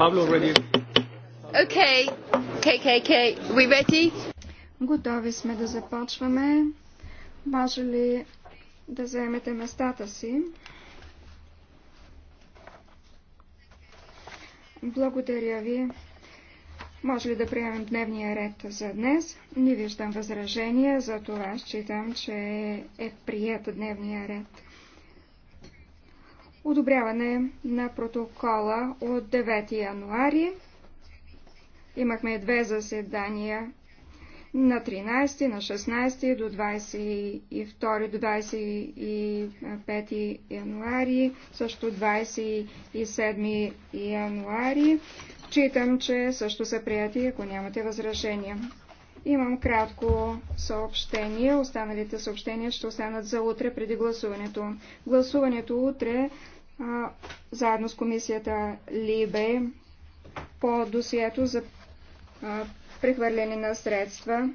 Павло, ready. Okay. KKK, we ready? Готови сме да започваме. Може ли да заемете местата си? Благодаря ви. Може ли да приемем дневния ред за днес? Не виждам възражения, за това считам, че е прият дневния ред. Одобряване на протокола от 9 януари. Имахме две заседания на 13, на 16 до 22, до 25 януари, също 27 януари. Читам, че също са прияти, ако нямате възражения. Имам кратко съобщение. Останалите съобщения ще останат за утре преди гласуването. Гласуването утре заедно с комисията Либе по досието за прехвърляне на средства.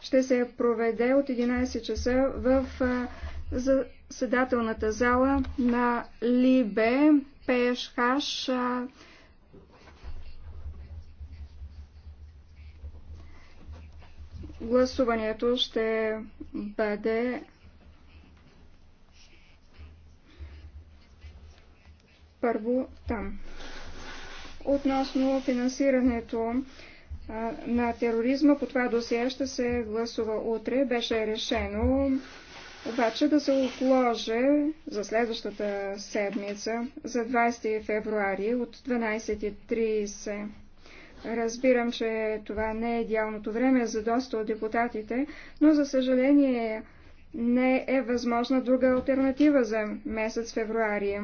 Ще се проведе от 11 часа в заседателната зала на Либе ПШХ Гласуването ще бъде първо там. Относно финансирането а, на тероризма, по това досие ще се гласува утре. Беше решено обаче да се отложи за следващата седмица, за 20 февруари от 12.30. Разбирам, че това не е идеалното време за доста от депутатите, но за съжаление не е възможна друга альтернатива за месец февруари.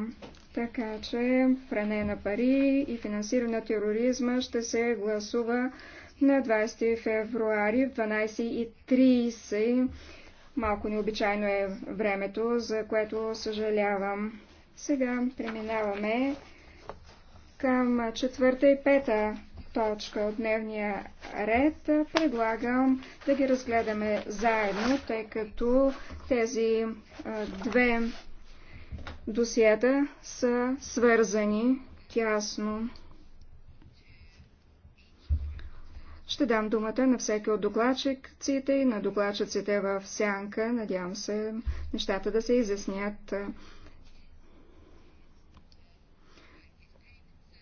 Така че пране на пари и финансиране на тероризма ще се гласува на 20 февруари в 12.30. Малко необичайно е времето, за което съжалявам. Сега преминаваме към четвърта и пета точка от дневния ред. Предлагам да ги разгледаме заедно, тъй като тези две досиета са свързани тясно. Ще дам думата на всеки от докладчиците и на докладчиците в сянка. Надявам се нещата да се изяснят.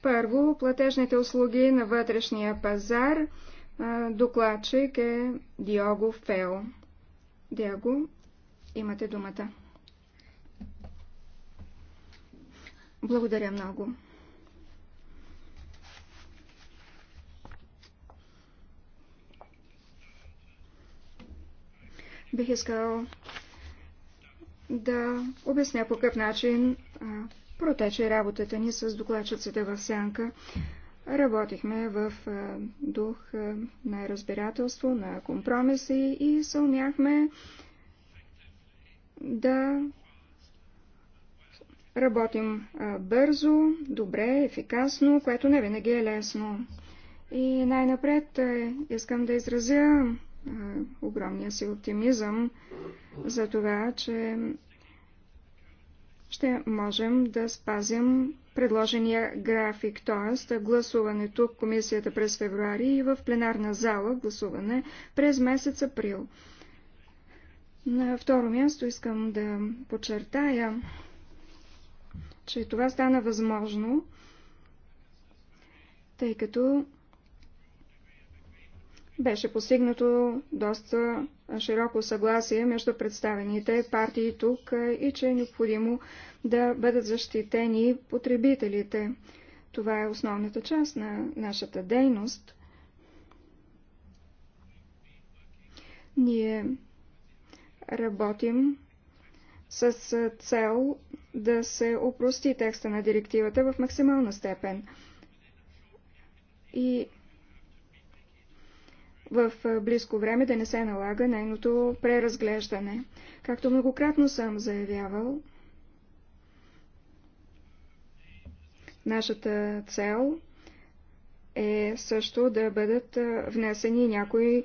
Първо, платежните услуги на вътрешния пазар. Докладчик е Диого Фео. Диаго, имате думата. Благодаря много. Бих искал да обясня по какъв начин протече работата ни с докладчиците в Сянка. Работихме в дух на разбирателство, на компромиси и съумяхме да Работим бързо, добре, ефикасно, което не винаги е лесно. И най-напред искам да изразя огромния си оптимизъм за това, че ще можем да спазим предложения график, т.е. гласуването в комисията през февруари и в пленарна зала гласуване през месец април. На второ място искам да подчертая, че това стана възможно, тъй като беше постигнато доста широко съгласие между представените партии тук и че е необходимо да бъдат защитени потребителите. Това е основната част на нашата дейност. Ние работим с цел да се опрости текста на директивата в максимална степен. И в близко време да не се налага нейното преразглеждане. Както многократно съм заявявал, нашата цел е също да бъдат внесени някои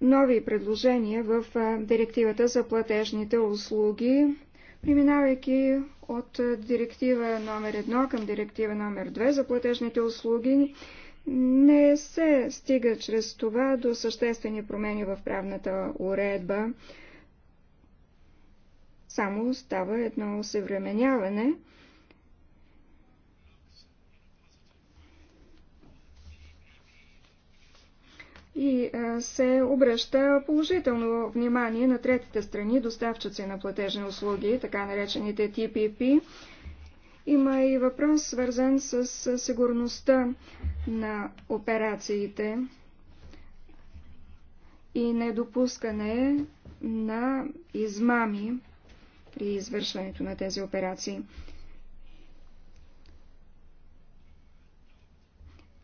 нови предложения в директивата за платежните услуги, преминавайки от директива номер 1 към директива номер 2 за платежните услуги, не се стига чрез това до съществени промени в правната уредба. Само става едно съвременяване – и се обръща положително внимание на третите страни, доставчици на платежни услуги, така наречените TPP. Има и въпрос, свързан с сигурността на операциите и недопускане на измами при извършването на тези операции.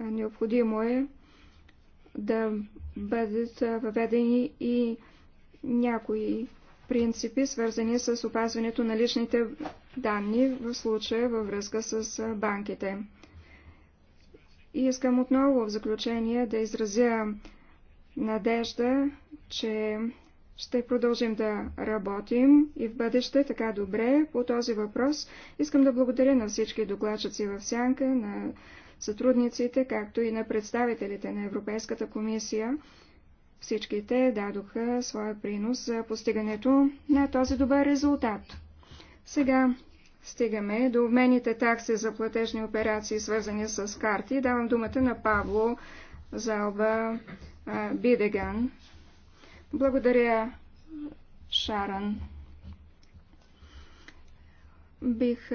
Необходимо е да бъдат въведени и някои принципи, свързани с опазването на личните данни, в случая във връзка с банките. И искам отново в заключение да изразя надежда, че ще продължим да работим и в бъдеще така добре по този въпрос. Искам да благодаря на всички докладчици в Сянка, на сътрудниците, както и на представителите на Европейската комисия. всичките дадоха своя принос за постигането на този добър резултат. Сега стигаме до обмените такси за платежни операции, свързани с карти. Давам думата на Павло Залба Бидеган. Благодаря, Шаран. Бих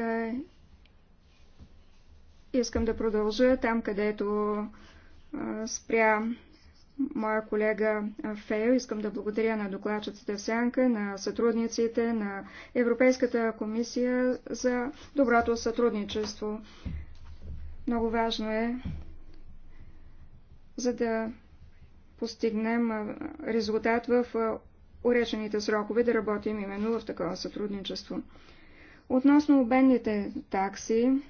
Искам да продължа там, където спря моя колега Фейл. Искам да благодаря на докладчицата Сянка, на сътрудниците, на Европейската комисия за доброто сътрудничество. Много важно е, за да постигнем резултат в уречените срокове, да работим именно в такова сътрудничество. Относно обенните такси,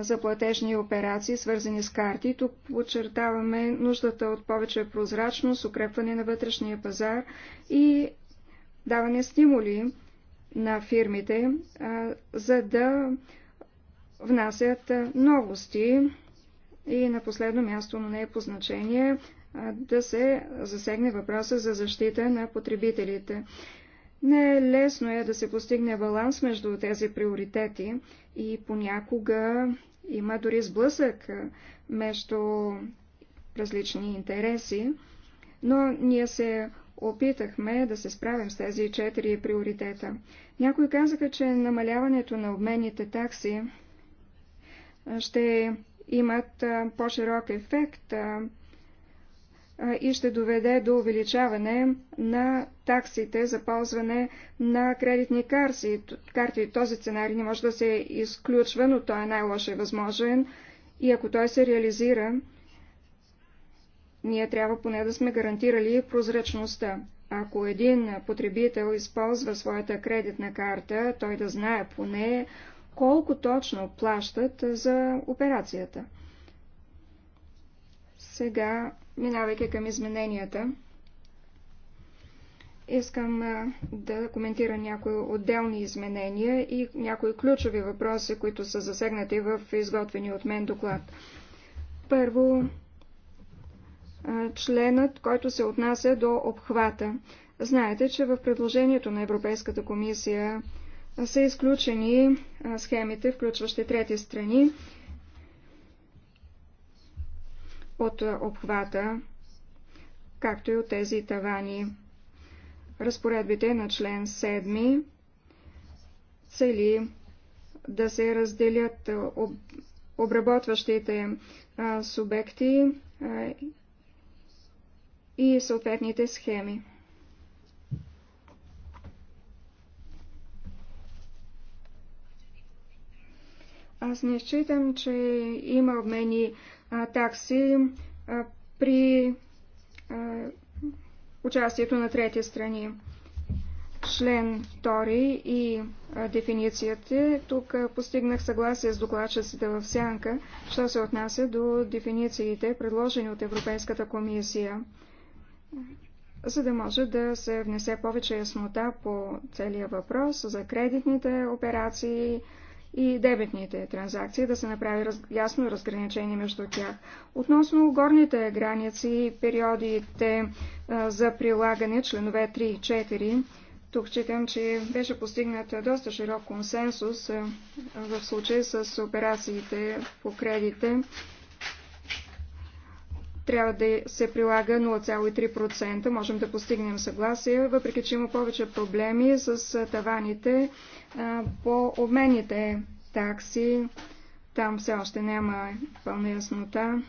за платежни операции, свързани с карти. Тук подчертаваме нуждата от повече прозрачност, укрепване на вътрешния пазар и даване стимули на фирмите, за да внасят новости и на последно място, но не е по значение, да се засегне въпроса за защита на потребителите. Не е лесно е да се постигне баланс между тези приоритети и понякога има дори сблъсък между различни интереси, но ние се опитахме да се справим с тези четири приоритета. Някои казаха, че намаляването на обменните такси ще имат по-широк ефект и ще доведе до увеличаване на таксите за ползване на кредитни карти. карти. Този сценарий не може да се изключва, но той е най-лошо възможен и ако той се реализира, ние трябва поне да сме гарантирали прозрачността. Ако един потребител използва своята кредитна карта, той да знае поне колко точно плащат за операцията. Сега Минавайки към измененията, искам да коментирам някои отделни изменения и някои ключови въпроси, които са засегнати в изготвени от мен доклад. Първо, членът, който се отнася до обхвата. Знаете, че в предложението на Европейската комисия са изключени схемите, включващи трети страни от обхвата, както и от тези тавани. Разпоредбите на член 7 цели да се разделят обработващите субекти и съответните схеми. Аз не считам, че има обмени такси при участието на трети страни. Член 2 и дефиницията. Тук постигнах съгласие с докладчиците в сянка, що се отнася до дефинициите, предложени от Европейската комисия, за да може да се внесе повече яснота по целия въпрос за кредитните операции, и дебетните транзакции, да се направи раз, ясно разграничение между тях. Относно горните граници и периодите а, за прилагане, членове 3 и 4, тук считам, че беше постигнат доста широк консенсус а, в случай с операциите по кредите трябва да се прилага 0,3%. Можем да постигнем съгласие, въпреки че има повече проблеми с таваните по обмените такси. Там все още няма пълна яснота.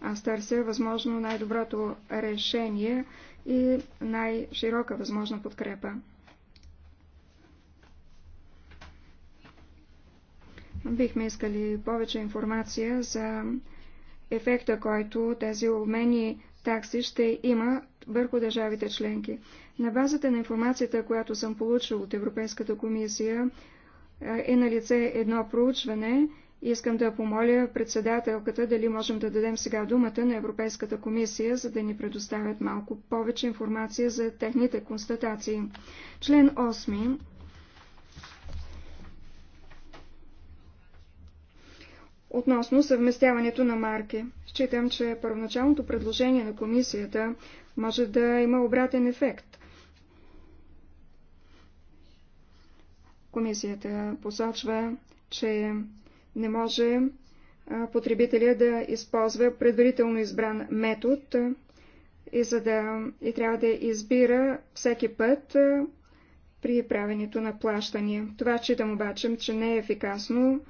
Аз търся възможно най-доброто решение и най-широка възможна подкрепа. Бихме искали повече информация за ефекта, който тези обмени такси ще има върху държавите членки. На базата на информацията, която съм получил от Европейската комисия, е, е на лице едно проучване. Искам да помоля председателката дали можем да дадем сега думата на Европейската комисия, за да ни предоставят малко повече информация за техните констатации. Член 8 Относно съвместяването на марки, считам, че първоначалното предложение на комисията може да има обратен ефект. Комисията посочва, че не може потребителя да използва предварително избран метод и, за да, и трябва да избира всеки път при правенето на плащания. Това считам обаче, че не е ефикасно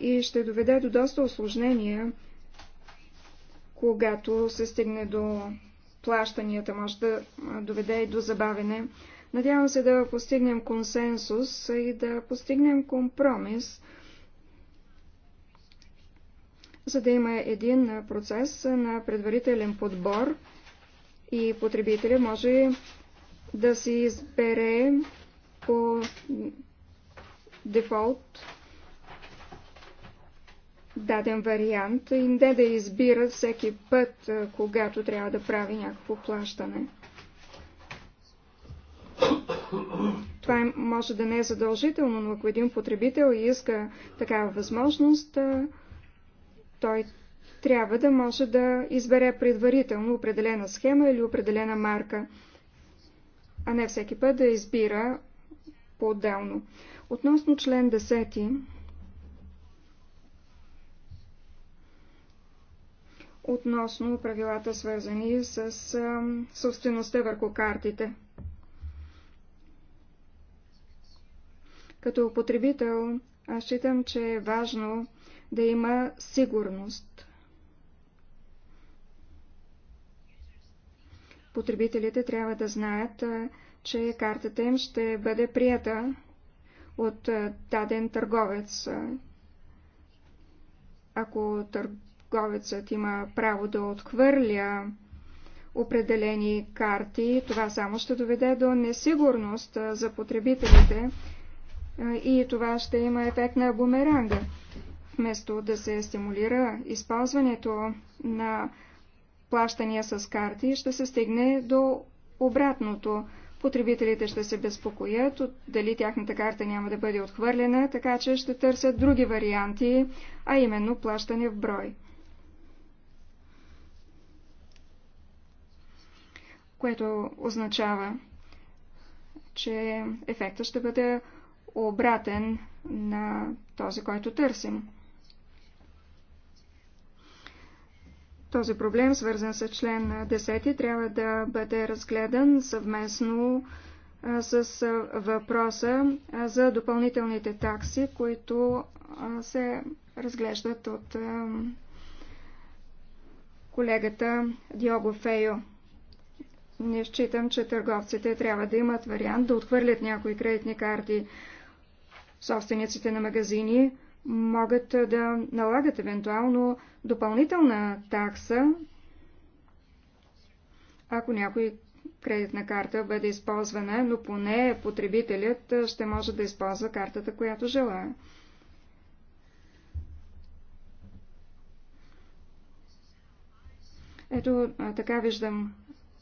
и ще доведе до доста осложнения, когато се стигне до плащанията, може да доведе и до забавене. Надявам се да постигнем консенсус и да постигнем компромис, за да има един процес на предварителен подбор и потребителя може да си избере по дефолт даден вариант и не да избира всеки път, когато трябва да прави някакво плащане. Това е, може да не е задължително, но ако един потребител иска такава възможност, той трябва да може да избере предварително определена схема или определена марка, а не всеки път да избира по-отделно. Относно член 10, относно правилата, свързани с собствеността върху картите. Като потребител, аз считам, че е важно да има сигурност. Потребителите трябва да знаят, че картата им ще бъде прията от даден търговец. Ако търговец търговецът има право да отхвърля определени карти. Това само ще доведе до несигурност за потребителите и това ще има ефект на бумеранга. Вместо да се стимулира използването на плащания с карти, ще се стигне до обратното. Потребителите ще се безпокоят от дали тяхната карта няма да бъде отхвърлена, така че ще търсят други варианти, а именно плащане в брой. което означава, че ефектът ще бъде обратен на този, който търсим. Този проблем, свързан с член 10, трябва да бъде разгледан съвместно с въпроса за допълнителните такси, които се разглеждат от колегата Диого Фейо. Не считам, че търговците трябва да имат вариант да отхвърлят някои кредитни карти. Собствениците на магазини могат да налагат евентуално допълнителна такса, ако някой кредитна карта бъде използвана, но поне потребителят ще може да използва картата, която желая. Ето така виждам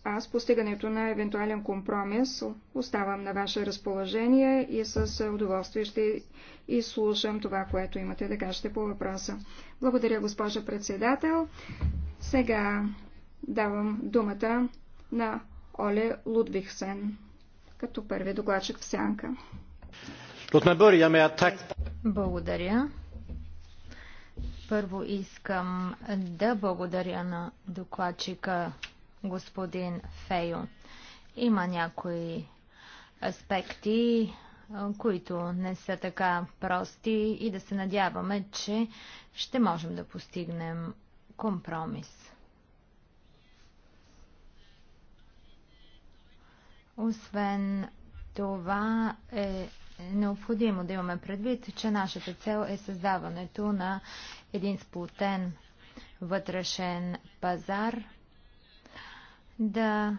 аз постигането на евентуален компромис оставам на ваше разположение и с удоволствие ще изслушам това, което имате да кажете по въпроса. Благодаря, госпожа председател. Сега давам думата на Оле Лудвихсен като първи докладчик в сянка. Ами, благодаря. Първо искам да благодаря на докладчика господин Фейо. Има някои аспекти, които не са така прости и да се надяваме, че ще можем да постигнем компромис. Освен това е необходимо да имаме предвид, че нашата цел е създаването на един сплутен вътрешен пазар – да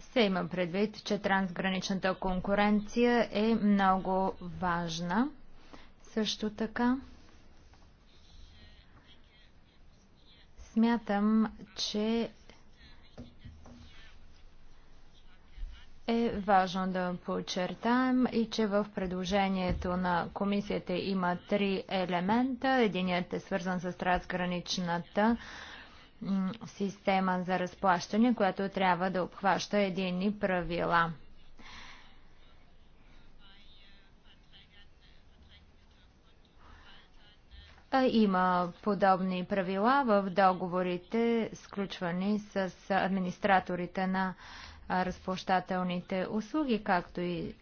се има предвид, че трансграничната конкуренция е много важна. Също така смятам, че е важно да подчертаем и че в предложението на комисията има три елемента. Единият е свързан с трансграничната система за разплащане, която трябва да обхваща единни правила. Има подобни правила в договорите, сключвани с администраторите на разплащателните услуги, както и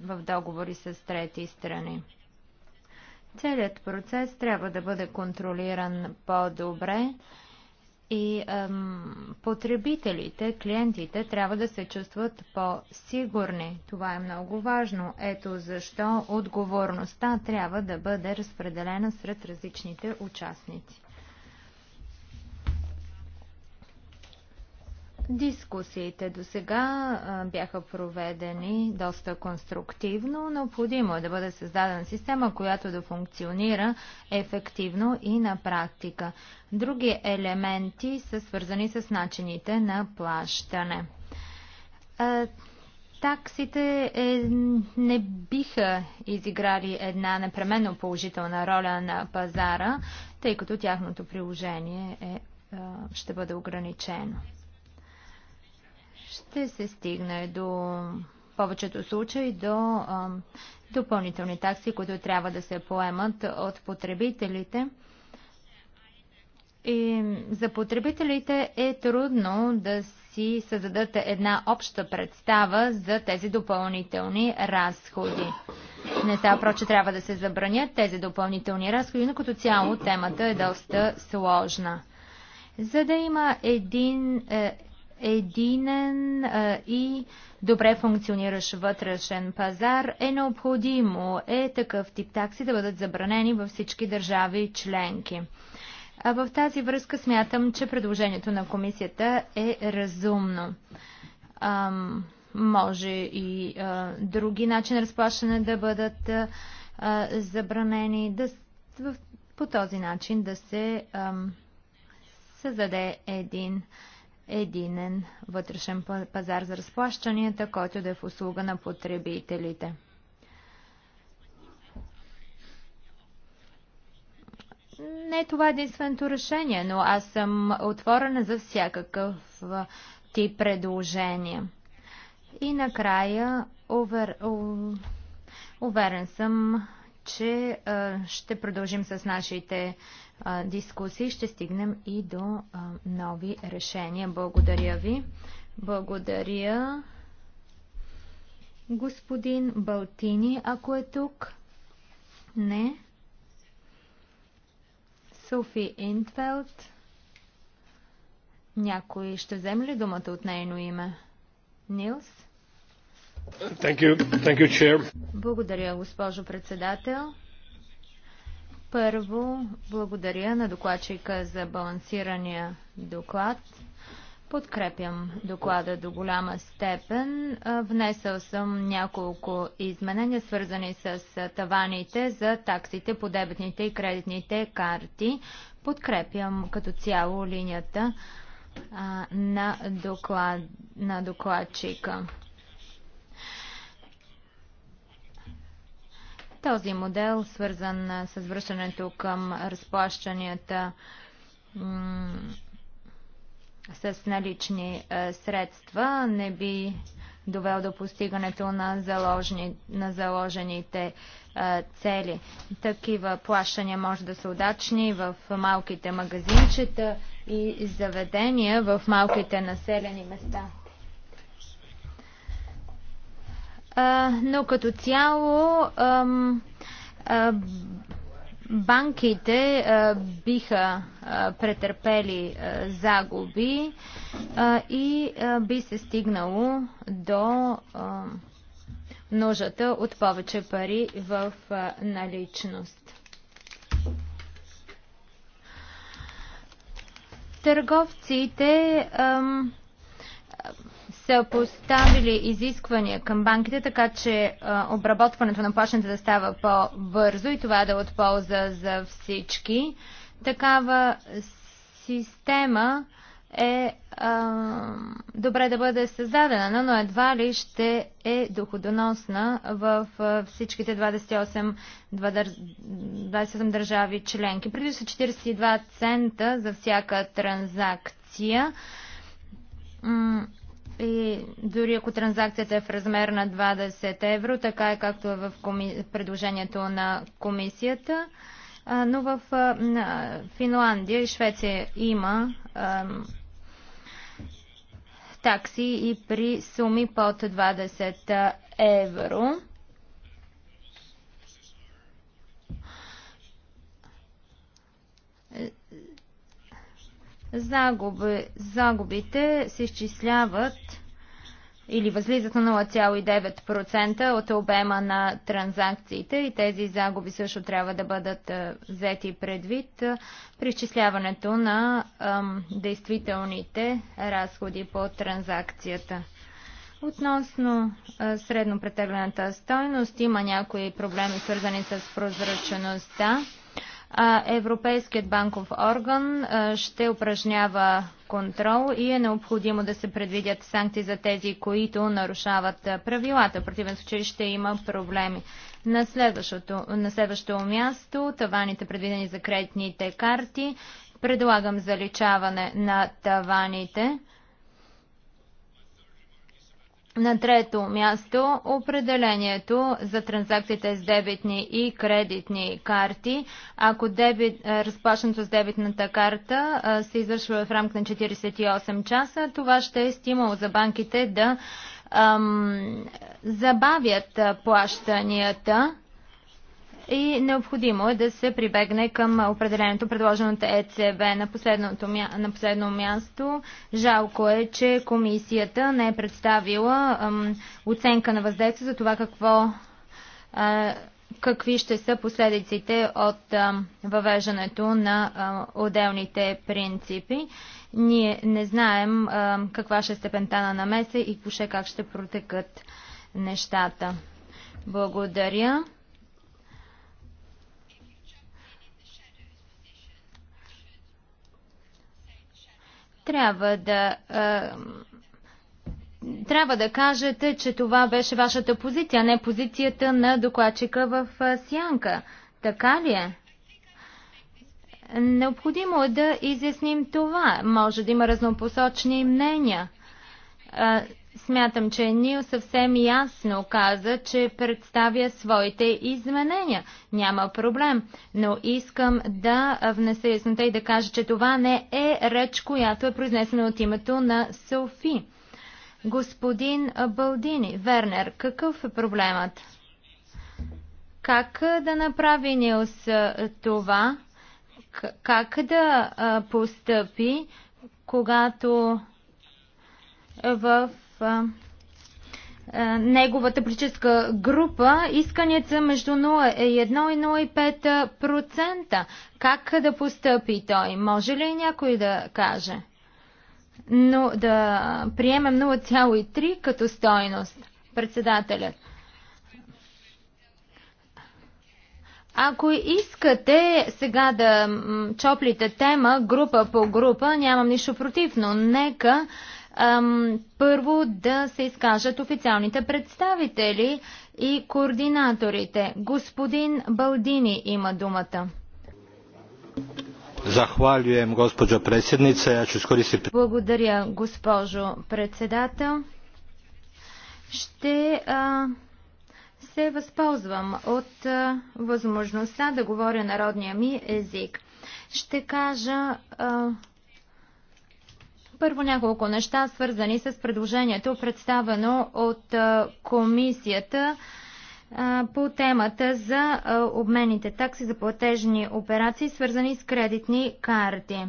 в договори с трети страни. Целият процес трябва да бъде контролиран по-добре и ем, потребителите, клиентите трябва да се чувстват по-сигурни. Това е много важно. Ето защо отговорността трябва да бъде разпределена сред различните участници. Дискусиите до сега бяха проведени доста конструктивно. Необходимо е да бъде създадена система, която да функционира ефективно и на практика. Други елементи са свързани с начините на плащане. Таксите е, не биха изиграли една непременно положителна роля на пазара, тъй като тяхното приложение е, ще бъде ограничено ще се стигне до повечето случаи до допълнителни такси, които трябва да се поемат от потребителите. И за потребителите е трудно да си създадат една обща представа за тези допълнителни разходи. Не става про, че трябва да се забранят тези допълнителни разходи, но като цяло темата е доста сложна. За да има един е, единен и добре функциониращ вътрешен пазар е необходимо е такъв тип такси да бъдат забранени във всички държави членки. А в тази връзка смятам, че предложението на комисията е разумно. Ам, може и а, други начини разплащане да бъдат а, забранени, да, в, по този начин да се ам, създаде един а, единен вътрешен пазар за разплащанията, който да е в услуга на потребителите. Не е това единственото решение, но аз съм отворена за всякакъв ти предложения. И накрая увер... уверен съм, че ще продължим с нашите дискусии, ще стигнем и до нови решения. Благодаря ви. Благодаря. Господин Балтини, ако е тук. Не. Софи Интфелд. Някой ще вземе ли думата от нейно име? Нилс? Thank you. Thank you, благодаря, госпожо председател. Първо, благодаря на докладчика за балансирания доклад. Подкрепям доклада до голяма степен. Внесъл съм няколко изменения, свързани с таваните за таксите по дебетните и кредитните карти. Подкрепям като цяло линията на, доклад, на докладчика. Този модел, свързан с връщането към разплащанията с налични средства, не би довел до постигането на, заложни, на заложените цели. Такива плащания може да са удачни в малките магазинчета и заведения в малките населени места. но като цяло банките биха претърпели загуби и би се стигнало до нуждата от повече пари в наличност. Търговците ам, са поставили изисквания към банките, така че а, обработването на плащането да става по-бързо и това е да е от полза за всички. Такава система е а, добре да бъде създадена, но едва ли ще е доходоносна в всичките 28, 28 държави членки. Преди са 42 цента за всяка транзакция и дори ако транзакцията е в размер на 20 евро, така е както е в коми... предложението на комисията, но в Финландия и Швеция има такси и при суми под 20 евро. Загуби, загубите се изчисляват или възлизат на 0,9% от обема на транзакциите и тези загуби също трябва да бъдат взети предвид при изчисляването на ам, действителните разходи по транзакцията. Относно средно претеглената стойност има някои проблеми свързани с прозрачността. Европейският банков орган ще упражнява контрол и е необходимо да се предвидят санкции за тези, които нарушават правилата. В противен случай ще има проблеми. На следващото, на следващото място таваните предвидени за кредитните карти. Предлагам заличаване на таваните. На трето място определението за транзакциите с дебитни и кредитни карти. Ако дебит, е, разплащането с дебитната карта е, се извършва в рамк на 48 часа, това ще е стимул за банките да ам, забавят е, плащанията и необходимо е да се прибегне към определеното предложено от ЕЦБ. На, последното, на последно място жалко е, че комисията не е представила ам, оценка на въздействие за това какво а, какви ще са последиците от ам, въвеждането на ам, отделните принципи. Ние не знаем ам, каква ще е степента на намеса и поше как ще протекат нещата. Благодаря. трябва да трябва да кажете, че това беше вашата позиция, не позицията на докладчика в Сянка. Така ли е? Необходимо е да изясним това. Може да има разнопосочни мнения. Смятам, че Нил съвсем ясно каза, че представя своите изменения. Няма проблем, но искам да внеса яснота и да кажа, че това не е реч, която е произнесена от името на Софи. Господин Балдини, Вернер, какъв е проблемът? Как да направи Нилс това? Как да постъпи, когато в е, неговата политическа група исканията между 0,1 и 0,5%. Как да постъпи той? Може ли някой да каже? Но да приемем 0,3 като стойност, председателят. Ако искате сега да чоплите тема група по група, нямам нищо против, но нека първо да се изкажат официалните представители и координаторите. Господин Балдини има думата. Захвалюем, госпожо председница. Я ще Благодаря, госпожо председател. Ще а, се възползвам от а, възможността да говоря народния ми език. Ще кажа а, първо няколко неща, свързани с предложението, представено от комисията по темата за обмените такси за платежни операции, свързани с кредитни карти.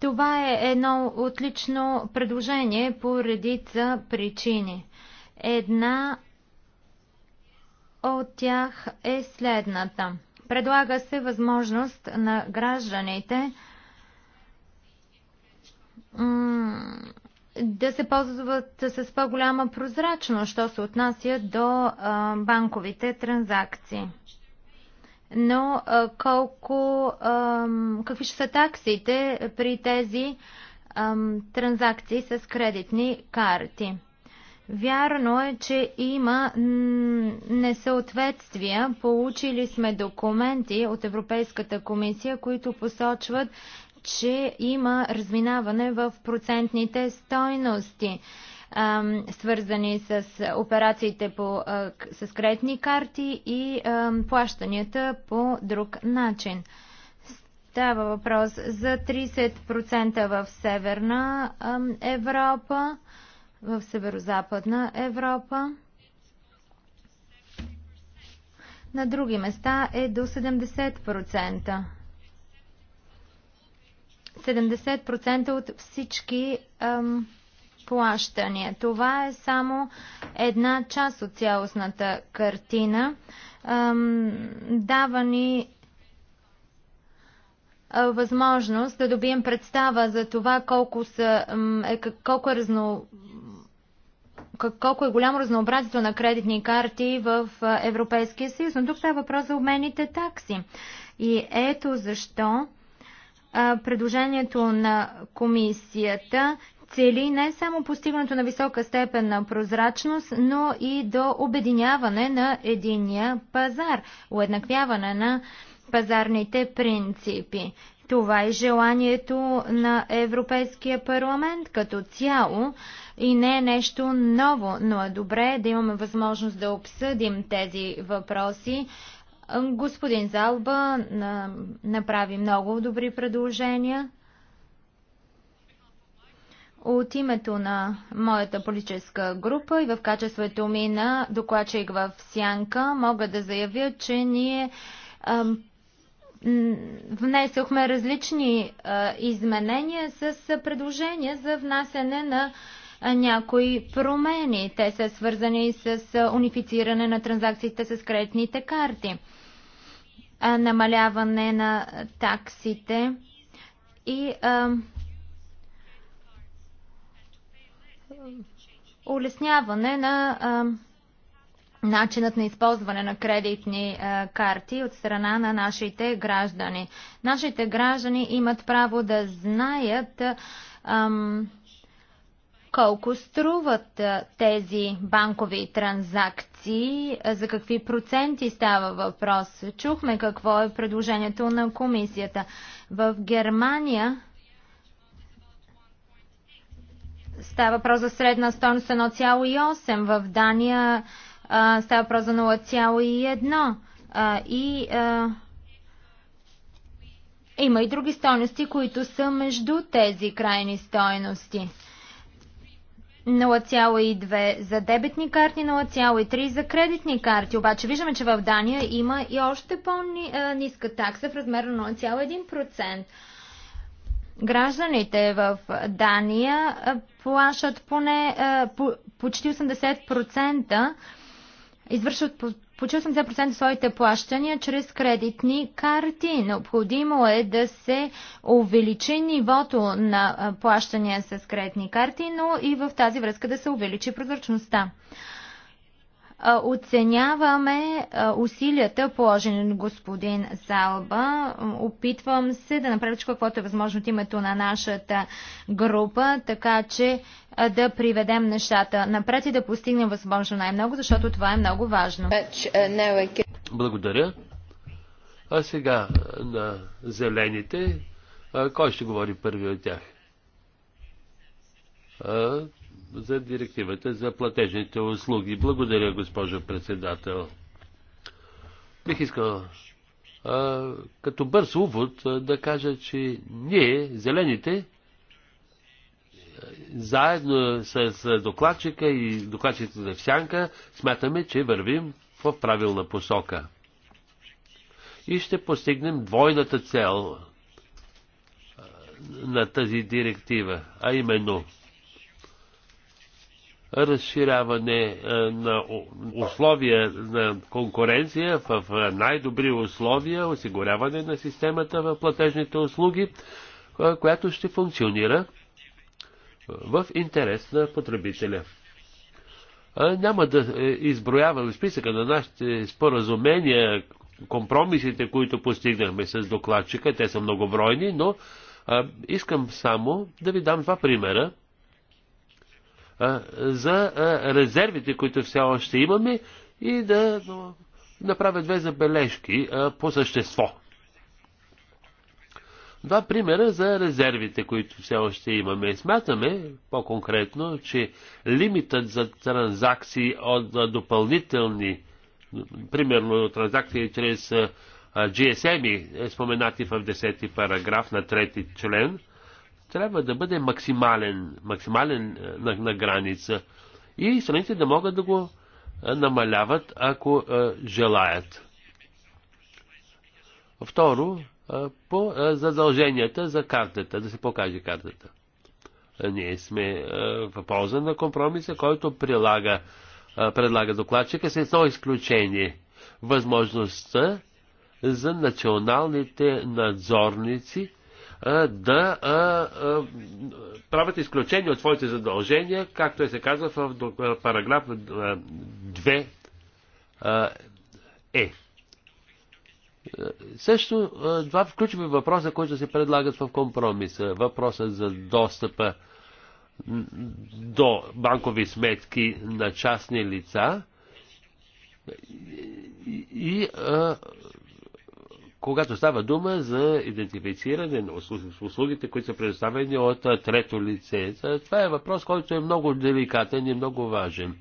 Това е едно отлично предложение по редица причини. Една от тях е следната. Предлага се възможност на гражданите да да се ползват с по-голяма прозрачност, що се отнася до банковите транзакции. Но колко, какви ще са таксите при тези транзакции с кредитни карти? Вярно е, че има несъответствия. Получили сме документи от Европейската комисия, които посочват, че има разминаване в процентните стойности, свързани с операциите по, с кредитни карти и плащанията по друг начин. Става въпрос за 30% в Северна Европа, в Северо-Западна Европа. На други места е до 70%. 70% от всички ам, плащания. Това е само една част от цялостната картина. Ам, дава ни възможност да добием представа за това колко, са, е, колко е разно колко е голямо разнообразието на кредитни карти в Европейския съюз. Но тук става въпрос за обмените такси. И ето защо Предложението на комисията цели не само постигането на висока степен на прозрачност, но и до обединяване на единия пазар, уеднаквяване на пазарните принципи. Това е желанието на Европейския парламент като цяло и не е нещо ново, но е добре да имаме възможност да обсъдим тези въпроси Господин Залба направи много добри предложения. От името на моята политическа група и в качеството ми на докладчик в Сянка мога да заявя, че ние а, внесохме различни а, изменения с предложения за внасене на някои промени. Те са свързани с унифициране на транзакциите с кредитните карти намаляване на таксите и улесняване на начинът на използване на кредитни а, карти от страна на нашите граждани. Нашите граждани имат право да знаят колко струват тези банкови транзакции емисии, за какви проценти става въпрос. Чухме какво е предложението на комисията. В Германия става въпрос за средна стойност 1,8, в Дания а, става въпрос за 0,1 и а, има и други стойности, които са между тези крайни стойности. 0,2 за дебетни карти, 0,3 за кредитни карти. Обаче виждаме, че в Дания има и още по-ниска такса в размер на 0,1%. Гражданите в Дания плащат поне почти 80%, извършват по 80% своите плащания чрез кредитни карти. Необходимо е да се увеличи нивото на плащания с кредитни карти, но и в тази връзка да се увеличи прозрачността. Оценяваме усилията, положени от господин Салба. Опитвам се да направя каквото е възможно от името на нашата група, така че да приведем нещата напред и да постигнем възможно най-много, защото това е много важно. Uh, Благодаря. А сега на зелените. Кой ще говори първи от тях? За директивата за платежните услуги. Благодаря, госпожо председател. Бих искал като бърз увод да кажа, че ние, зелените, заедно с докладчика и докладчица за Всянка смятаме, че вървим в правилна посока. И ще постигнем двойната цел на тази директива, а именно разширяване на условия на конкуренция в най-добри условия, осигуряване на системата в платежните услуги, която ще функционира в интерес на потребителя. Няма да е, изброявам списъка на нашите споразумения, компромисите, които постигнахме с докладчика, те са многобройни, но искам само да ви дам два примера за резервите, които все още имаме и да направя две забележки по същество. Два примера за резервите, които все още имаме. Смятаме по-конкретно, че лимитът за транзакции от допълнителни, примерно транзакции чрез GSM, е споменати в 10 параграф на 3 член, трябва да бъде максимален, максимален на, на граница и страните да могат да го намаляват, ако желаят. Второ, по задълженията за картата, да се покаже картата. Ние сме в полза на компромиса, който прилага, предлага докладчика с едно изключение. Възможността за националните надзорници да а, а, правят изключение от своите задължения, както е се казва в параграф 2 е. Също два ключови въпроса, които се предлагат в компромиса. Въпросът за достъпа до банкови сметки на частни лица и когато става дума за идентифициране на услугите, които са предоставени от трето лице. Това е въпрос, който е много деликатен и много важен.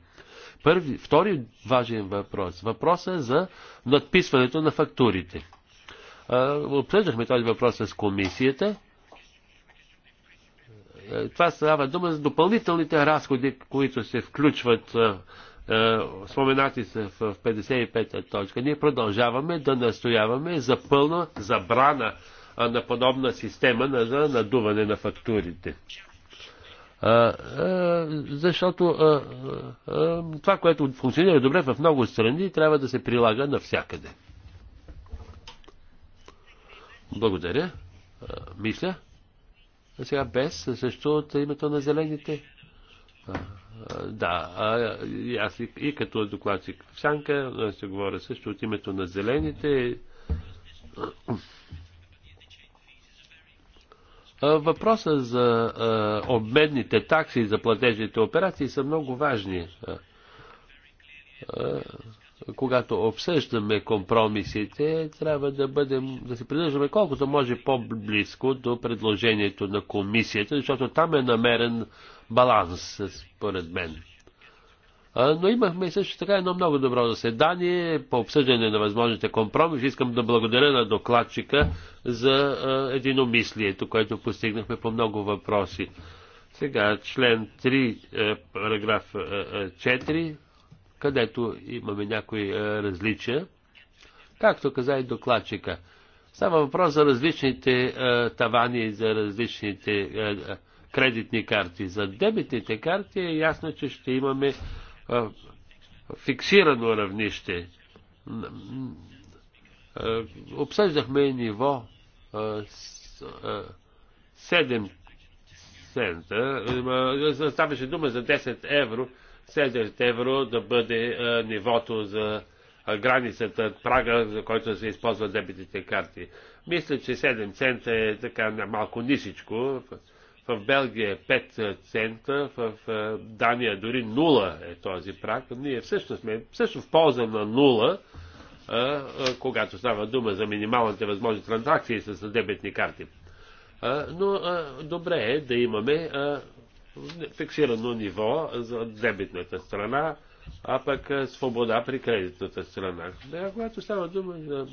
Първи, втори важен въпрос. Въпросът за надписването на фактурите. Обсъждахме този въпрос с комисията. Това става дума за допълнителните разходи, които се включват споменати са в 55-та точка. Ние продължаваме да настояваме за пълна забрана на подобна система на надуване на фактурите защото това, което функционира добре в много страни, трябва да се прилага навсякъде. Благодаря. Мисля. А сега без, също от името на зелените. А, да, а, и аз и, и като докладчик в Сянка ще говоря също от името на зелените. Въпроса за обменните такси и за платежните операции са много важни. Когато обсъждаме компромисите, трябва да, бъдем, да се придържаме колкото може по-близко до предложението на комисията, защото там е намерен баланс, според мен. Но имахме също така едно много добро заседание по обсъждане на възможните компромиси. Искам да благодаря на докладчика за единомислието, което постигнахме по много въпроси. Сега член 3, е, параграф 4, е, е, където имаме някои различия. Както каза и докладчика, става въпрос за различните тавани, за различните кредитни карти. За дебитните карти е ясно, че ще имаме фиксирано равнище. Обсъждахме ниво 7 цента. Ставаше дума за 10 евро. 7 евро да бъде нивото за границата, прага, за който се използват дебитите карти. Мисля, че 7 цента е така малко нисичко. В Белгия е 5 цента, в Дания дори 0 е този прак. Ние всъщност сме също в полза на 0, когато става дума за минималните възможни транзакции с дебетни карти. Но добре е да имаме фиксирано ниво за дебетната страна, а пък свобода при кредитната страна. Когато става дума за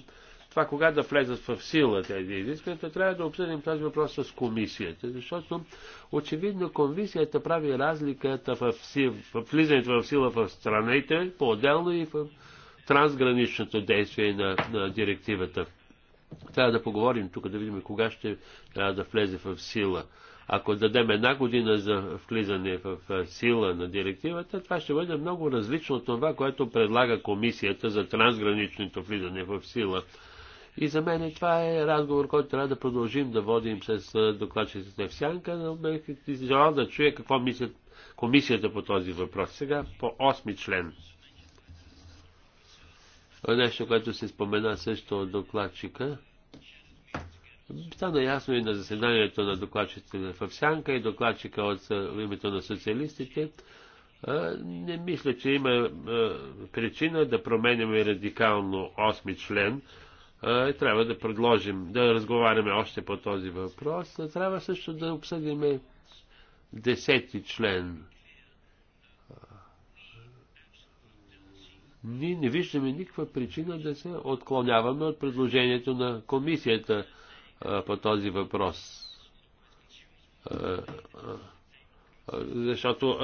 това кога да влезат в сила тези изисквания, трябва да обсъдим този въпрос с комисията, защото очевидно комисията прави разликата в, сил, в влизането в сила в страните, по-отделно и в трансграничното действие на, на директивата. Трябва да поговорим тук, да видим кога ще трябва да влезе в сила. Ако дадем една година за влизане в сила на директивата, това ще бъде много различно от това, което предлага комисията за трансграничното влизане в сила и за мен това е разговор, който трябва да продължим да водим с докладчиците в сянка, но бих желал да чуя какво мислят комисията по този въпрос. Сега по 8 член. Нещо, което се спомена също от докладчика. Стана ясно и на заседанието на докладчиците в Сянка и докладчика от името на социалистите. Не мисля, че има причина да променяме радикално 8 член, трябва да предложим, да разговаряме още по този въпрос. Трябва също да обсъдим десети член. Ние не виждаме никаква причина да се отклоняваме от предложението на комисията по този въпрос. Защото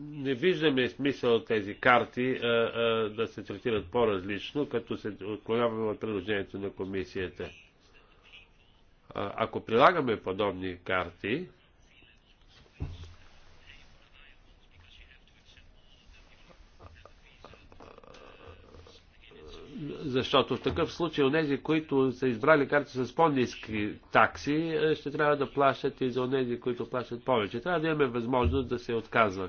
не виждаме смисъл тези карти а, а, да се третират по-различно, като се отклоняваме от предложението на комисията. А, ако прилагаме подобни карти, защото в такъв случай онези, които са избрали карти с по-низки такси, е, ще трябва да плащат и за онези, които плащат повече. Трябва да имаме възможност да се отказва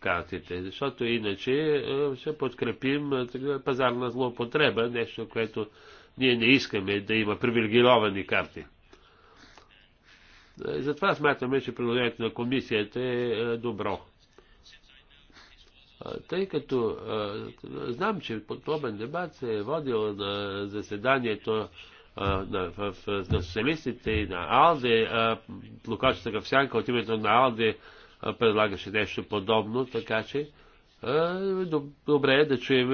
картите, защото иначе ще подкрепим пазарна злоупотреба, нещо, което ние не искаме да има привилегировани карти. И затова смятаме, че предложението на комисията е добро. Тъй като знам, че подобен дебат се е водил на заседанието на, в, на социалистите и на Алде, Лукаш Сагавсянка от името на Алде предлагаше нещо подобно, така че добре е да чуем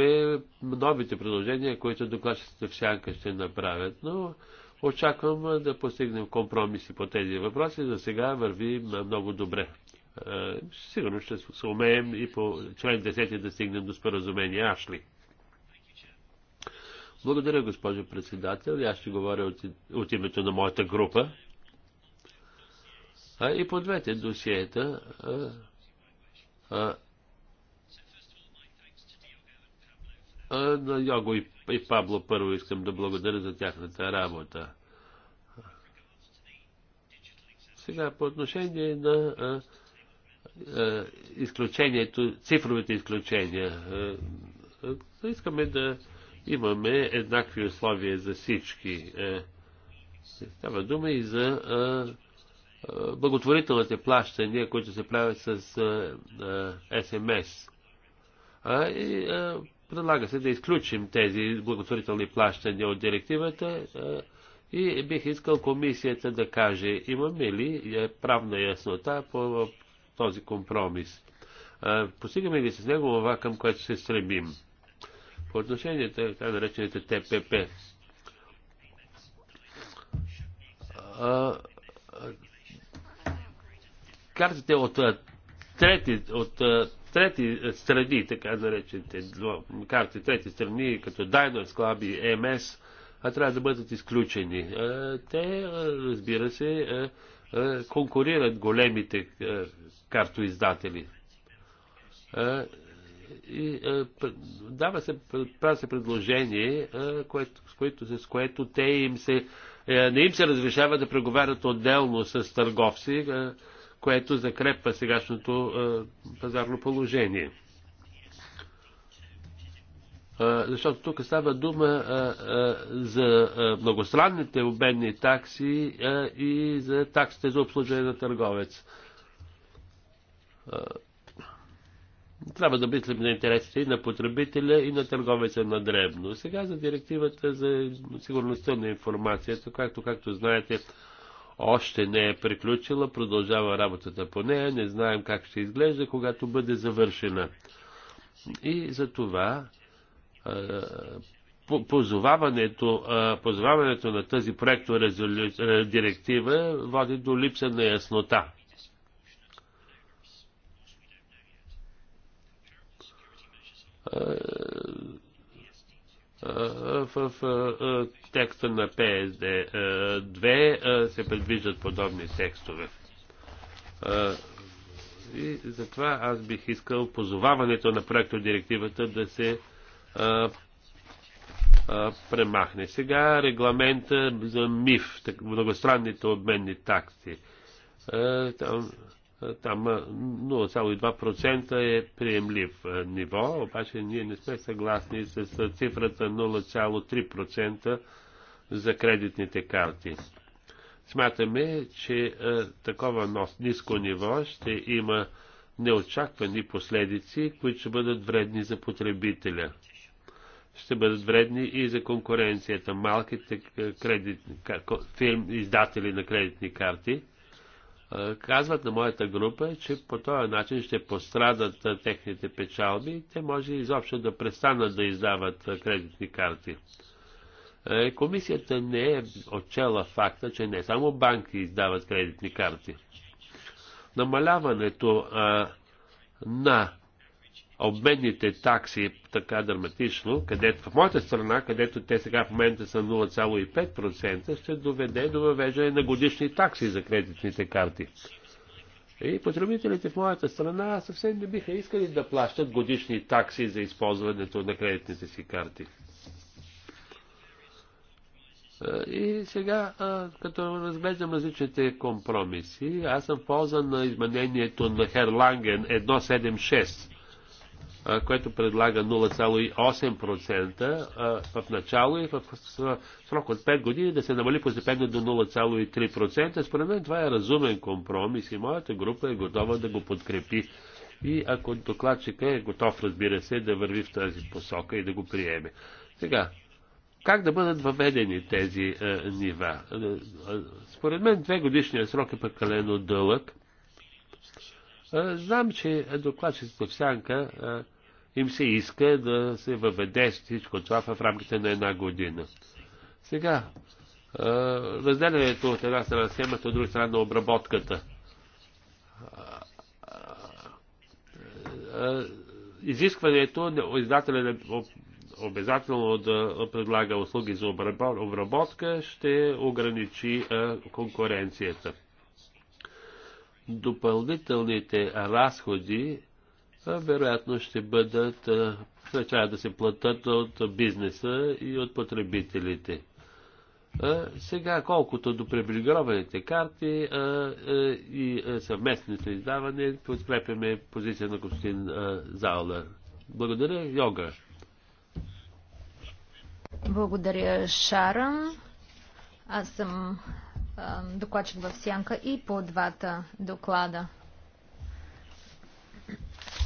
новите предложения, които докладчиците в сянка ще направят, но очаквам да постигнем компромиси по тези въпроси. За сега върви много добре. Сигурно ще се умеем и по член 10 да стигнем до споразумение. Ашли. Благодаря, госпожо председател. Аз ще говоря от, от името на моята група. А, и по двете досиета а, а, а, на Його и, и Пабло първо искам да благодаря за тяхната работа. Сега по отношение на а, а, изключението, цифровите изключения. А, а, искаме да имаме еднакви условия за всички. А, е, става дума и за а, е, благотворителните плащания, които се правят с СМС. Е, е, и предлага се да изключим тези благотворителни плащания от директивата и бих искал комисията да каже, имаме ли правна яснота по този компромис. Постигаме ли с него това, към което се стремим? По отношение на така наречените ТПП картите от трети, от трети страни, така наречените карти трети страни, като Diners Club и МС, а трябва да бъдат изключени. Те, разбира се, конкурират големите картоиздатели. И дава се, прави се предложение, с, което, с което те им се, е, не им се разрешава да преговарят отделно с търговци, което закрепва сегашното пазарно положение. Защото тук става дума за многостранните обедни такси и за таксите за обслужване на търговец. Трябва да мислим на интересите и на потребителя, и на търговеца на дребно. Сега за директивата за сигурността на информацията, както, както знаете, още не е приключила, продължава работата по нея, не знаем как ще изглежда, когато бъде завършена. И за това позоваването, позоваването на тази директива води до липса на яснота в текста на PSD2 е, е, се предвиждат подобни текстове. Е, и затова аз бих искал позоваването на проекто директивата да се премахне. Сега регламента за МИФ, многостранните обменни такси. Там там 0,2% е приемлив ниво, обаче ние не сме съгласни с цифрата 0,3% за кредитните карти. Смятаме, че такова ниско ниво ще има неочаквани последици, които ще бъдат вредни за потребителя. Ще бъдат вредни и за конкуренцията. Малките кредитни, фирм, издатели на кредитни карти е, казват на моята група, че по този начин ще пострадат е, техните печалби и те може изобщо да престанат да издават е, кредитни карти. Комисията не е отчела факта, че не само банки издават кредитни карти. Намаляването а, на обменните такси така драматично, където в моята страна, където те сега в момента са 0,5%, ще доведе до въвеждане на годишни такси за кредитните карти. И потребителите в моята страна съвсем не биха искали да плащат годишни такси за използването на кредитните си карти. И сега, като разглеждам различните компромиси, аз съм полза на изменението на Херланген 176 което предлага 0,8% в начало и в срок от 5 години да се намали постепенно до 0,3%. Според мен това е разумен компромис и моята група е готова да го подкрепи. И ако докладчика е готов, разбира се, да върви в тази посока и да го приеме. Сега, как да бъдат въведени тези е, нива? Е, е, според мен две годишния срок е прекалено дълъг. Е, знам, че докладчицата в Сянка е, им се иска да се въведе всичко това в рамките на една година. Сега, разделянето от една страна схемата, от друга страна на обработката. Изискването, издателя обязателно да предлага услуги за обработка, ще ограничи конкуренцията. Допълнителните разходи вероятно ще бъдат, ще трябва да се платят от бизнеса и от потребителите. Сега, колкото до привилегированите карти и съвместното издаване, подкрепяме позиция на господин Заула. Благодаря, Йога. Благодаря, Шарам. Аз съм докладчик в Сянка и по двата доклада.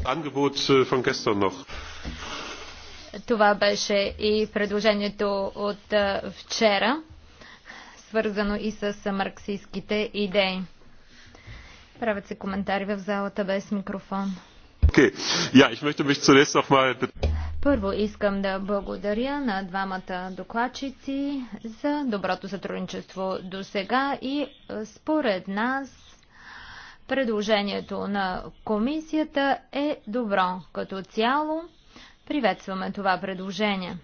Äh, Това беше и предложението от е, вчера, свързано и с е, марксистските идеи. Правят се коментари в залата без микрофон. Okay. Yeah, mal... Първо искам да благодаря на двамата докладчици за доброто сътрудничество до сега и е, според нас Предложението на комисията е добро като цяло. Приветстваме това предложение.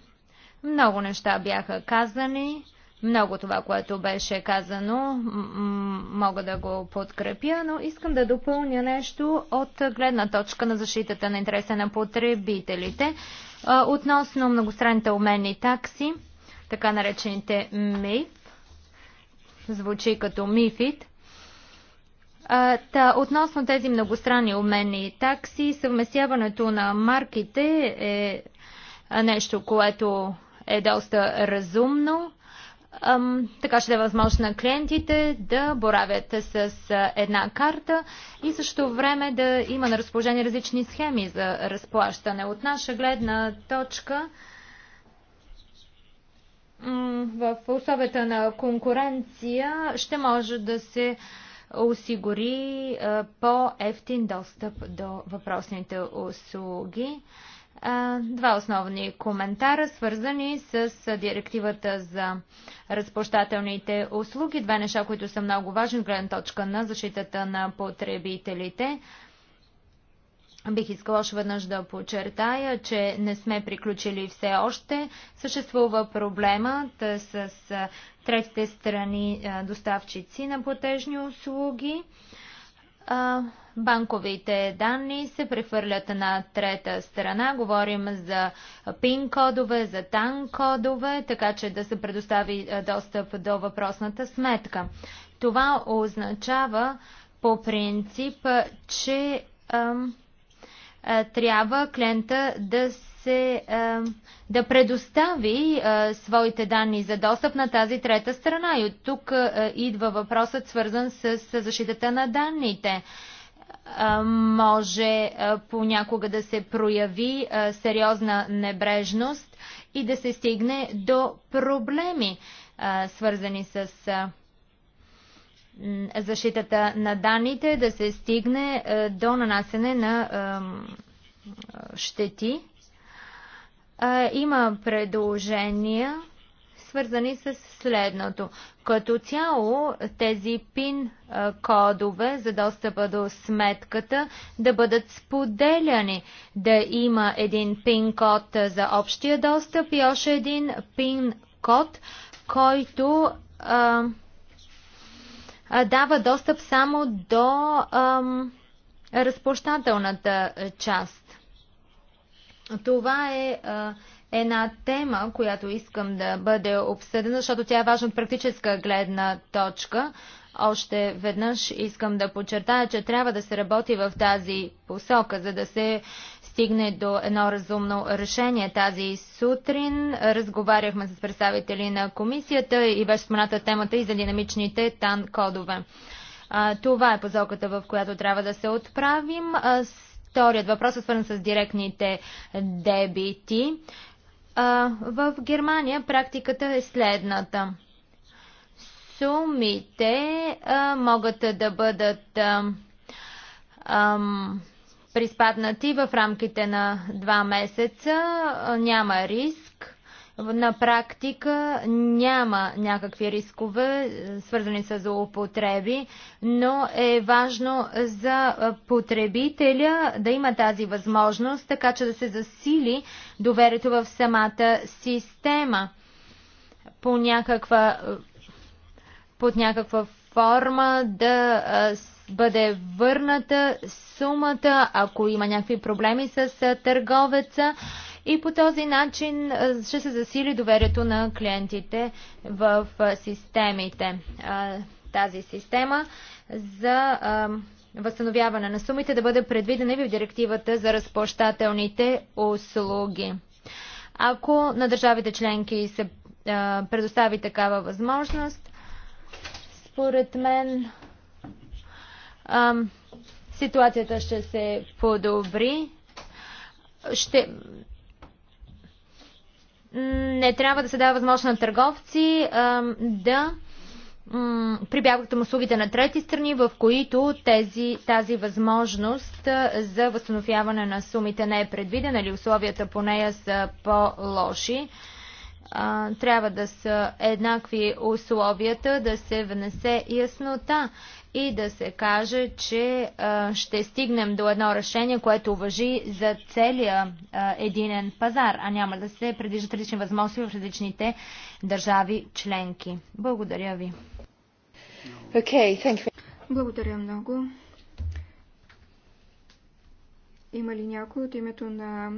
Много неща бяха казани. Много това, което беше казано, мога да го подкрепя, но искам да допълня нещо от гледна точка на защитата на интереса на потребителите относно многостранните умени такси, така наречените МИФ, звучи като МИФИТ. Та, относно тези многостранни умени такси, съвместяването на марките е, е нещо, което е доста разумно. Така ще е възможност на клиентите да боравят с една карта и също време да има на разположение различни схеми за разплащане. От наша гледна точка в условията на конкуренция ще може да се осигури по-ефтин достъп до въпросните услуги. Два основни коментара, свързани с директивата за разплащателните услуги. Две неща, които са много важни от гледна точка на защитата на потребителите. Бих искала още веднъж да подчертая, че не сме приключили все още. Съществува проблемът с третите страни доставчици на платежни услуги. Банковите данни се прехвърлят на трета страна. Говорим за пин-кодове, за тан-кодове, така че да се предостави достъп до въпросната сметка. Това означава по принцип, че ам, трябва клиента да се да предостави своите данни за достъп на тази трета страна. И от тук идва въпросът свързан с защитата на данните може понякога да се прояви сериозна небрежност и да се стигне до проблеми, свързани с защитата на данните, да се стигне е, до нанасене на е, щети. Е, има предложения, свързани с следното. Като цяло тези пин кодове за достъпа до сметката да бъдат споделяни. Да има един пин код за общия достъп и още един пин код, който а, дава достъп само до ам, разплащателната част. Това е а, една тема, която искам да бъде обсъдена, защото тя е важна от практическа гледна точка. Още веднъж искам да подчертая, че трябва да се работи в тази посока, за да се стигне до едно разумно решение. Тази сутрин разговаряхме с представители на комисията и беше спомената темата и за динамичните тан кодове. Това е позоката, в която трябва да се отправим. Вторият въпрос е свързан с директните дебити. В Германия практиката е следната. Сумите могат да бъдат приспаднати в рамките на два месеца, няма риск. На практика няма някакви рискове, свързани с злоупотреби, но е важно за потребителя да има тази възможност, така че да се засили доверието в самата система. По някаква, под някаква форма да бъде върната сумата, ако има някакви проблеми с търговеца. И по този начин ще се засили доверието на клиентите в системите. Тази система за възстановяване на сумите да бъде предвидена и в директивата за разплащателните услуги. Ако на държавите членки се предостави такава възможност, според мен ситуацията ще се подобри. Ще... Не трябва да се дава възможност на търговци да прибягват към услугите на трети страни, в които тези, тази възможност за възстановяване на сумите не е предвидена или условията по нея са по-лоши. Трябва да са еднакви условията, да се внесе яснота и да се каже, че а, ще стигнем до едно решение, което уважи за целия а, единен пазар, а няма да се предвиждат различни възможности в различните държави членки. Благодаря ви. Okay, thank you. Благодаря много. Има ли някой от името на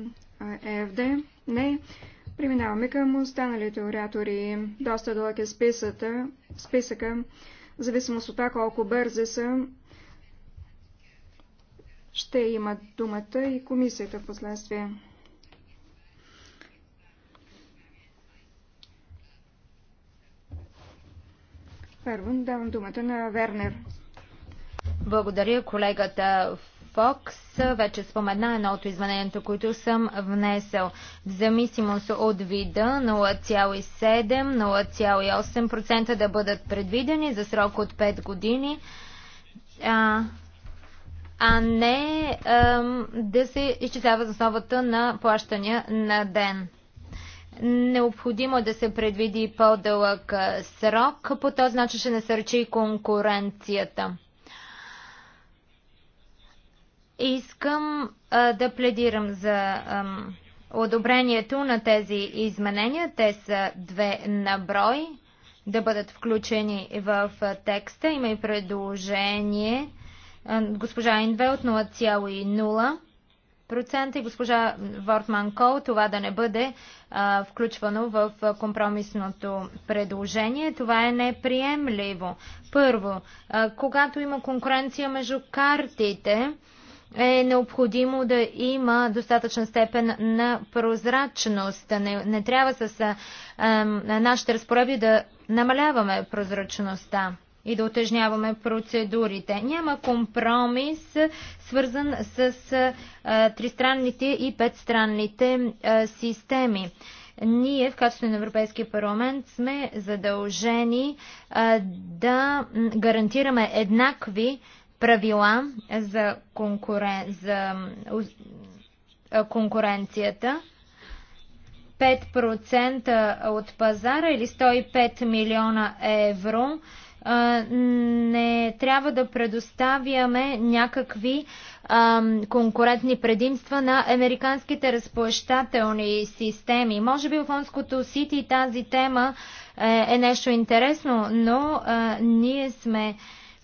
ЕФД? Не. Преминаваме към останалите оратори. Доста дълъг е списъка в зависимост от това колко бързи са, ще имат думата и комисията в последствие. Първо давам думата на Вернер. Благодаря колегата Фокс. Вече спомена едно от изменението, които съм внесъл. В зависимост от вида 0,7-0,8% да бъдат предвидени за срок от 5 години, а, а не а, да се изчислява за основата на плащания на ден. Необходимо е да се предвиди по-дълъг срок, по този начин ще насърчи конкуренцията. Искам а, да пледирам за ам, одобрението на тези изменения. Те са две на брой да бъдат включени в текста. Има и предложение а, госпожа Инве от 0,0% и госпожа Вортман Кол това да не бъде а, включвано в компромисното предложение. Това е неприемливо. Първо, а, когато има конкуренция между картите, е необходимо да има достатъчна степен на прозрачност. Не, не трябва с а, нашите разпореби да намаляваме прозрачността и да отежняваме процедурите. Няма компромис, свързан с а, тристранните и петстранните а, системи. Ние в качеството на Европейския парламент сме задължени а, да гарантираме еднакви а, правила за, конкурен... за конкуренцията. 5% от пазара или 105 милиона евро не трябва да предоставяме някакви конкурентни предимства на американските разплащателни системи. Може би в Лонското Сити тази тема е, е нещо интересно, но ние сме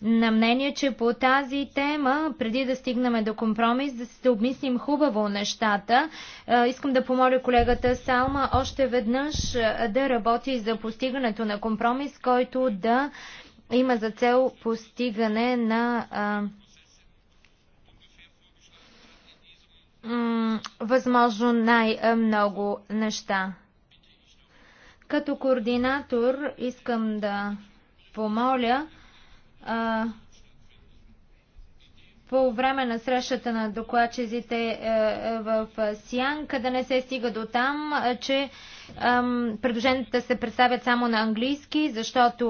на мнение, че по тази тема, преди да стигнем до компромис, да се обмислим хубаво нещата. Искам да помоля колегата Салма още веднъж да работи за постигането на компромис, който да има за цел постигане на възможно най-много неща. Като координатор искам да помоля по време на срещата на докладчезите е, е, в Сиан, да не се стига до там, е, че предложенията се представят само на английски, защото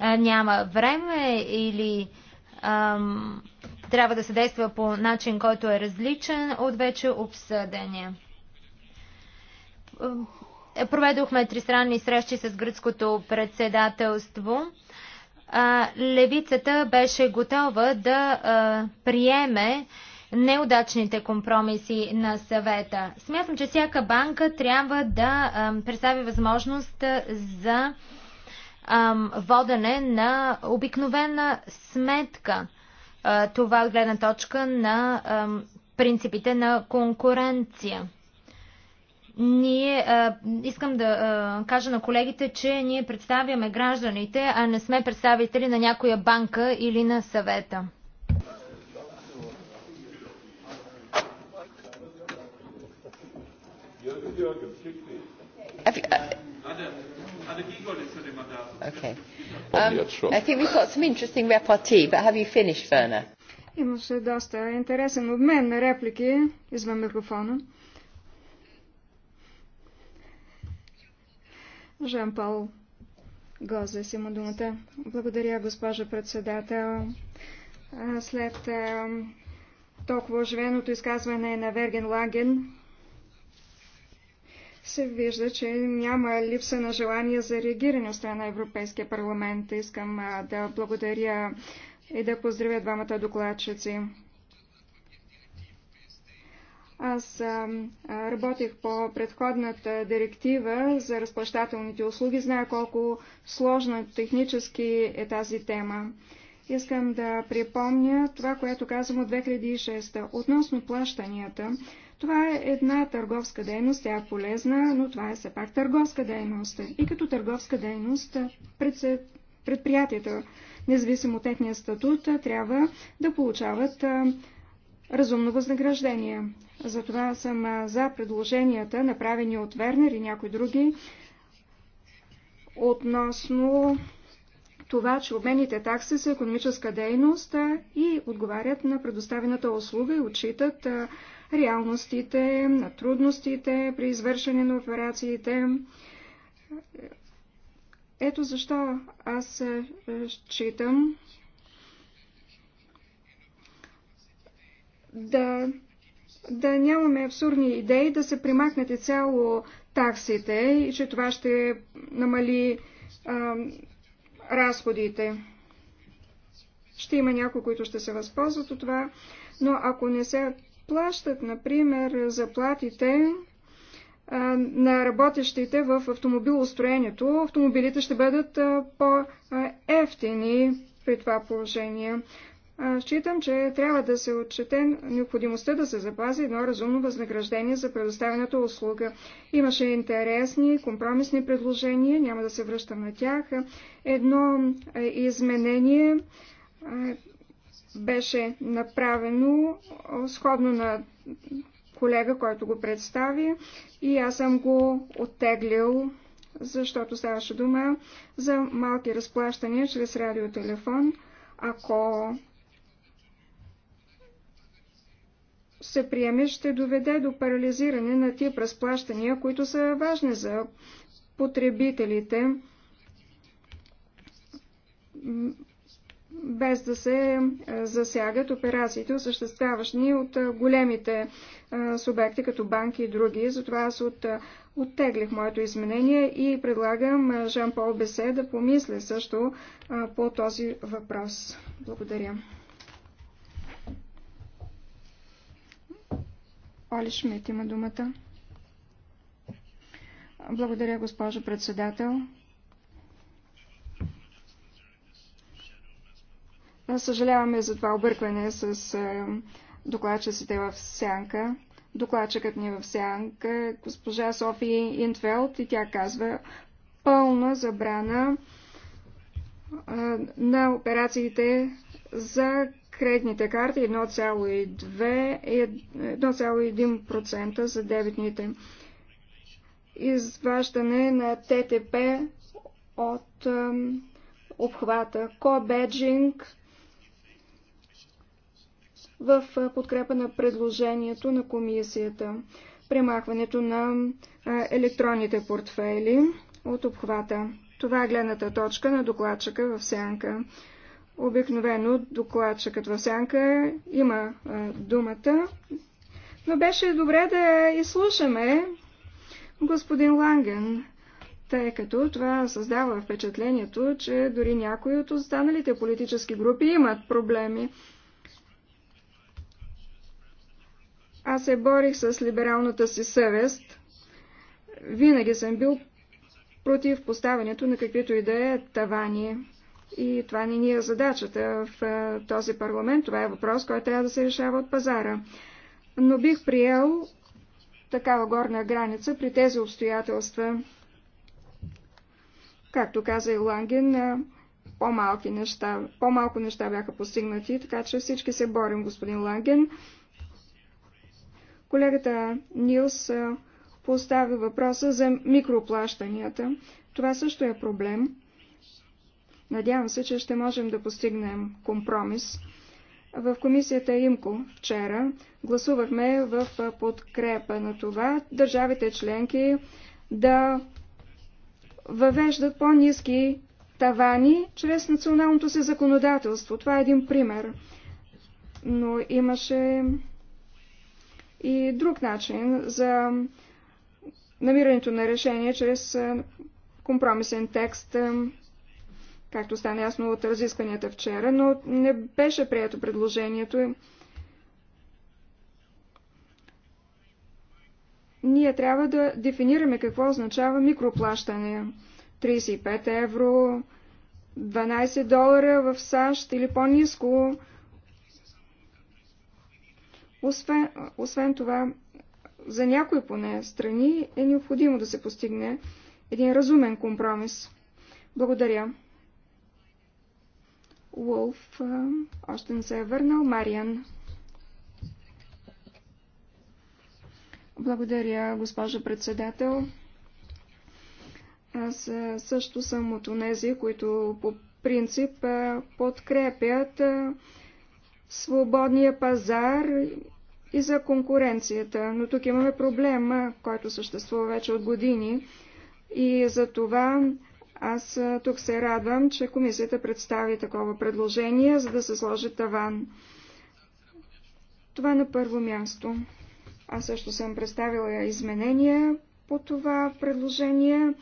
няма време или трябва да се действа по начин, който е различен от вече обсъдения. Проведохме тристранни срещи с гръцкото председателство левицата беше готова да приеме неудачните компромиси на съвета. Смятам, че всяка банка трябва да представи възможност за водене на обикновена сметка. Това от гледна точка на принципите на конкуренция. Ние а, искам да а, кажа на колегите, че ние представяме гражданите, а не сме представители на някоя банка или на съвета. Uh, um, Имаше доста интересен обмен на реплики извън микрофона. Жан-Пол си има думата. Благодаря, госпожа председател. След толкова оживеното изказване на Верген Лаген, се вижда, че няма липса на желание за реагиране от страна на Европейския парламент. Искам да благодаря и да поздравя двамата докладчици. Аз а, работех по предходната директива за разплащателните услуги. Зная колко сложна технически е тази тема. Искам да припомня това, което казвам от 2006 относно плащанията. Това е една търговска дейност, тя е полезна, но това е все пак търговска дейност. И като търговска дейност предприятията, независимо от техния статут, трябва да получават разумно възнаграждение. Затова съм за предложенията, направени от Вернер и някои други, относно това, че обмените такси са економическа дейност и отговарят на предоставената услуга и отчитат реалностите, на трудностите при извършване на операциите. Ето защо аз считам да да нямаме абсурдни идеи да се примахнете цяло таксите и че това ще намали а, разходите. Ще има някои, които ще се възползват от това, но ако не се плащат, например, заплатите а, на работещите в автомобилостроението, автомобилите ще бъдат по-ефтини при това положение. Считам, че трябва да се отчете необходимостта да се запази едно разумно възнаграждение за предоставената услуга. Имаше интересни компромисни предложения, няма да се връщам на тях. Едно изменение беше направено сходно на колега, който го представи и аз съм го оттеглил, защото ставаше дума за малки разплащания чрез радиотелефон. Ако се приеме, ще доведе до парализиране на тип разплащания, които са важни за потребителите, без да се е, засягат операциите, осъществяващи от е, големите е, субекти, като банки и други. Затова аз от, оттеглих моето изменение и предлагам Жан-Пол Бесе да помисли също по този въпрос. Благодаря. Пали Шмидт има думата. Благодаря, госпожо председател. Съжаляваме за това объркване с е, докладчиците в сянка. Докладчикът ни е в сянка, госпожа Софи Инфелд, и тя казва пълна забрана е, на операциите за кредитните карти 1,2-1,1% за дебитните. Изваждане на ТТП от обхвата. Кобеджинг в подкрепа на предложението на комисията. Премахването на електронните портфели от обхвата. Това е гледната точка на докладчика в сянка. Обикновено докладчикът в сянка има думата, но беше добре да изслушаме господин Ланген, тъй като това създава впечатлението, че дори някои от останалите политически групи имат проблеми. Аз се борих с либералната си съвест. Винаги съм бил против поставянето на каквито и да е тавани. И това не ни е задачата в този парламент. Това е въпрос, който трябва да се решава от пазара. Но бих приел такава горна граница при тези обстоятелства. Както каза и Лангин, по-малки неща, по-малко неща бяха постигнати, така че всички се борим, господин Ланген. Колегата Нилс постави въпроса за микроплащанията. Това също е проблем. Надявам се, че ще можем да постигнем компромис. В комисията ИМКО вчера гласувахме в подкрепа на това държавите членки да въвеждат по-низки тавани чрез националното си законодателство. Това е един пример. Но имаше и друг начин за намирането на решение чрез компромисен текст както стана ясно от разискванията вчера, но не беше прието предложението им. Ние трябва да дефинираме какво означава микроплащане. 35 евро, 12 долара в САЩ или по-низко. Освен, освен това, за някои поне страни е необходимо да се постигне един разумен компромис. Благодаря. Уолф още не се е върнал. Мариан. Благодаря, госпожа председател. Аз също съм от тези, които по принцип подкрепят свободния пазар и за конкуренцията. Но тук имаме проблема, който съществува вече от години. И за това аз тук се радвам, че комисията представи такова предложение, за да се сложи таван. Това е на първо място. Аз също съм представила изменения по това предложение.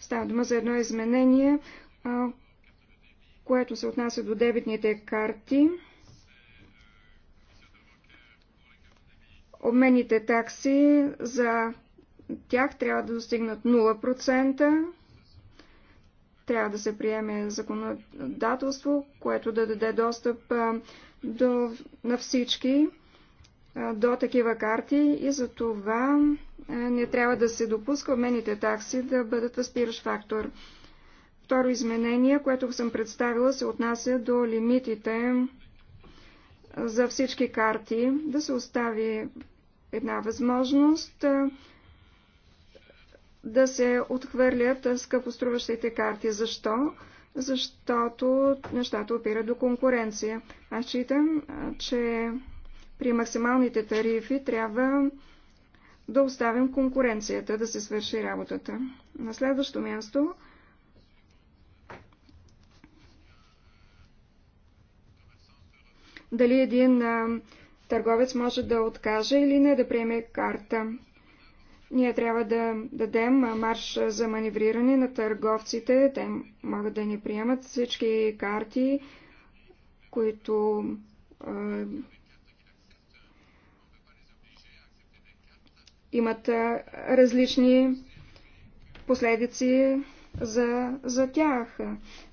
Става дума за едно изменение, което се отнася до дебитните карти. Обмените такси за тях трябва да достигнат 0%. Трябва да се приеме законодателство, което да даде достъп до, на всички до такива карти и за това не трябва да се допуска обмените такси да бъдат възпиращ фактор. Второ изменение, което съм представила, се отнася до лимитите за всички карти, да се остави една възможност да се отхвърлят скъпоструващите карти. Защо? Защото нещата опират до конкуренция. Аз считам, че при максималните тарифи трябва да оставим конкуренцията да се свърши работата. На следващо място дали един търговец може да откаже или не да приеме карта. Ние трябва да дадем марш за маневриране на търговците. Те могат да ни приемат всички карти, които а, имат а, различни последици за, за тях.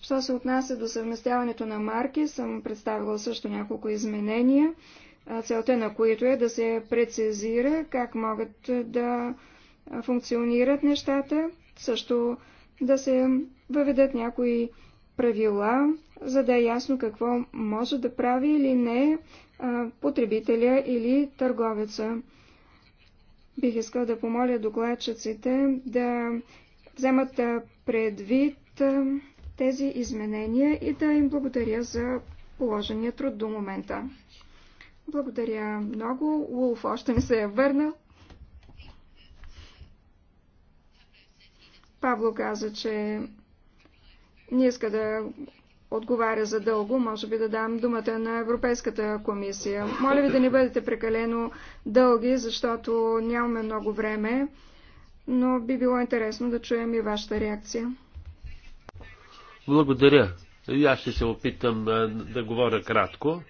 Що се отнася до съвместяването на марки, съм представила също няколко изменения целта на които е да се прецизира как могат да функционират нещата, също да се въведат някои правила, за да е ясно какво може да прави или не потребителя или търговеца. Бих искал да помоля докладчиците да вземат предвид тези изменения и да им благодаря за положения труд до момента. Благодаря много. Улф още не се е върнал. Павло каза, че не иска да отговаря за дълго. Може би да дам думата на Европейската комисия. Моля ви да не бъдете прекалено дълги, защото нямаме много време, но би било интересно да чуем и вашата реакция. Благодаря. И аз ще се опитам да говоря кратко.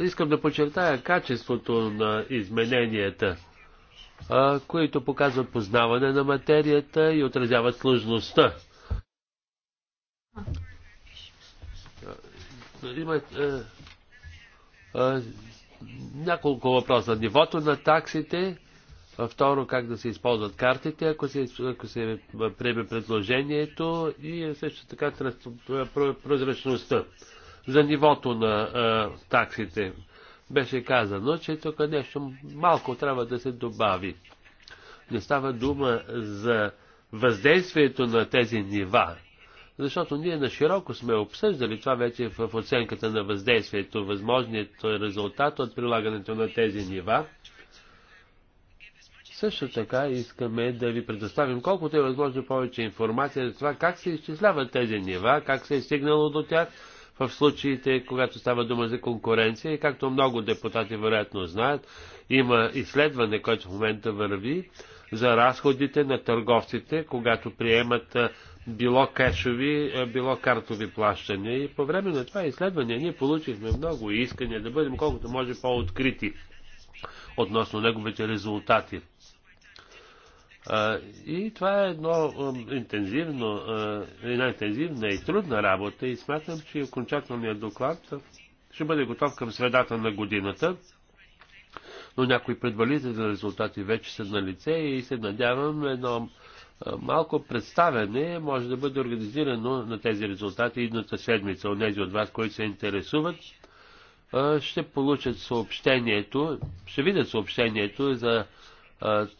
Искам да подчертая качеството на измененията, които показват познаване на материята и отразяват сложността. Има няколко въпроса. Нивото на таксите, второ как да се използват картите, ако се, ако се приеме предложението и също така прозрачността за нивото на а, таксите. Беше казано, че тук нещо малко трябва да се добави. Не става дума за въздействието на тези нива, защото ние на широко сме обсъждали това вече в оценката на въздействието, възможният резултат от прилагането на тези нива. Също така искаме да ви предоставим колкото е възможно повече информация за това как се изчисляват тези нива, как се е стигнало до тях, в случаите, когато става дума за конкуренция. И както много депутати вероятно знаят, има изследване, което в момента върви за разходите на търговците, когато приемат било кешови, било картови плащания. И по време на това изследване ние получихме много искания да бъдем колкото може по-открити относно неговите резултати. И това е едно интензивно, една интензивна и трудна работа и смятам, че окончателният доклад ще бъде готов към средата на годината, но някои предварителни резултати вече са на лице и се надявам едно малко представяне може да бъде организирано на тези резултати идната седмица. От тези от вас, които се интересуват, ще получат съобщението, ще видят съобщението за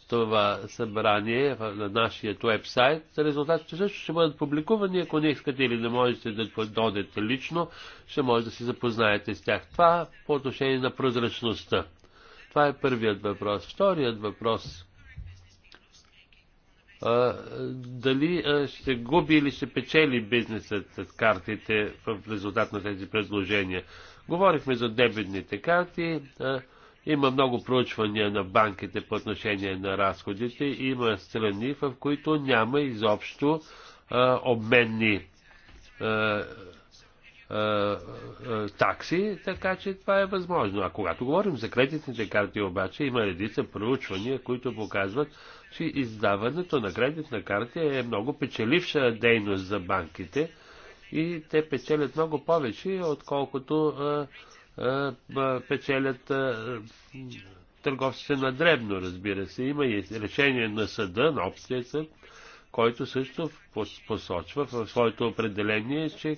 това събрание на нашия вебсайт. Резултатите също ще бъдат публикувани. Ако не искате или не можете да додете лично, ще можете да се запознаете с тях. Това по отношение на прозрачността. Това е първият въпрос. Вторият въпрос. А, дали ще губи или ще печели бизнесът с картите в резултат на тези предложения? Говорихме за дебетните карти. А, има много проучвания на банките по отношение на разходите. Има страни, в които няма изобщо а, обменни а, а, такси, така че това е възможно. А когато говорим за кредитните карти обаче, има редица проучвания, които показват, че издаването на кредитна карта е много печеливша дейност за банките и те печелят много повече, отколкото а, печелят търговците на дребно, разбира се. Има и решение на съда, на общия съд, който също посочва в своето определение, че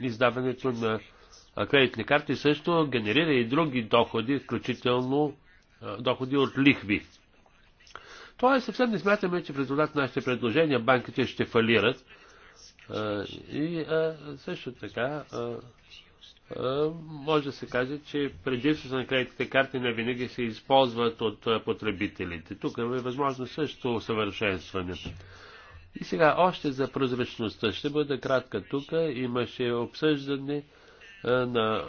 издаването на кредитни карти също генерира и други доходи, включително доходи от лихви. Тоест, съвсем не смятаме, че в резултат на нашите предложения банките ще фалират. И също така е, може да се каже, че предимството на кредитните карти не винаги се използват от е, потребителите. Тук е възможно също усъвършенстване. И сега още за прозрачността. Ще бъда кратка тук. Имаше обсъждане е, на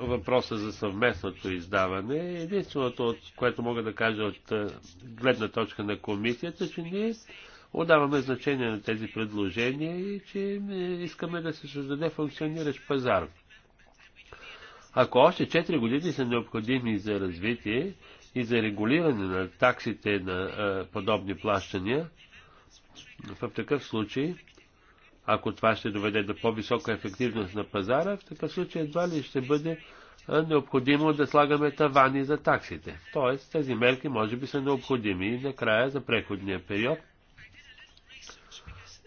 въпроса за съвместното издаване. Единственото, от което мога да кажа от гледна точка на комисията, че ние отдаваме значение на тези предложения и че е, искаме да се създаде функциониращ пазар. Ако още 4 години са необходими за развитие и за регулиране на таксите на е, подобни плащания, в такъв случай, ако това ще доведе до по-висока ефективност на пазара, в такъв случай едва ли ще бъде е, необходимо да слагаме тавани за таксите. Тоест, тези мерки може би са необходими и накрая за преходния период –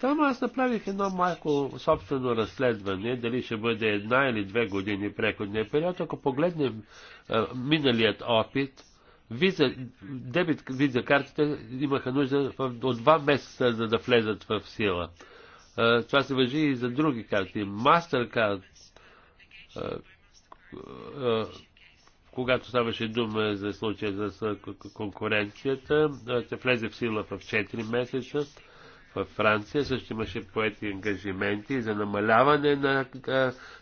там аз направих едно малко собствено разследване, дали ще бъде една или две години преходния период. Ако погледнем а, миналият опит, виза, дебит виза картите имаха нужда в, от два месеца, за да влезат в сила. А, това се въжи и за други карти. Mastercard, а, а, когато ставаше дума за случая за конкуренцията, ще влезе в сила в 4 месеца във Франция също имаше поети ангажименти за намаляване на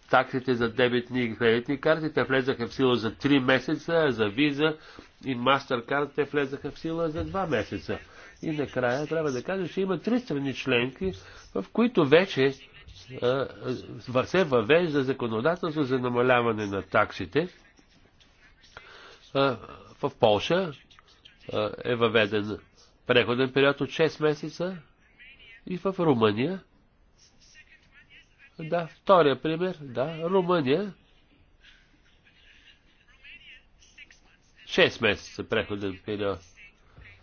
таксите за дебетни и кредитни карти. Те влезаха в сила за 3 месеца, а за виза и MasterCard те влезаха в сила за 2 месеца. И накрая трябва да кажа, че има три страни членки, в които вече а, се въвежда законодателство за намаляване на таксите. А, в Польша е въведен преходен период от 6 месеца, и в Румъния. Да, втория пример, да, Румъния. 6 месеца преходен период.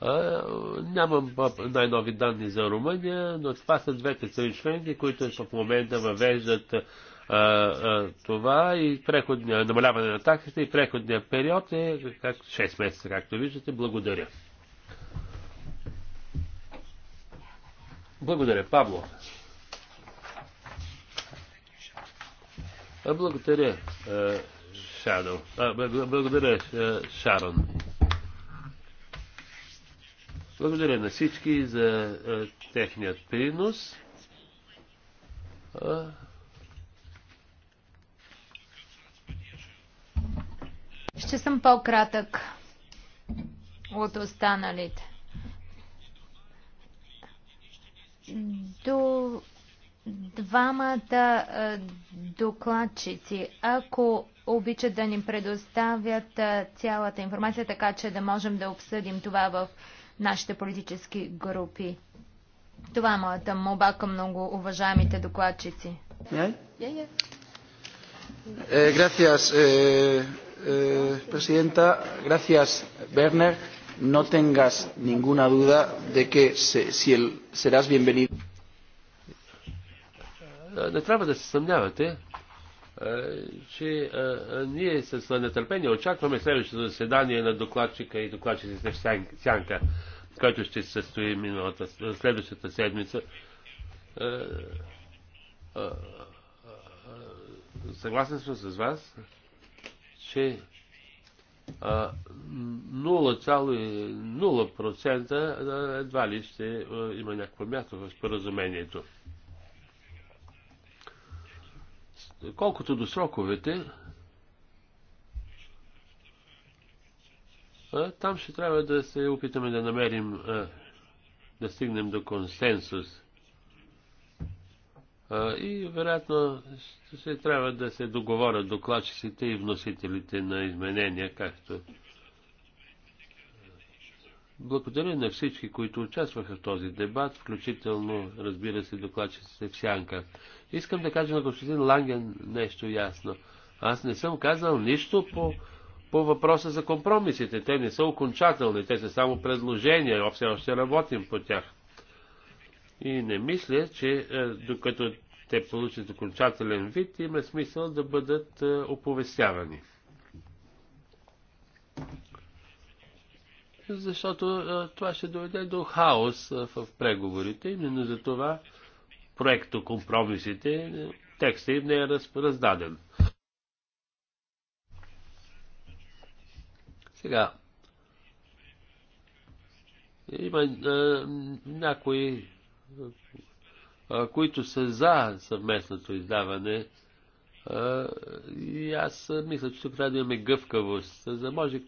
А, нямам най-нови данни за Румъния, но това са двете страни членки, които в момента въвеждат а, а, това и преходния, намаляване на таксите и преходния период е как, 6 месеца, както виждате. Благодаря. Благодаря, Пабло. Благодаря, Шадо. Благодаря, Шарон. Благодаря на всички за техният принос. Ще съм по-кратък от останалите. до двамата докладчици, ако обичат да ни предоставят цялата информация, така че да можем да обсъдим това в нашите политически групи. Това е моята моба към много уважаемите докладчици. Yeah? Yeah, yeah. Eh, gracias, eh, eh, no tengas ninguna duda de que se, si el, serás bienvenido. Не трябва да се съмнявате, че ние с нетърпение очакваме следващото заседание на докладчика и докладчиците в Сянка, който ще се състои миналата, следващата седмица. Съгласен съм с вас, че 0,0% едва ли ще има някакво място в споразумението. Колкото до сроковете, там ще трябва да се опитаме да намерим, да стигнем до консенсус. И вероятно ще трябва да се договорят докладчиците и вносителите на изменения, както е. благодаря на всички, които участваха в този дебат, включително, разбира се, докладчиците в Сянка. Искам да кажа на господин Ланген нещо ясно. Аз не съм казал нищо по, по въпроса за компромисите. Те не са окончателни, те са само предложения, все още работим по тях. И не мисля, че е, докато те получат окончателен вид, има смисъл да бъдат е, оповестявани. Защото е, това ще доведе до хаос в преговорите. Именно за това проекто компромисите, текста им не е раздаден. Сега, има а, някои които са за съвместното издаване. И аз мисля, че тук трябва да имаме гъвкавост, за да може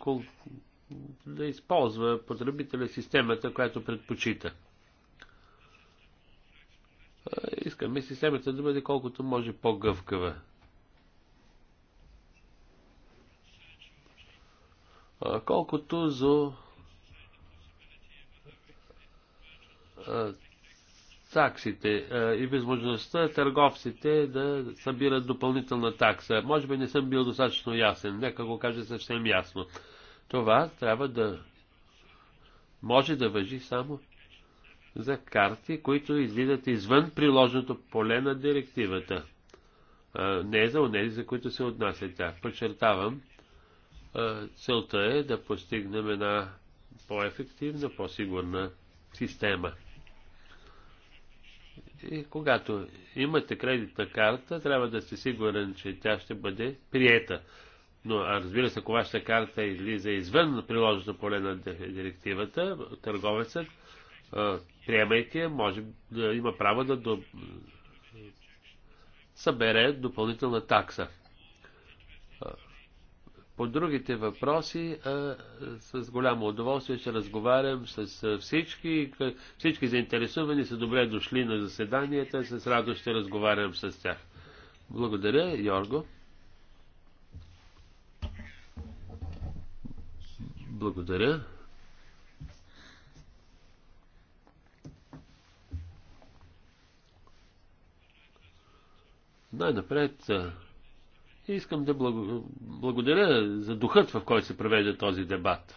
да използва потребителя системата, която предпочита. Искаме системата да бъде колкото може по-гъвкава. Колкото за таксите е, и възможността търговците да събират допълнителна такса. Може би не съм бил достатъчно ясен, нека го кажа съвсем ясно. Това трябва да може да въжи само за карти, които излизат извън приложното поле на директивата. Е, не за онези, за които се отнася тя. Подчертавам, е, целта е да постигнем една по-ефективна, по-сигурна система. И когато имате кредитна карта, трябва да сте сигурен, че тя ще бъде приета. Но разбира се, ако вашата карта излиза извън приложено поле на директивата, търговецът, приемайки, може да има право да до... събере допълнителна такса. По другите въпроси а, с голямо удоволствие ще разговарям с всички. Всички заинтересувани са добре дошли на заседанията. С радост ще разговарям с тях. Благодаря, Йорго. Благодаря. Най-напред и искам да благодаря за духът, в който се проведе този дебат.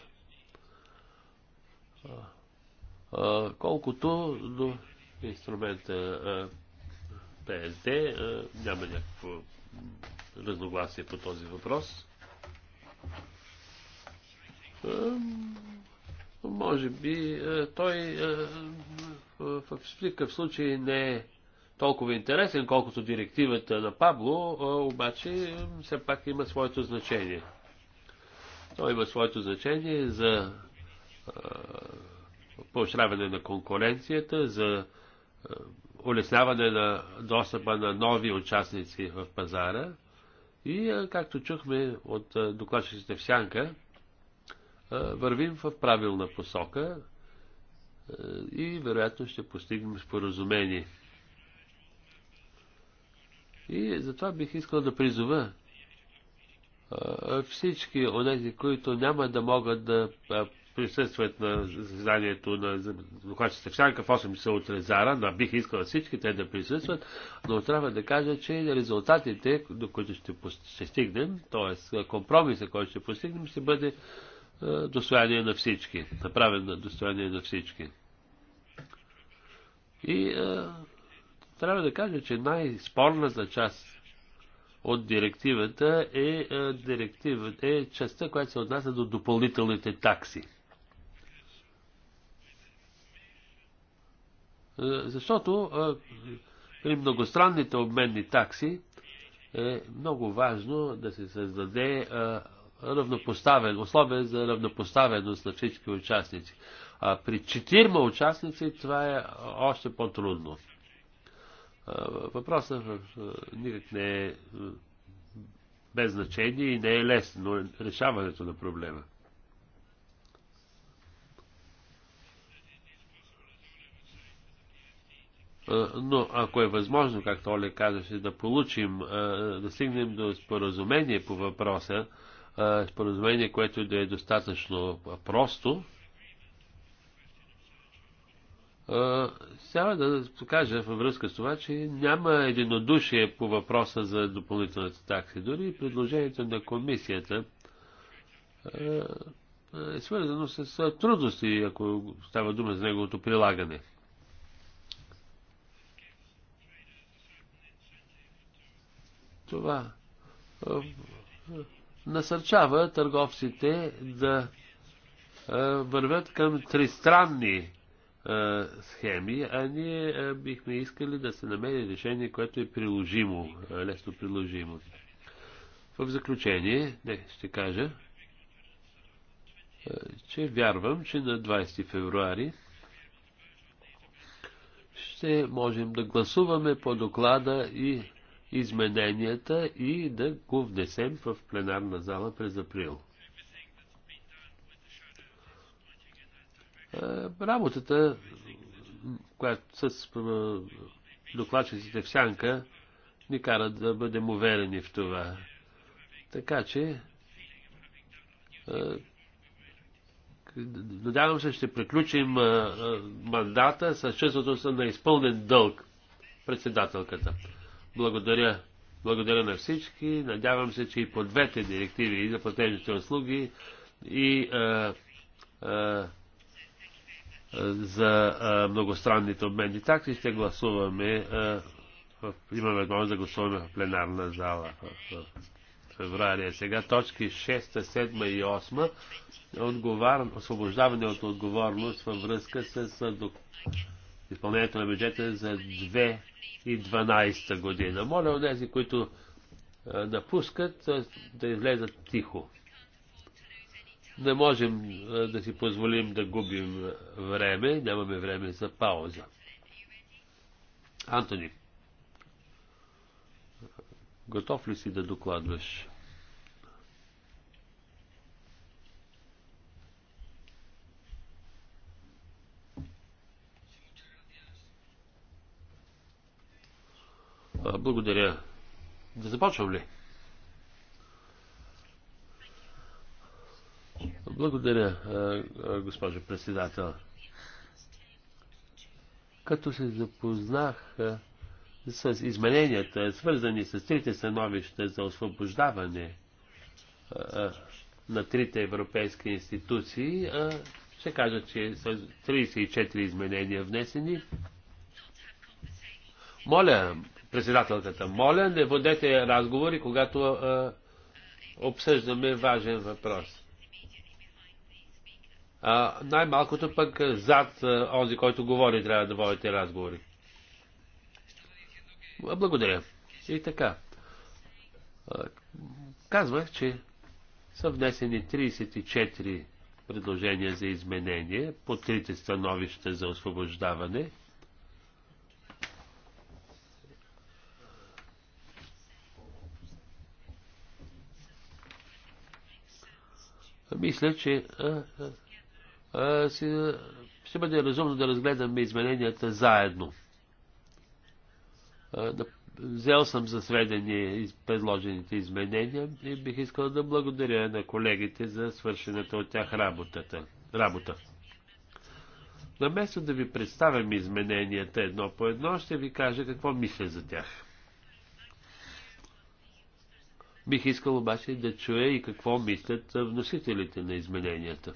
Колкото до инструмента ПСД, е няма някакво разногласие по този въпрос. Може би той в никакъв случай не е толкова интересен, колкото директивата на Пабло, обаче все пак има своето значение. Той има своето значение за поощряване на конкуренцията, за улесняване на достъпа на нови участници в пазара и, както чухме от докладчиците в Сянка, вървим в правилна посока и вероятно ще постигнем споразумение. И затова бих искал да призова всички от тези, които няма да могат да присъстват на заседанието на докладчица Шанка в 8 часа утре зара, но бих искал всички те да присъстват, но трябва да кажа, че резултатите, до които ще, ще стигнем, т.е. компромиса, който ще постигнем, ще бъде достояние на всички, направен на достояние на всички. И трябва да кажа, че най-спорната част от директивата е, е директивата е частта, която се отнася до допълнителните такси. Е, защото е, при многостранните обменни такси е много важно да се създаде равнопоставен, условие за равнопоставеност на всички участници. А при четирма участници това е още по-трудно. Въпросът никак не е без значение и не е лесно е решаването на проблема. Но ако е възможно, както Оле казаше, да получим, да стигнем до споразумение по въпроса, споразумение, което да е достатъчно просто, е, сега да кажа във връзка с това, че няма единодушие по въпроса за допълнителната такси, Дори предложението на комисията е, е свързано с трудности, ако става дума за неговото прилагане. Това е, насърчава търговците да вървят към тристранни схеми, а ние бихме искали да се намери решение, което е приложимо, лесно приложимо. В заключение, не, ще кажа, че вярвам, че на 20 февруари ще можем да гласуваме по доклада и измененията и да го внесем в пленарна зала през април. Е, работата, която с е, докладчиците в сянка, ни карат да бъдем уверени в това. Така че, е, надявам се, ще приключим мандата с чувството на изпълнен дълг председателката. Благодаря. Благодаря на всички. Надявам се, че и по двете директиви, и за платежните услуги, и а, а, за многостранните обменни такси ще гласуваме, имаме възможност да гласуваме в пленарна зала в феврари. Сега точки 6, 7 и 8 отговар... освобождаване от отговорност във връзка с док... изпълнението на бюджета за 2012 година. Моля от тези, които да пускат, да излезат тихо. Не можем да си позволим да губим време, нямаме време за пауза. Антони, готов ли си да докладваш? Благодаря. Да започвам ли? Благодаря, госпожо председател. Като се запознах с измененията, свързани с трите становища за освобождаване на трите европейски институции, ще кажа, че са 34 изменения внесени. Моля, председателката, моля, не водете разговори, когато а, обсъждаме важен въпрос най-малкото пък е, зад е, онзи, който говори, трябва да водите разговори. Благодаря. И така. Казвах, че са внесени 34 предложения за изменение по трите становища за освобождаване. Мисля, че а, си, ще бъде разумно да разгледаме измененията заедно. Взел съм за сведение предложените изменения и бих искал да благодаря на колегите за свършената от тях работата. работа. Наместо да ви представям измененията едно по едно, ще ви кажа какво мисля за тях. Бих искал обаче да чуя и какво мислят вносителите на измененията.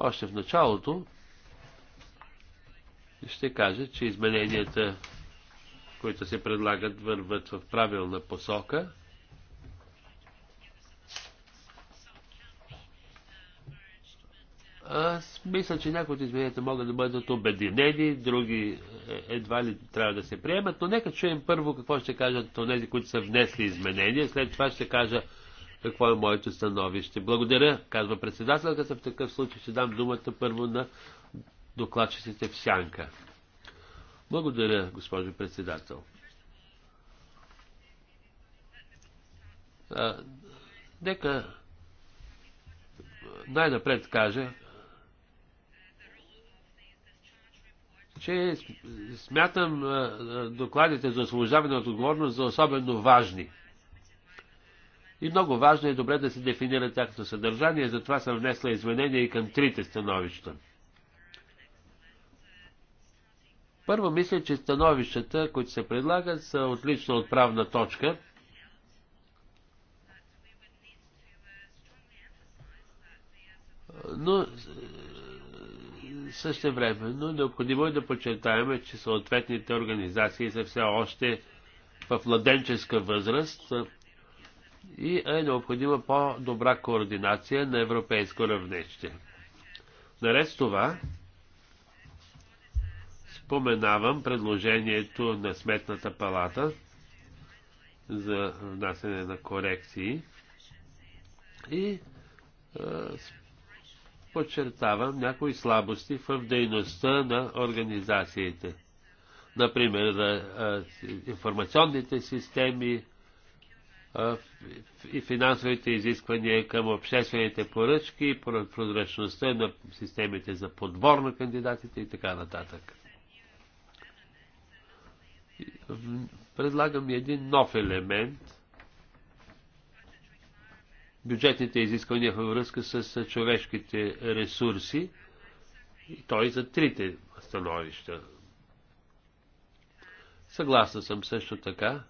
Още в началото ще кажа, че измененията, които се предлагат, върват в правилна посока. Аз мисля, че някои от измененията могат да бъдат обединени, други е, едва ли трябва да се приемат, но нека чуем първо какво ще кажат тези, които са внесли изменения, след това ще кажа какво е моето становище. Благодаря, казва председателката. В такъв случай ще дам думата първо на докладчиците в сянка. Благодаря, госпожо председател. А, нека най-напред кажа, че смятам докладите за освобождаване от отговорност за особено важни. И много важно е добре да се дефинира тяхното съдържание, затова съм внесла изменения и към трите становища. Първо мисля, че становищата, които се предлагат, са отлична отправна точка. Но също време, но необходимо е да подчертаем, че съответните организации са все още в младенческа възраст, и е необходима по-добра координация на европейско равнище. Наред с това, споменавам предложението на Сметната палата за внасяне на корекции и е, подчертавам някои слабости в дейността на организациите. Например, е, е, информационните системи, и финансовите изисквания към обществените поръчки, прозрачността на системите за подбор на кандидатите и така нататък. Предлагам един нов елемент бюджетните изисквания във връзка с човешките ресурси и той за трите становища. Съгласна съм също така,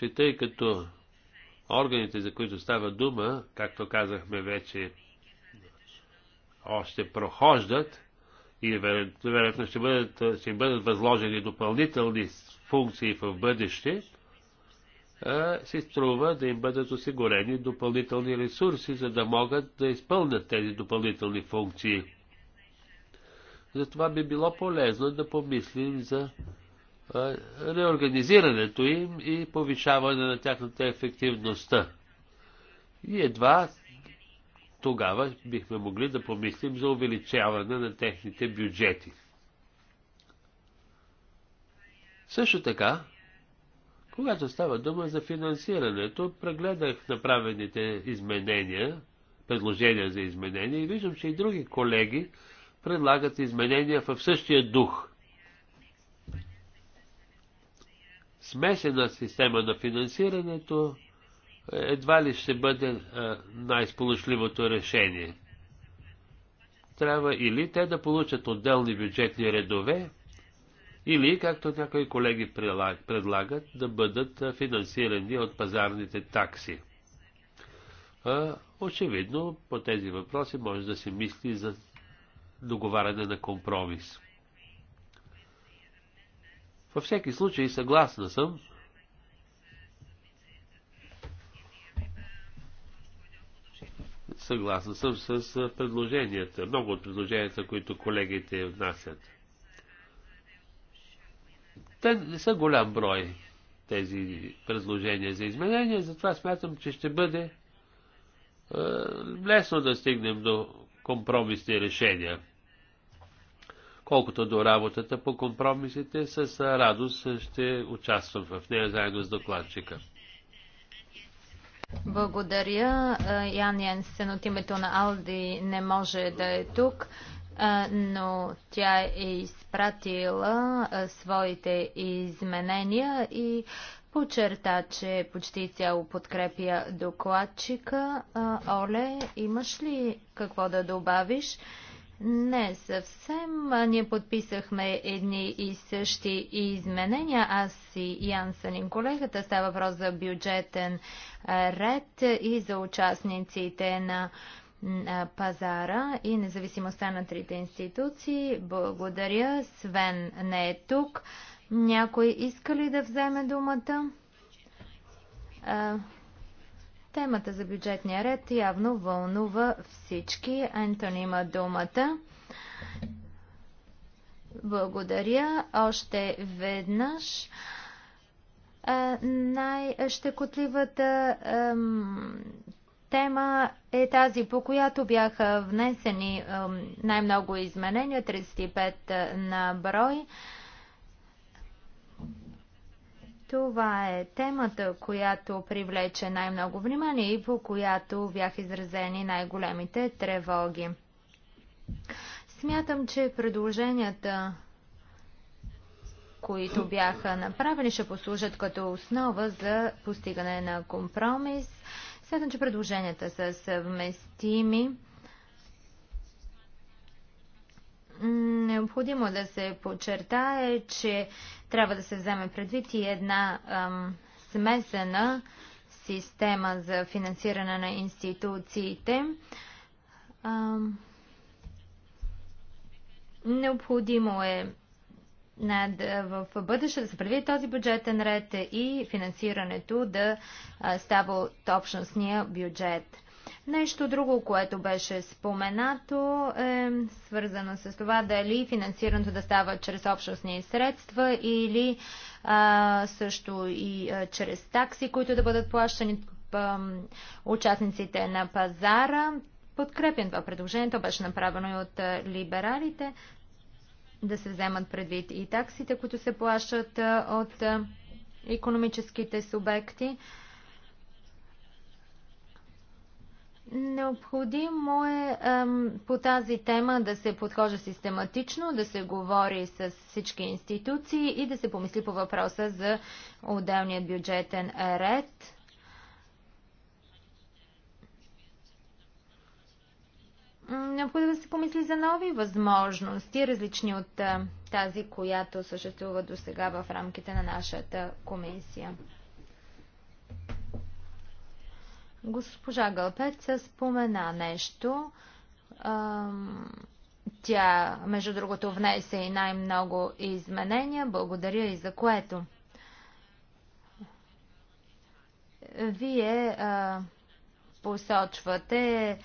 че тъй като органите, за които става дума, както казахме вече, още прохождат и вероятно ще бъдат, ще бъдат възложени допълнителни функции в бъдеще, си струва да им бъдат осигурени допълнителни ресурси, за да могат да изпълнят тези допълнителни функции. Затова би било полезно да помислим за реорганизирането им и повишаване на тяхната ефективността. И едва тогава бихме могли да помислим за увеличаване на техните бюджети. Също така, когато става дума за финансирането, прегледах направените изменения, предложения за изменения и виждам, че и други колеги предлагат изменения в същия дух. смесена система на финансирането едва ли ще бъде е, най-сполучливото решение. Трябва или те да получат отделни бюджетни редове, или, както някои колеги предлагат, да бъдат е, финансирани от пазарните такси. Е, очевидно, по тези въпроси може да се мисли за договаряне на компромис. Във всеки случай съгласна съм, съгласна съм с предложенията, много от предложенията, които колегите внасят. Те не са голям брой тези предложения за изменения, затова смятам, че ще бъде е, лесно да стигнем до компромисни решения. Колкото до работата по компромисите, с радост ще участвам в нея заедно с докладчика. Благодаря. Ян Янсен от името на Алди не може да е тук, но тя е изпратила своите изменения и Почерта, че почти цяло подкрепя докладчика. Оле, имаш ли какво да добавиш? Не съвсем. Ние подписахме едни и същи изменения. Аз и Ян Санин, колегата, става въпрос за бюджетен ред и за участниците на пазара и независимостта на трите институции. Благодаря. Свен не е тук. Някой иска ли да вземе думата? Темата за бюджетния ред явно вълнува всички. Антон има думата. Благодаря още веднъж. Най-щекотливата тема е тази, по която бяха внесени най-много изменения, 35 на брой. Това е темата, която привлече най-много внимание и по която бях изразени най-големите тревоги. Смятам, че предложенията, които бяха направени, ще послужат като основа за постигане на компромис. Смятам, че предложенията са съвместими Необходимо да се подчертае, че трябва да се вземе предвид и една ам, смесена система за финансиране на институциите. Ам, необходимо е в бъдеще да се предвиди този бюджетен ред и финансирането да става от общностния бюджет. Нещо друго, което беше споменато, е свързано с това дали финансирането да става чрез общностни средства или а, също и а, чрез такси, които да бъдат плащани а, участниците на пазара. Подкрепен това предложение, то беше направено и от а, либералите, да се вземат предвид и таксите, които се плащат а, от а, економическите субекти. А, Необходимо е по тази тема да се подхожа систематично, да се говори с всички институции и да се помисли по въпроса за отделният бюджетен ред. Необходимо е да се помисли за нови възможности, различни от тази, която съществува до сега в рамките на нашата комисия. Госпожа Гълпеца спомена нещо. Тя, между другото, внесе и най-много изменения. Благодаря и за което. Вие посочвате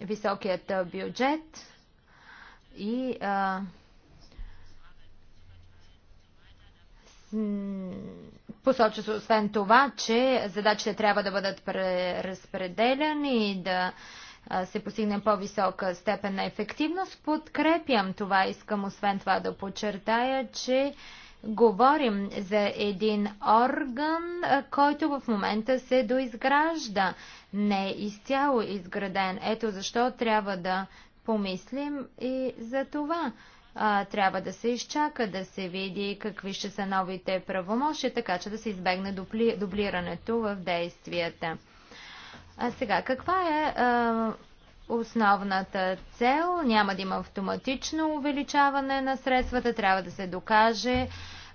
високият бюджет и а, Посочва се освен това, че задачите трябва да бъдат преразпределени и да се постигне по-висока степен на ефективност. Подкрепям това. Искам освен това да подчертая, че говорим за един орган, който в момента се доизгражда. Не е изцяло изграден. Ето защо трябва да помислим и за това а, трябва да се изчака, да се види какви ще са новите правомощи, така че да се избегне дупли, дублирането в действията. А сега, каква е а, основната цел? Няма да има автоматично увеличаване на средствата, трябва да се докаже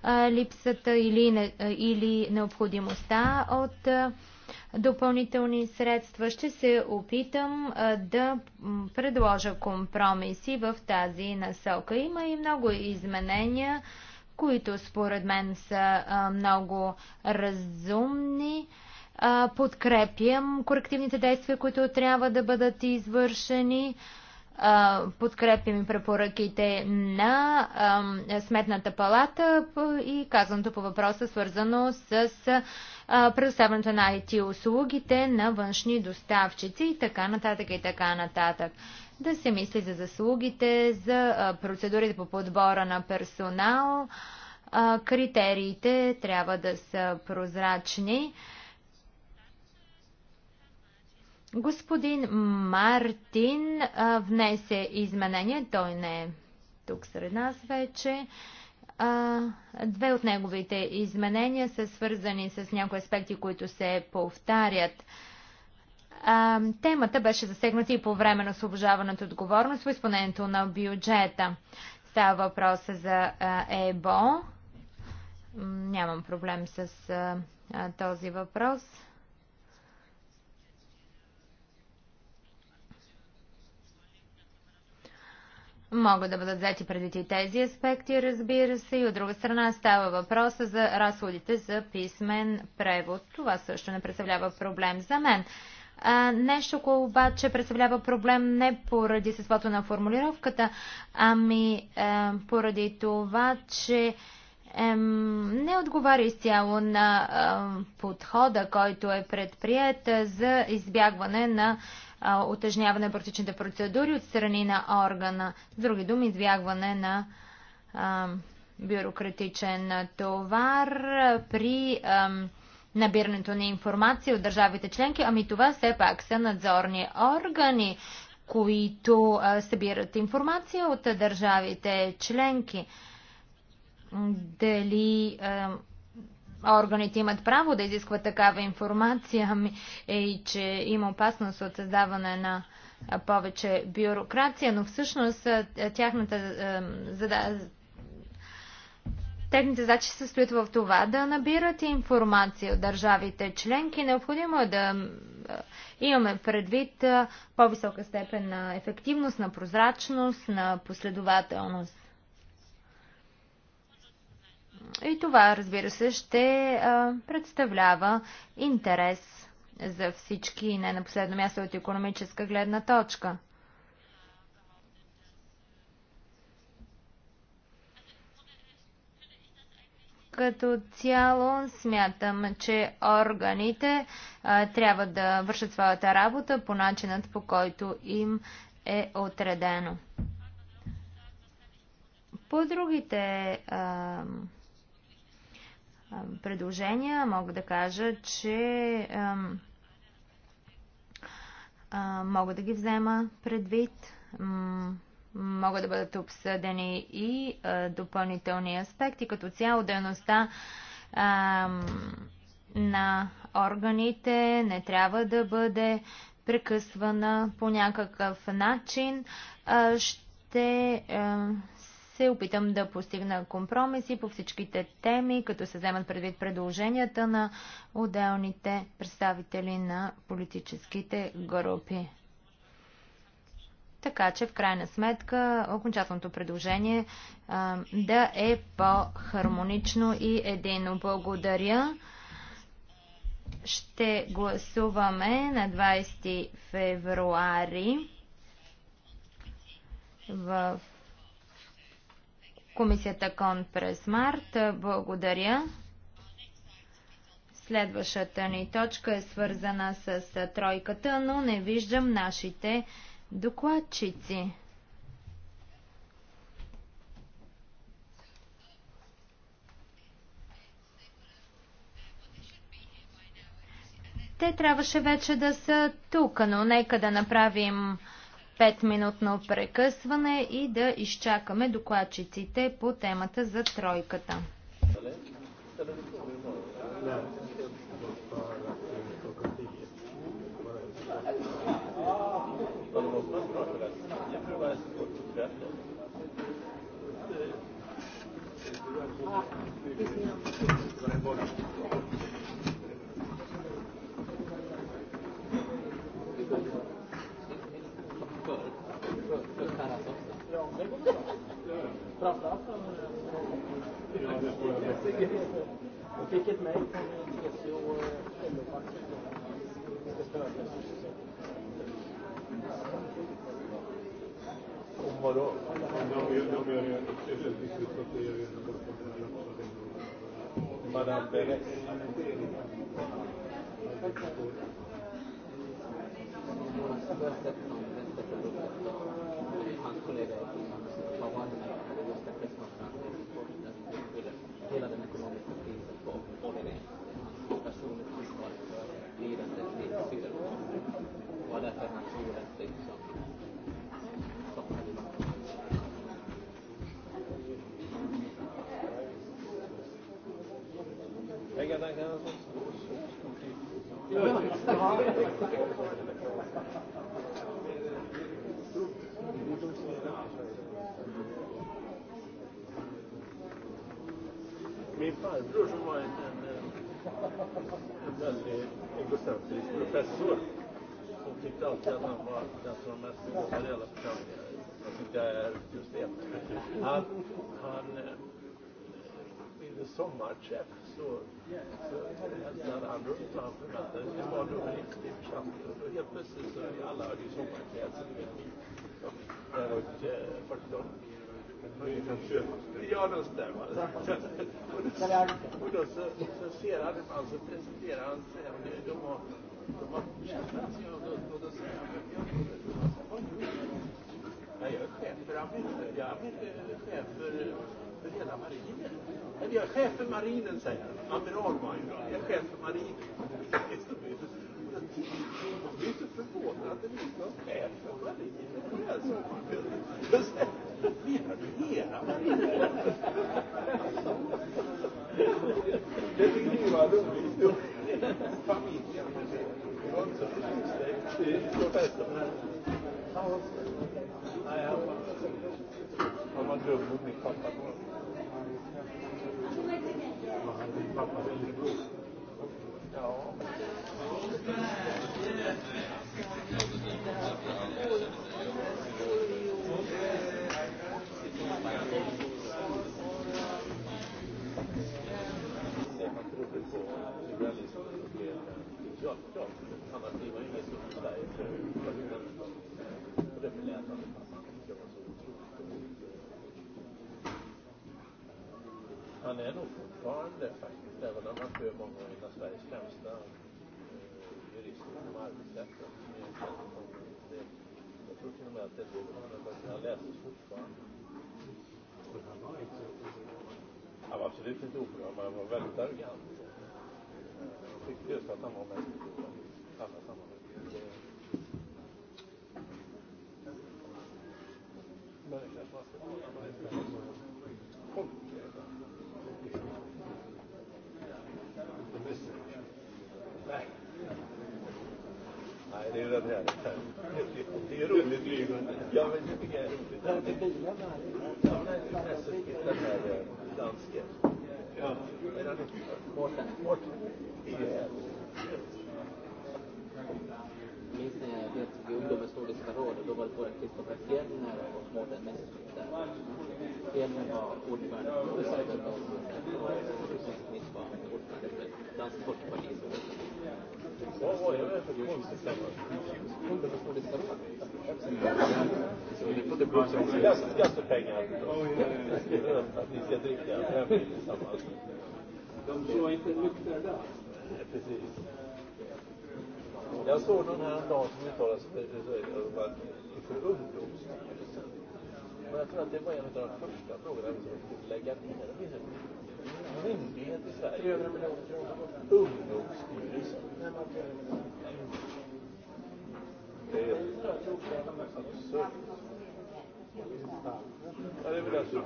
а, липсата или, не, или необходимостта от. А, допълнителни средства. Ще се опитам да предложа компромиси в тази насока. Има и много изменения, които според мен са много разумни. Подкрепям корективните действия, които трябва да бъдат извършени подкрепим препоръките на Сметната палата и казаното по въпроса свързано с предоставянето на IT услугите на външни доставчици и така нататък и така нататък. Да се мисли за заслугите, за процедурите по подбора на персонал. Критериите трябва да са прозрачни. Господин Мартин а, внесе изменения, той не е тук сред нас вече. А, две от неговите изменения са свързани с някои аспекти, които се повтарят. А, темата беше засегната и по време на освобождаването отговорност в изпълнението на бюджета. Става въпроса за а, ЕБО. Нямам проблем с а, този въпрос. Могат да бъдат взети преди и тези аспекти, разбира се, и от друга страна става въпроса за разходите за писмен превод. Това също не представлява проблем за мен. А, нещо, което обаче представлява проблем не поради съсвото на формулировката, ами а, е, поради това, че не отговаря изцяло на е, подхода, който е предприят за избягване на отъжняване на практичните процедури от страни на органа. С други думи, избягване на бюрократичен товар при набирането на информация от държавите членки. Ами това все пак са надзорни органи, които събират информация от държавите членки. Дали органите имат право да изискват такава информация и ами, е, че има опасност от създаване на повече бюрокрация, но всъщност тяхната задача Техните задачи се стоят в това да набират информация от държавите членки. Необходимо е да имаме предвид по-висока степен на ефективност, на прозрачност, на последователност. И това, разбира се, ще представлява интерес за всички и не на последно място от економическа гледна точка. Като цяло смятам, че органите а, трябва да вършат своята работа по начинът, по който им е отредено. По другите а, предложения, мога да кажа, че мога да ги взема предвид. Могат да бъдат обсъдени и допълнителни аспекти, като цяло дейността на органите не трябва да бъде прекъсвана по някакъв начин. Ще се опитам да постигна компромиси по всичките теми, като се вземат предвид предложенията на отделните представители на политическите групи. Така че, в крайна сметка, окончателното предложение а, да е по-хармонично и едино. Благодаря. Ще гласуваме на 20 февруари в Комисията Кон през март. Благодаря. Следващата ни точка е свързана с тройката, но не виждам нашите докладчици. Те трябваше вече да са тук, но нека да направим петминутно прекъсване и да изчакаме докладчиците по темата за тройката. Ah, Framförallt från Jag fick ett mejl från TCO och LO-facket som ska stödja Om vadå? De gör ju en kolega har varit med på just den presskonferensen hela den ekonomiska krisen och vad är. Hans personliga ansvar för lidandet i Sydafrika. Det därför han tror att det liksom Jag kan att det var så stort. farbror som var en, en, en väldigt egocentrisk professor som tyckte alltid att han var den som var mest begåvad i alla församlingar. Jag tyckte jag är just det. Han, han ville sommarträff så, så hälsade han runt och han förväntade sig att vara nummer ett i församlingen. Och helt plötsligt så alla hade ju sommarkläder. Det var 40 dagar. Ja, de stämmer. Och då så, så ser han alltså, så presenterar han sig. De har, de har träffats, jag och då, och då säger han, vad gör Jag är chef för ammunition. Jag är chef för, hela marinen. Eller jag är chef för marinen, säger han. Amiral Jag är chef för marinen. Jag blir så förvånad det finns någon chef för marinen. Ja. han är nog fortfarande faktiskt, även om han för många av en av Sveriges främsta jurister inom arbetsrätten. Jag tror till och med att det är du, men han läses fortfarande. Han var absolut inte men han var väldigt arrogant. Jag tyckte just att han var mest oprogram i alla sammanhang. Men det kanske man ska lurar det här. Det är roligt Ja, men det är roligt. Det är bilarna här. Intresset till den här dansken. Ja. Det är minns när jag deltog i ungdomens nordiska råd och då var det både Kristoffer Fjellner och Mårten Messerschmidt där. Fjellner var ordförande för Nordiska och var ordförande för Dansk Folkpartis Vad var det för konstigt Ungdomens nordiska råd. Skattepengar. Att ni ska dricka De tror inte nykter där. Precis. Jag såg någon dag som uttalade sig för ungdomsstyrelsen. Men jag tror att det var en av de första frågorna vi skulle lägga ner. Det finns en myndighet i Sverige. Ungdomsstyrelsen. Det är absurt. Ja, det är väl absurt.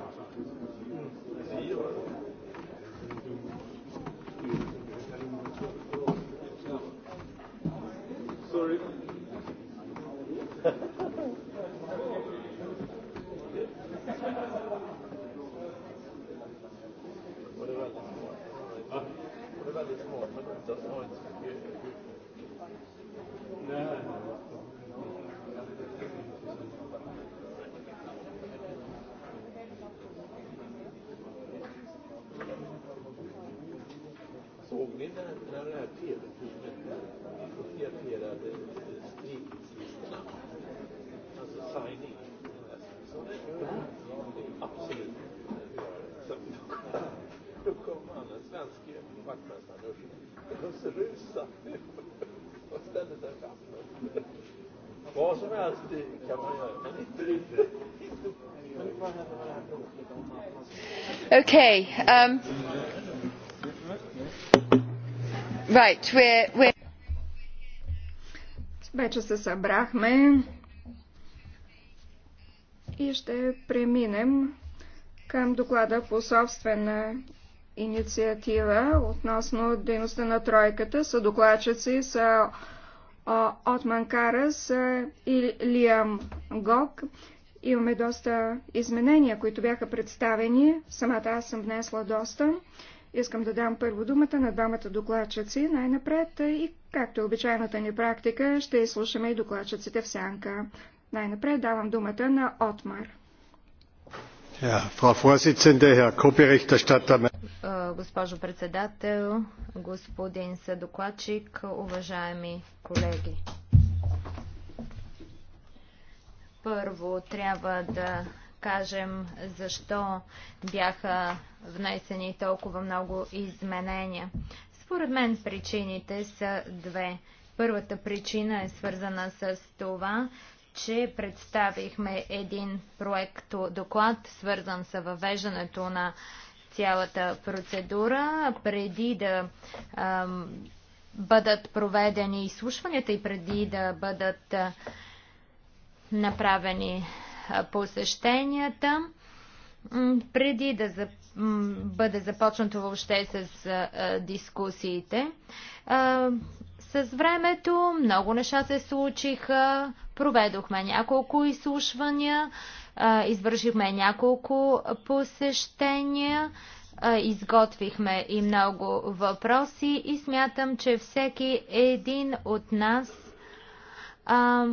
Vi gör det. sorry. what about this one? What about this one? No. Såg ni den, här tv rusar och ställer sig framför. Vad som helst kan man göra, men inte riktigt. Okay. Um, right, we're, we're... Вече се събрахме и ще преминем към доклада по собствена инициатива относно дейността на тройката. Са докладчици са Отман Карас и Лиам Гог. Имаме доста изменения, които бяха представени. Самата аз съм внесла доста. Искам да дам първо думата на двамата докладчици най-напред и, както е обичайната ни практика, ще изслушаме и докладчиците в сянка. Най-напред давам думата на Отмар. Е, госпожо председател, господин съдокладчик, уважаеми колеги. Първо трябва да кажем защо бяха внесени толкова много изменения. Според мен причините са две. Първата причина е свързана с това, че представихме един проект доклад, свързан с въвеждането на цялата процедура. Преди да ам, бъдат проведени изслушванията и преди да бъдат а, направени а, посещенията, преди да за, бъде започнато въобще с а, дискусиите, с времето много неща се случиха, проведохме няколко изслушвания, извършихме няколко посещения, изготвихме и много въпроси и смятам, че всеки един от нас а,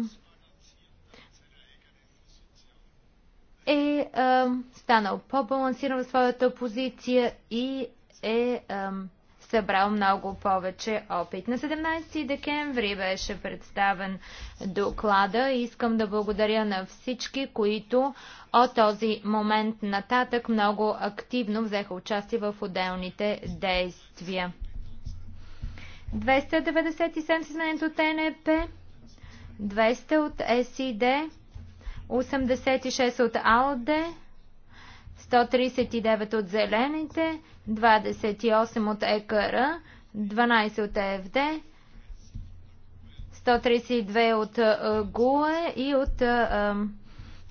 е а, станал по-балансиран в своята позиция и е а, събрал много повече опит. На 17 декември беше представен доклада. Искам да благодаря на всички, които от този момент нататък много активно взеха участие в отделните действия. 297 е с изменението от НЕП, 200 от СИД, 86 от АЛДЕ, 139 от зелените, 28 от ЕКР, 12 от ЕФД, 132 от е, ГУЕ и от е, е,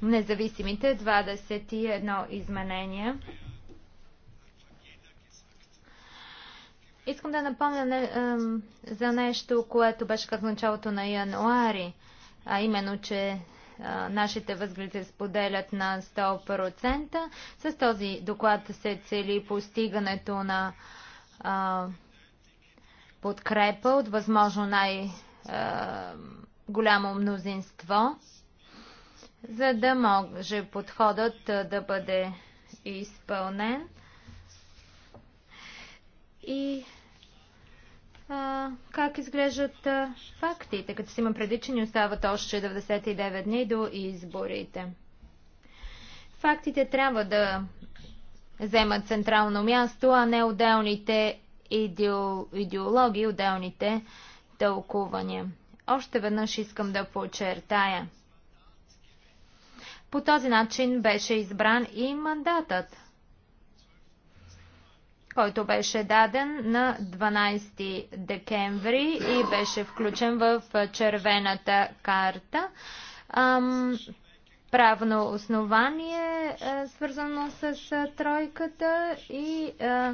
независимите 21 изменения. Искам да напомня за нещо, което беше как в началото на януари, а именно, че нашите възгледи споделят на 100%. С този доклад се цели постигането на подкрепа от възможно най-голямо мнозинство, за да може подходът да бъде изпълнен. И а, как изглеждат а, фактите, като си има преди, че ни остават още 99 дни до изборите. Фактите трябва да вземат централно място, а не отделните идеологии, отделните тълкувания. Още веднъж искам да подчертая. По този начин беше избран и мандатът който беше даден на 12 декември и беше включен в червената карта. Ам, правно основание, е, свързано с е, тройката и е, е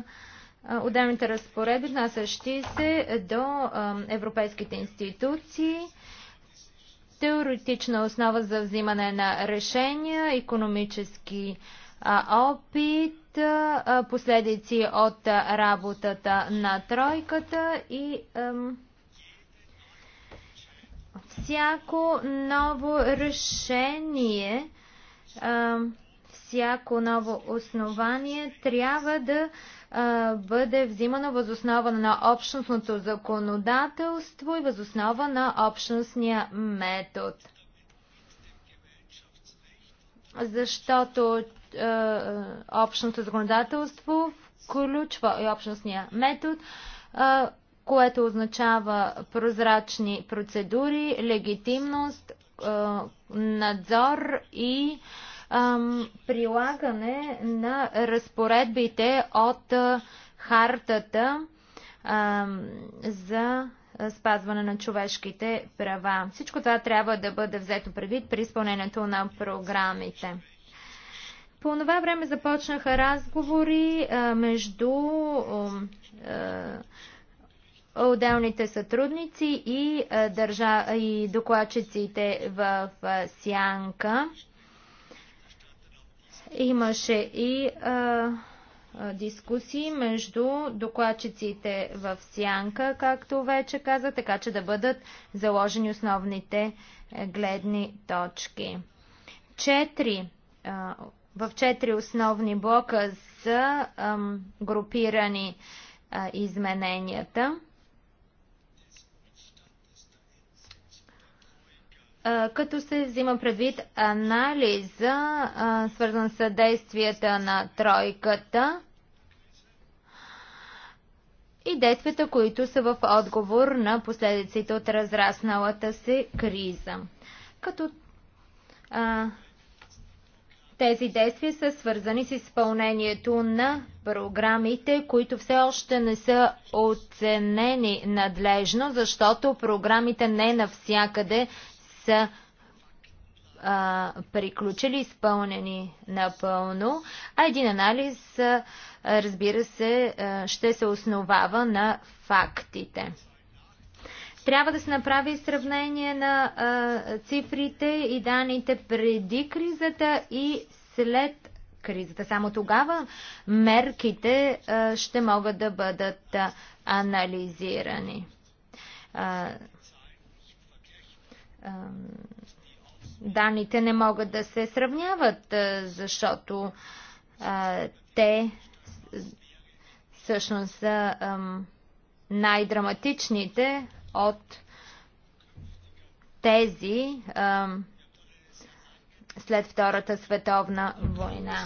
отделните разпореди, насъщи се до европейските институции, теоретична основа за взимане на решения, економически опит, последици от работата на тройката и ем, всяко ново решение, ем, всяко ново основание трябва да бъде взимано възоснова на общностното законодателство и възоснова на общностния метод. Защото общото е, е, законодателство включва и общностния метод, е, което означава прозрачни процедури, легитимност, надзор и прилагане на разпоредбите от хартата за спазване на човешките права. Всичко това трябва да бъде взето предвид при изпълнението на програмите. По това време започнаха разговори а, между а, отделните сътрудници и, а, държа, и докладчиците в а, Сянка. Имаше и а, дискусии между докладчиците в Сянка, както вече каза, така че да бъдат заложени основните е, гледни точки. Четири в четири основни блока са ам, групирани а, измененията. като се взима предвид анализа, свързан с действията на тройката и действията, които са в отговор на последиците от разрасналата се криза. Като а, тези действия са свързани с изпълнението на програмите, които все още не са оценени надлежно, защото програмите не навсякъде са а, приключили, изпълнени напълно, а един анализ, а, разбира се, а, ще се основава на фактите. Трябва да се направи сравнение на а, цифрите и данните преди кризата и след кризата. Само тогава мерките а, ще могат да бъдат а, анализирани. А, а, данните не могат да се сравняват, а, защото а, те всъщност са най-драматичните от тези а, след Втората световна война.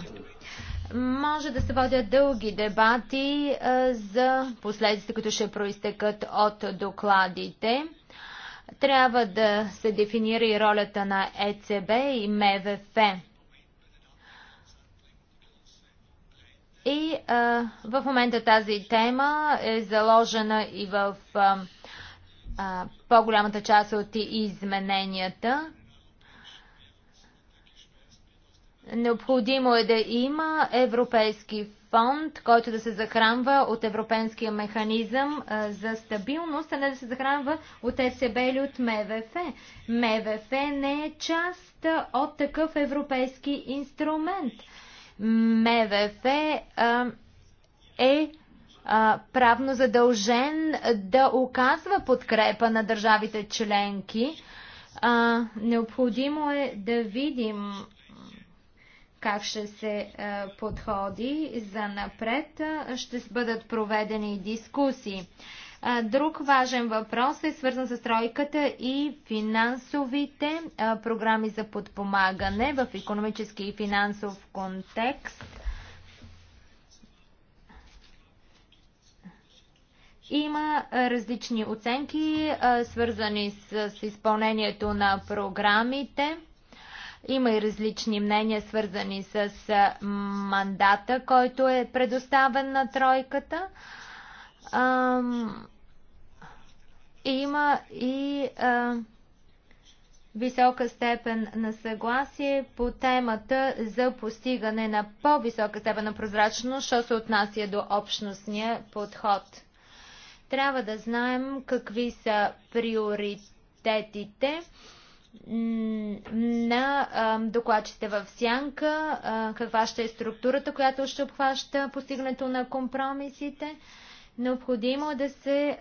Може да се водят дълги дебати а, за последствията, които ще проистекат от докладите. Трябва да се дефинира и ролята на ЕЦБ и МВФ. И а, в момента тази тема е заложена и в а, по-голямата част от измененията. Необходимо е да има европейски фонд, който да се захранва от Европейския механизъм за стабилност, а не да се захранва от ЕСБ или от МВФ. МВФ не е част от такъв европейски инструмент. МВФ а, е правно задължен да оказва подкрепа на държавите членки. А, необходимо е да видим как ще се а, подходи за напред. А, ще бъдат проведени дискусии. А, друг важен въпрос е свързан с тройката и финансовите а, програми за подпомагане в економически и финансов контекст Има различни оценки, свързани с изпълнението на програмите. Има и различни мнения, свързани с мандата, който е предоставен на тройката. Има и висока степен на съгласие по темата за постигане на по-висока степен на прозрачност, що се отнася до общностния подход. Трябва да знаем какви са приоритетите на докладчите в сянка, каква ще е структурата, която ще обхваща постигането на компромисите. Необходимо е да се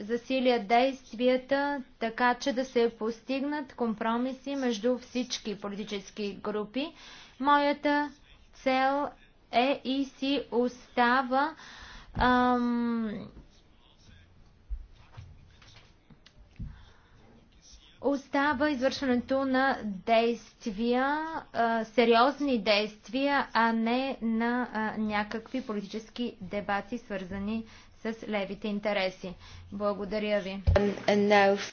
засилят действията, така че да се постигнат компромиси между всички политически групи. Моята цел е и си остава Остава извършването на действия, сериозни действия, а не на някакви политически дебати, свързани с левите интереси. Благодаря ви.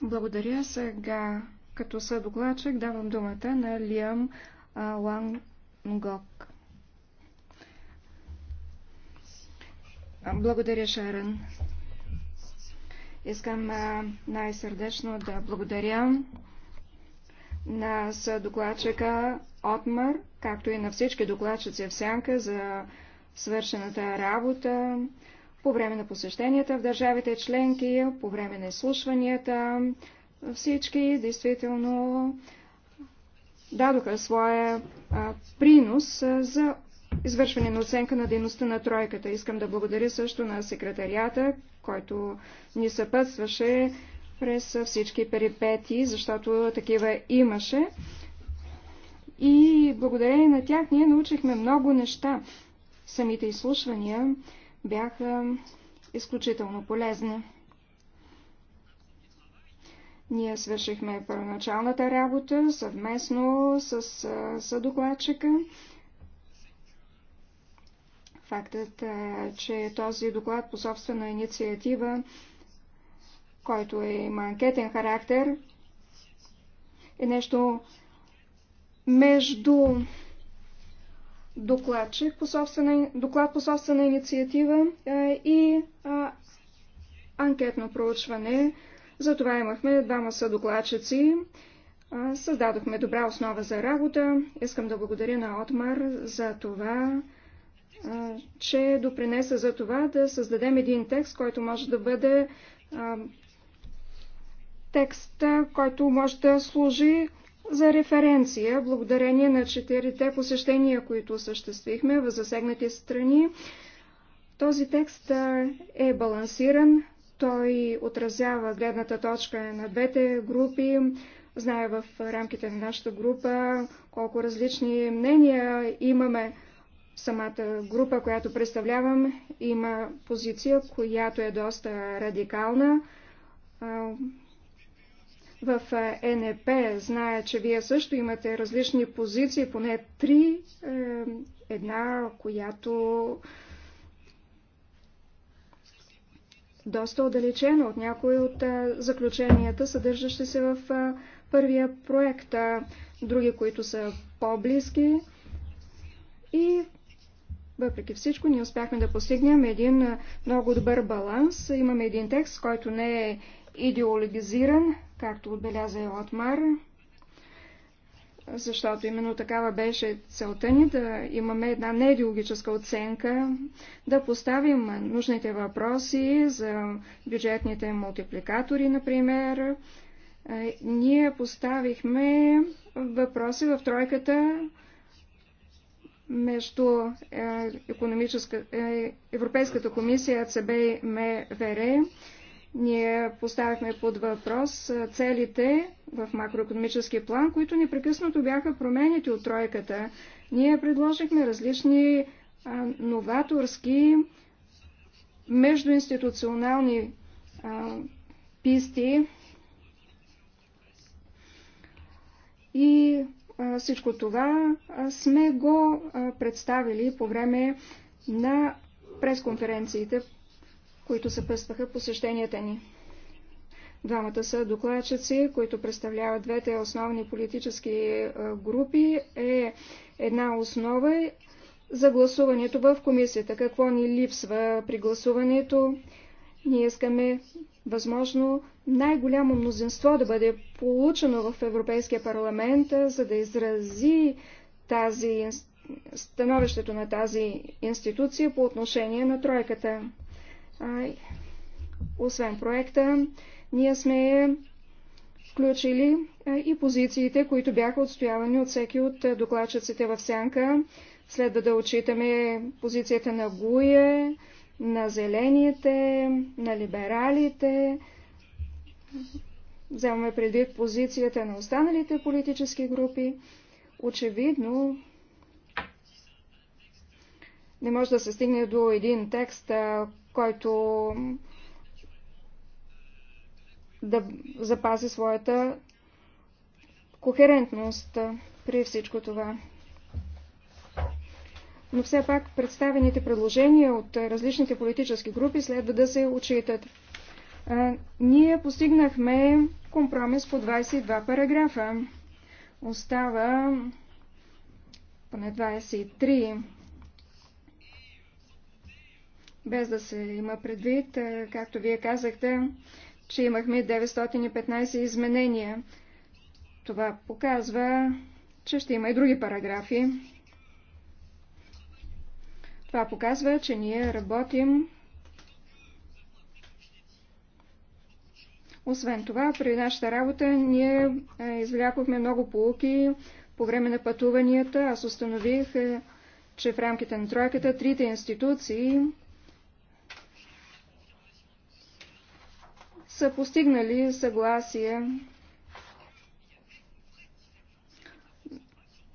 Благодаря сега. Като съдоглачък давам думата на Лиам Лангок. Благодаря, Шаран. Искам най-сърдечно да благодаря на съдокладчика Отмар, както и на всички докладчици в Сянка за свършената работа по време на посещенията в държавите членки, по време на изслушванията. Всички действително дадоха своя принос за извършване на оценка на дейността на тройката. Искам да благодаря също на секретарията, който ни съпътстваше през всички перипетии, защото такива имаше. И благодарение на тях ние научихме много неща. Самите изслушвания бяха изключително полезни. Ние свършихме първоначалната работа съвместно с съдокладчика. Фактът, че този доклад по собствена инициатива, който е, има анкетен характер, е нещо между докладчик по собствена, доклад по собствена инициатива и а, анкетно проучване. Затова имахме двама са докладчици, Създадохме добра основа за работа. Искам да благодаря на Отмар за това, че допринеса за това да създадем един текст, който може да бъде текст, който може да служи за референция, благодарение на четирите посещения, които осъществихме в засегнати страни. Този текст е балансиран, той отразява гледната точка на двете групи, знае в рамките на нашата група колко различни мнения имаме самата група, която представлявам, има позиция, която е доста радикална. В е НЕП зная, че вие също имате различни позиции, поне три. Е, една, която доста отдалечена от някои от е, заключенията, съдържащи се в първия проект, други, които са по-близки. И въпреки всичко, ние успяхме да постигнем един много добър баланс. Имаме един текст, който не е идеологизиран, както отбеляза и Отмар, защото именно такава беше целта ни да имаме една неидеологическа оценка, да поставим нужните въпроси за бюджетните мултипликатори, например. Е, ние поставихме въпроси в тройката между е, е, Европейската комисия, ЦБ и МВР. Ние поставихме под въпрос е, целите в макроекономически план, които непрекъснато бяха промените от тройката. Ние предложихме различни а, новаторски междуинституционални а, писти и всичко това сме го представили по време на пресконференциите, които съпъстваха посещенията ни. Двамата са докладчици, които представляват двете основни политически групи. Е една основа за гласуването в комисията. Какво ни липсва при гласуването? Ние искаме възможно най-голямо мнозинство да бъде получено в Европейския парламент, за да изрази тази, становището на тази институция по отношение на тройката. освен проекта, ние сме включили и позициите, които бяха отстоявани от всеки от докладчиците в сянка. Следва да отчитаме позицията на ГУЕ, на зелените, на либералите. Вземаме предвид позицията на останалите политически групи. Очевидно, не може да се стигне до един текст, който да запази своята кохерентност при всичко това но все пак представените предложения от различните политически групи следва да се очитат. Ние постигнахме компромис по 22 параграфа. Остава поне 23 без да се има предвид, както вие казахте, че имахме 915 изменения. Това показва, че ще има и други параграфи, това показва, че ние работим. Освен това, при нашата работа ние е, извлякохме много полуки по време на пътуванията. Аз установих, е, че в рамките на тройката трите институции са постигнали съгласие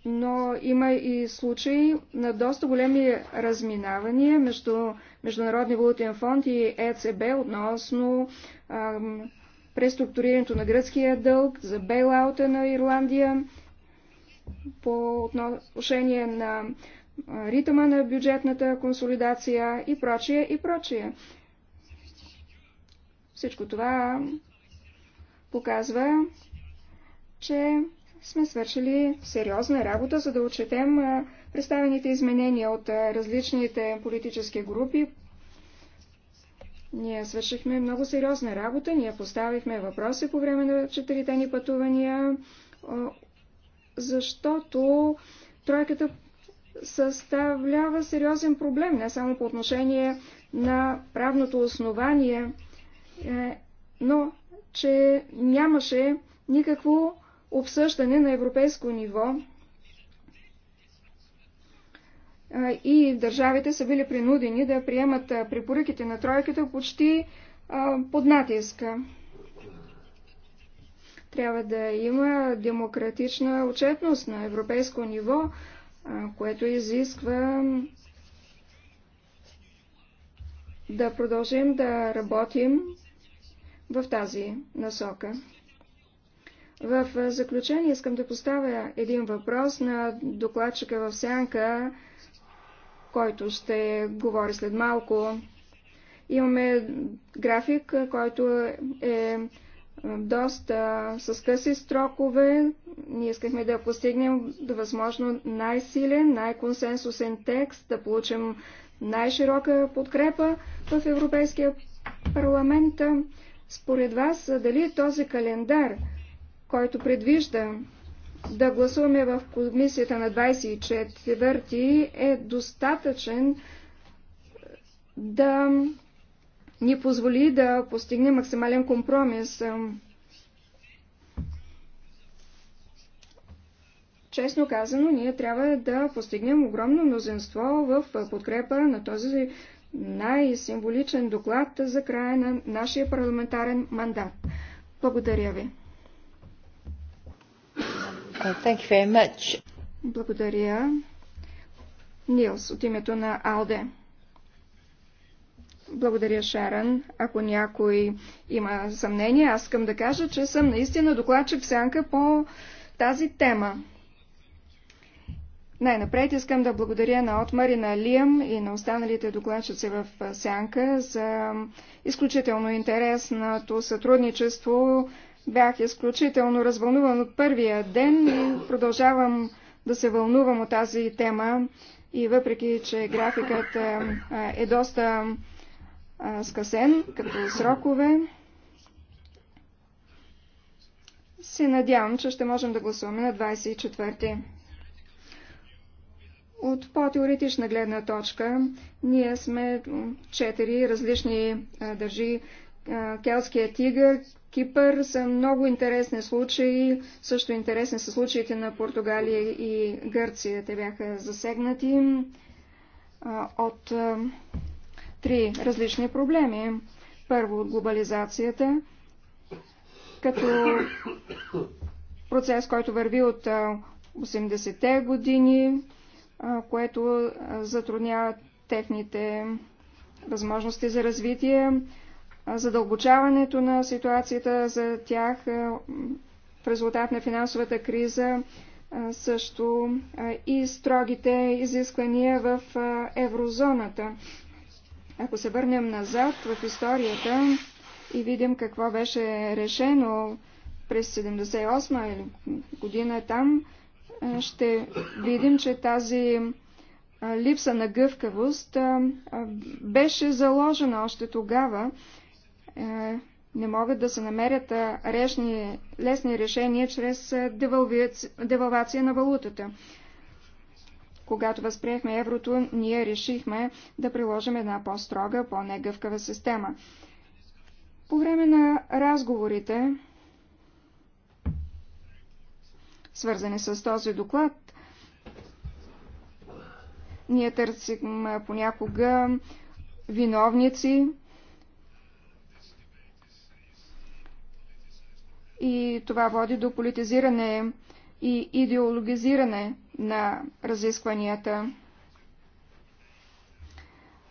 но има и случаи на доста големи разминавания между Международния валутен фонд и ЕЦБ относно ам, преструктурирането на гръцкия дълг, за бейлаута на Ирландия, по отношение на ритъма на бюджетната консолидация и прочие, и прочие. Всичко това показва, че сме свършили сериозна работа, за да отчетем представените изменения от различните политически групи. Ние свършихме много сериозна работа, ние поставихме въпроси по време на четирите ни пътувания, защото тройката съставлява сериозен проблем, не само по отношение на правното основание, е, но че нямаше никакво обсъждане на европейско ниво и държавите са били принудени да приемат препоръките на тройката почти под натиска. Трябва да има демократична отчетност на европейско ниво, което изисква да продължим да работим в тази насока. В заключение искам да поставя един въпрос на докладчика в сянка, който ще говори след малко. Имаме график, който е, е доста с къси строкове. Ние искахме да постигнем да възможно най-силен, най-консенсусен текст, да получим най-широка подкрепа в Европейския парламент. Според вас, дали този календар който предвижда да гласуваме в комисията на 24 е достатъчен е, да ни позволи да постигне максимален компромис. Е, честно казано, ние трябва да постигнем огромно мнозинство в подкрепа на този най-символичен доклад за края на нашия парламентарен мандат. Благодаря ви. Uh, thank you very much. Благодаря. Нилс от името на Алде. Благодаря, Шаран. Ако някой има съмнение, аз искам да кажа, че съм наистина докладчик в сянка по тази тема. Най-напред искам да благодаря на Отмар и на Лиам и на останалите докладчици в Сянка за изключително интересното сътрудничество Бях изключително развълнуван от първия ден и продължавам да се вълнувам от тази тема. И въпреки, че графикът е, е доста скъсен като срокове, се надявам, че ще можем да гласуваме на 24-ти. От по-теоретична гледна точка, ние сме четири различни държи Келския тигър, Кипър са много интересни случаи. Също интересни са случаите на Португалия и Гърция. Те бяха засегнати от три различни проблеми. Първо от глобализацията, като процес, който върви от 80-те години, което затруднява техните възможности за развитие задълбочаването на ситуацията за тях в резултат на финансовата криза, също и строгите изисквания в еврозоната. Ако се върнем назад в историята и видим какво беше решено през 78 година там, ще видим, че тази липса на гъвкавост беше заложена още тогава е, не могат да се намерят решни, лесни решения чрез девалвация на валутата. Когато възприехме еврото, ние решихме да приложим една по-строга, по-негъвкава система. По време на разговорите, свързани с този доклад, ние търсим понякога виновници, и това води до политизиране и идеологизиране на разискванията.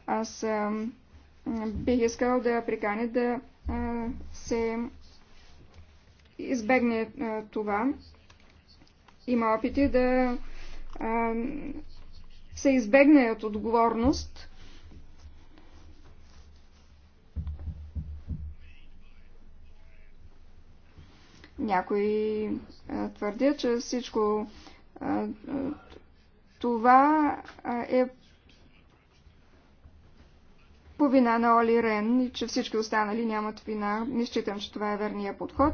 Аз а, бих искал да приканя да а, се избегне а, това. Има опити да а, се избегне от отговорност Някои твърдят, че всичко това е по вина на Оли Рен и че всички останали нямат вина. Не считам, че това е верния подход,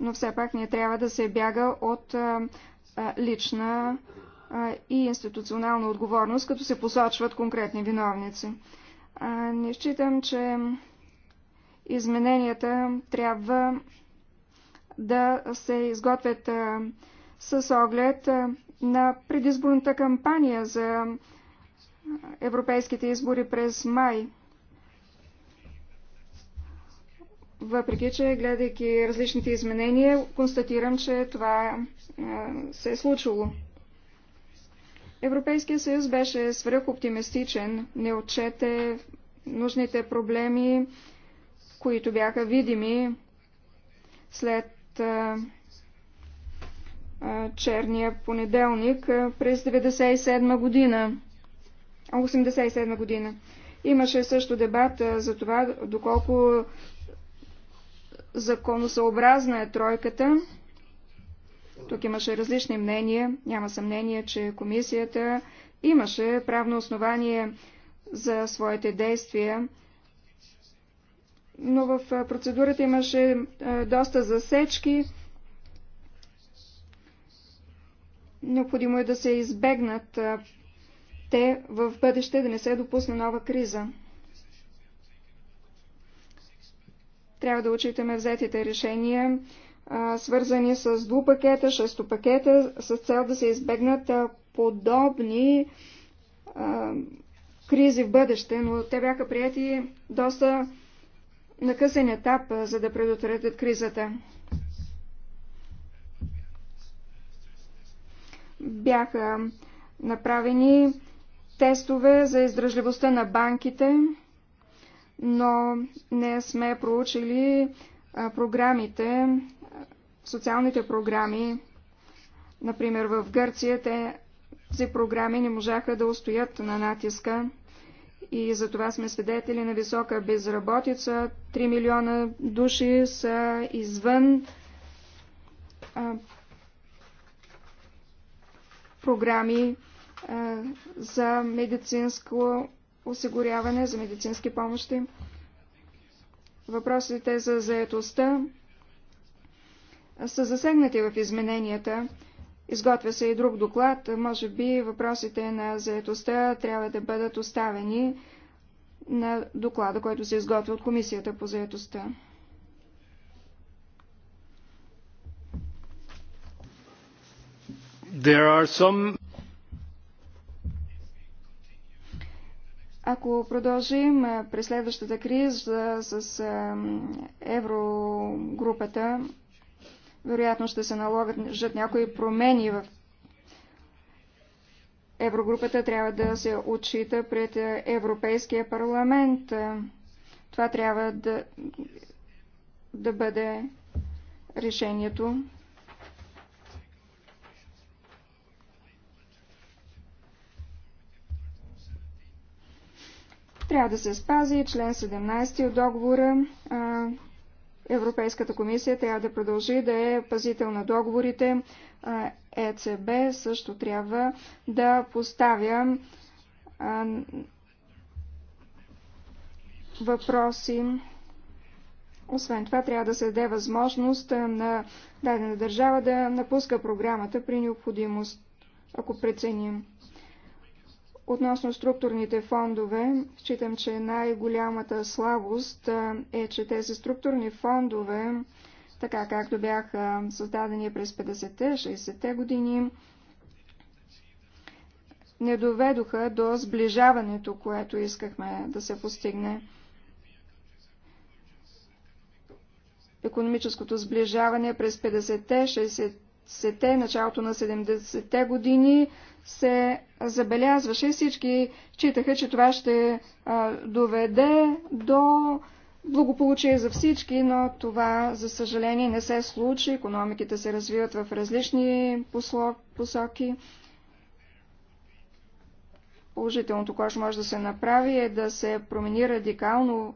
но все пак не трябва да се бяга от лична и институционална отговорност, като се посочват конкретни виновници. Не считам, че измененията трябва да се изготвят с оглед на предизборната кампания за европейските избори през май. Въпреки, че гледайки различните изменения, констатирам, че това се е случило. Европейския съюз беше свръхоптимистичен, не отчете нужните проблеми, които бяха видими след е, е, черния понеделник е, през 1997 година. 87 година. Имаше също дебат за това, доколко законосъобразна е тройката. Тук имаше различни мнения. Няма съмнение, че комисията имаше правно основание за своите действия но в процедурата имаше доста засечки. Необходимо е да се избегнат те в бъдеще, да не се допусне нова криза. Трябва да учитаме взетите решения, свързани с двупакета, шестопакета, с цел да се избегнат подобни кризи в бъдеще, но те бяха прияти доста на късен етап, за да предотвратят кризата. Бяха направени тестове за издръжливостта на банките, но не сме проучили програмите, социалните програми. Например, в Гърция тези програми не можаха да устоят на натиска и за това сме свидетели на висока безработица. 3 милиона души са извън а, програми а, за медицинско осигуряване, за медицински помощи. Въпросите за заетостта са засегнати в измененията. Изготвя се и друг доклад. Може би въпросите на заетостта трябва да бъдат оставени на доклада, който се изготвя от Комисията по заетостта. There are some... Ако продължим през следващата криза с еврогрупата, вероятно ще се наложат някои промени в Еврогрупата трябва да се отчита пред Европейския парламент. Това трябва да, да бъде решението. Трябва да се спази член 17 от договора. Европейската комисия трябва да продължи да е пазител на договорите. ЕЦБ също трябва да поставя въпроси. Освен това, трябва да се даде възможност на дадена държава да напуска програмата при необходимост, ако преценим. Относно структурните фондове, считам, че най-голямата слабост е, че тези структурни фондове, така както бяха създадени през 50-те, 60-те години, не доведоха до сближаването, което искахме да се постигне. Економическото сближаване през 50-те, 60-те, началото на 70-те години се забелязваше и всички читаха, че това ще доведе до благополучие за всички, но това, за съжаление, не се случи. Економиките се развиват в различни посоки. Положителното, което може да се направи, е да се промени радикално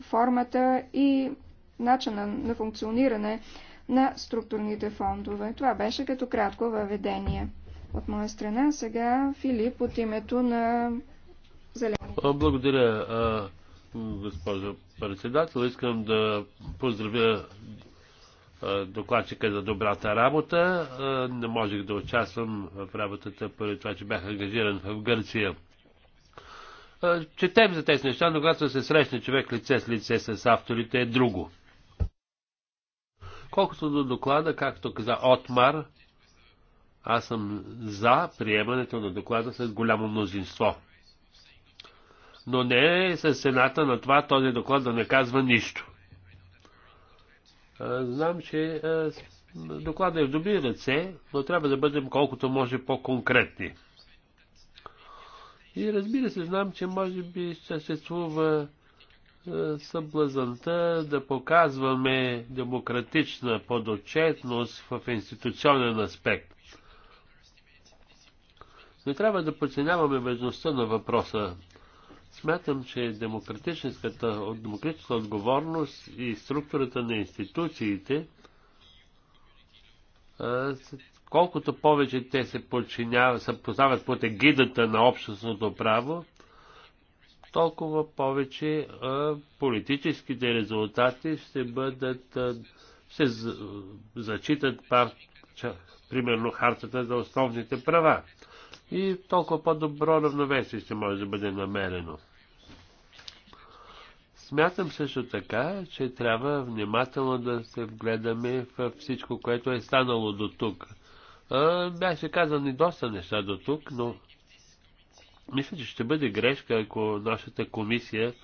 формата и начина на функциониране на структурните фондове. Това беше като кратко въведение от моя страна. Сега Филип от името на Зелените. Благодаря, госпожо председател. Искам да поздравя докладчика за добрата работа. Не можех да участвам в работата, поради това, че бях ангажиран в Гърция. Четем за тези неща, но когато се срещне човек лице с лице с авторите е друго. Колкото до доклада, както каза Отмар, аз съм за приемането на доклада с голямо мнозинство. Но не е с цената на това този доклад да не казва нищо. Знам, че докладът е в добри ръце, но трябва да бъдем колкото може по-конкретни. И разбира се, знам, че може би съществува съблазанта да показваме демократична подотчетност в институционен аспект. Не трябва да подценяваме важността на въпроса. Смятам, че демократическата, демократическата отговорност и структурата на институциите, колкото повече те се подчиняват, се поставят под егидата на общностното право, толкова повече политическите резултати ще бъдат, ще зачитат примерно хартата за основните права и толкова по-добро равновесие ще може да бъде намерено. Смятам също така, че трябва внимателно да се вгледаме в всичко, което е станало до тук. Бяха и доста неща до тук, но мисля, че ще бъде грешка, ако нашата комисия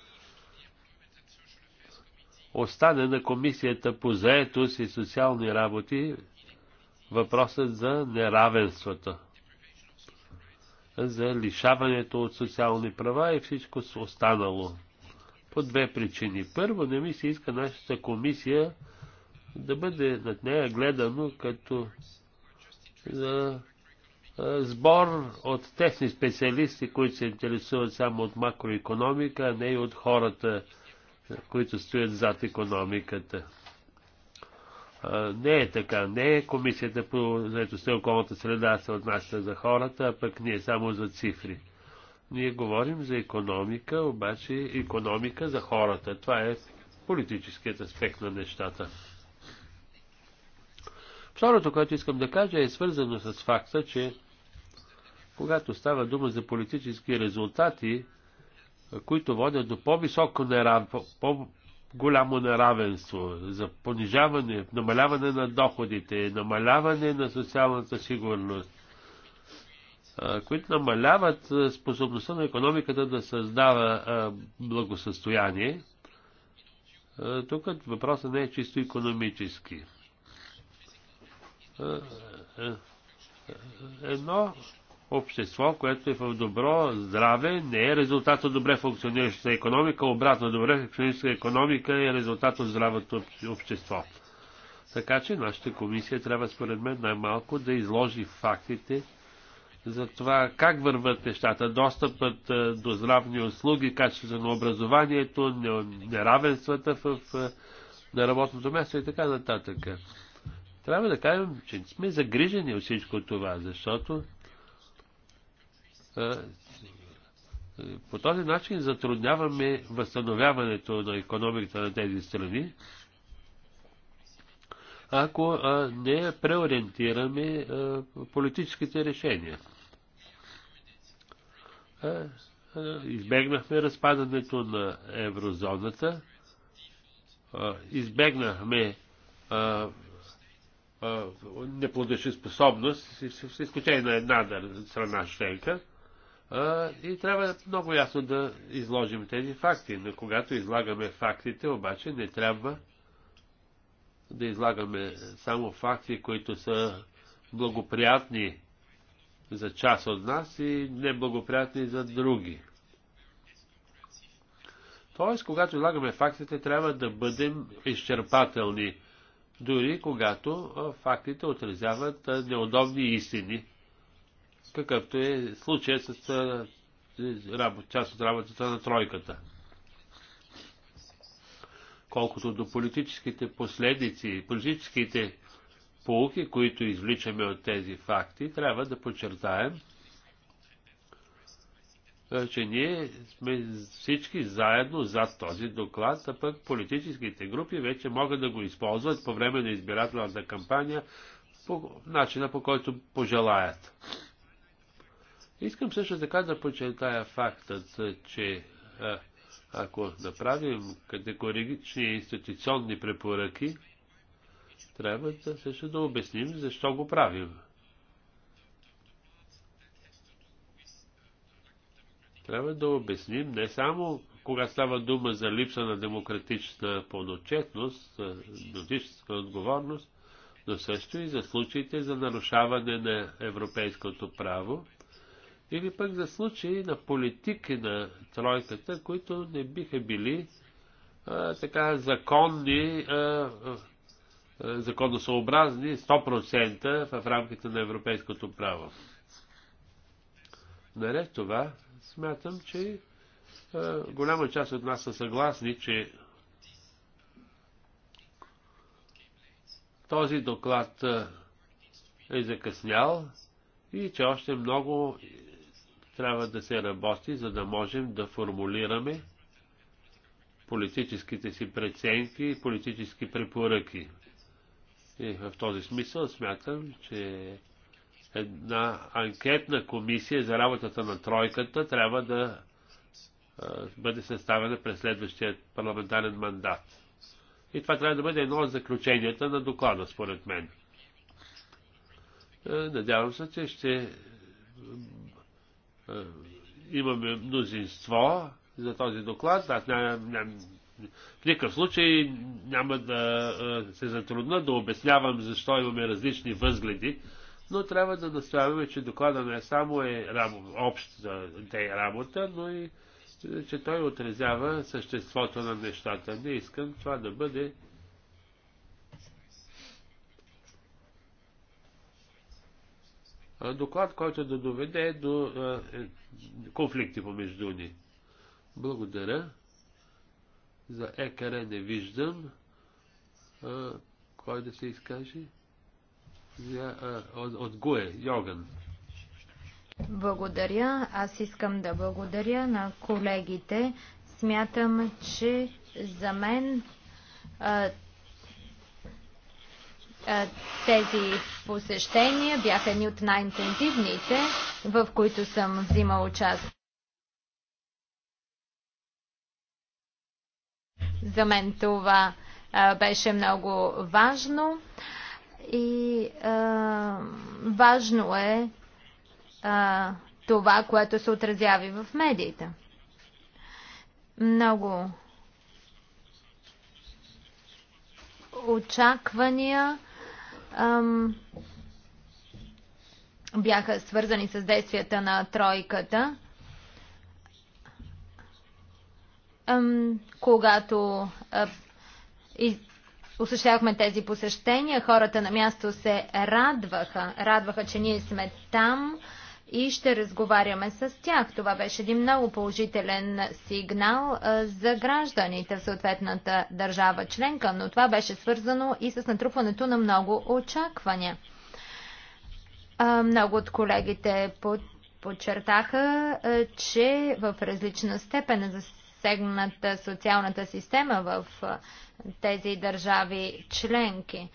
остане на комисията по заетост и социални работи въпросът за неравенството за лишаването от социални права и всичко останало. По две причини. Първо, не ми се иска нашата комисия да бъде над нея гледано като за сбор от техни специалисти, които се интересуват само от макроекономика, а не и от хората, които стоят зад економиката. Не е така. Не е комисията по заедостта и околната среда се отнася за хората, а пък ние само за цифри. Ние говорим за економика, обаче економика за хората. Това е политическият аспект на нещата. Второто, което искам да кажа, е свързано с факта, че когато става дума за политически резултати, които водят до по-високо нерав голямо неравенство, за понижаване, намаляване на доходите, намаляване на социалната сигурност, които намаляват способността на економиката да създава благосъстояние. Тук въпросът не е чисто економически. Едно общество, което е в добро здраве, не е резултат от добре функционираща економика, обратно добре функционираща економика е резултат от здравото общество. Така че нашата комисия трябва според мен най-малко да изложи фактите за това как върват нещата, достъпът е, до здравни услуги, качеството на образованието, неравенствата в, е, на работното място и така нататък. Трябва да кажем, че сме загрижени от всичко това, защото по този начин затрудняваме възстановяването на економиката на тези страни, ако не преориентираме политическите решения. Избегнахме разпадането на еврозоната, избегнахме способност, с изключение на една страна членка, и трябва много ясно да изложим тези факти. Но когато излагаме фактите, обаче не трябва да излагаме само факти, които са благоприятни за част от нас и неблагоприятни за други. Тоест, когато излагаме фактите, трябва да бъдем изчерпателни, дори когато фактите отразяват неудобни истини какъвто е случая с част от работата на тройката. Колкото до политическите последици, политическите полуки, които извличаме от тези факти, трябва да подчертаем, че ние сме всички заедно зад този доклад, а пък политическите групи вече могат да го използват по време на избирателната кампания по начина по който пожелаят. Искам също така да подчертая фактът, че а, ако направим категорични институционни препоръки, трябва да също да обясним защо го правим. Трябва да обясним не само кога става дума за липса на демократична пълночетност, политическа отговорност, но също и за случаите за нарушаване на европейското право или пък за случаи на политики на тройката, които не биха били а, така законни, а, а, законосъобразни 100% в рамките на европейското право. Наред това, смятам, че а, голяма част от нас са съгласни, че този доклад е закъснял и че още много трябва да се работи, за да можем да формулираме политическите си преценки и политически препоръки. И в този смисъл смятам, че една анкетна комисия за работата на тройката трябва да бъде съставена през следващия парламентарен мандат. И това трябва да бъде едно от заключенията на доклада, според мен. Е, надявам се, че ще е, имаме мнозинство за този доклад. Аз ням, ням, в никакъв случай няма да е, се затрудна да обяснявам защо имаме различни възгледи, но трябва да настояваме, че доклада не само е обща е работа, но и че той отразява съществото на нещата. Не искам това да бъде Е, доклад, който да доведе до е, е, конфликти помежду ни. Благодаря. За екаре не виждам. Кой да се изкаже? от Гуе, Йоган. Благодаря. Аз искам да благодаря на колегите. Смятам, че за мен е, тези посещения бяха едни от най-интензивните, в които съм взимал участие. За мен това а, е, беше много важно и а, е, важно е а, това, което се отразява в медиите. Много очаквания ам, бяха свързани с действията на тройката. Ам, когато а, осъществявахме тези посещения, хората на място се радваха. Радваха, че ние сме там и ще разговаряме с тях. Това беше един много положителен сигнал за гражданите в съответната държава членка, но това беше свързано и с натрупването на много очаквания. Много от колегите подчертаха, че в различна степен е засегната социалната система в тези държави членки.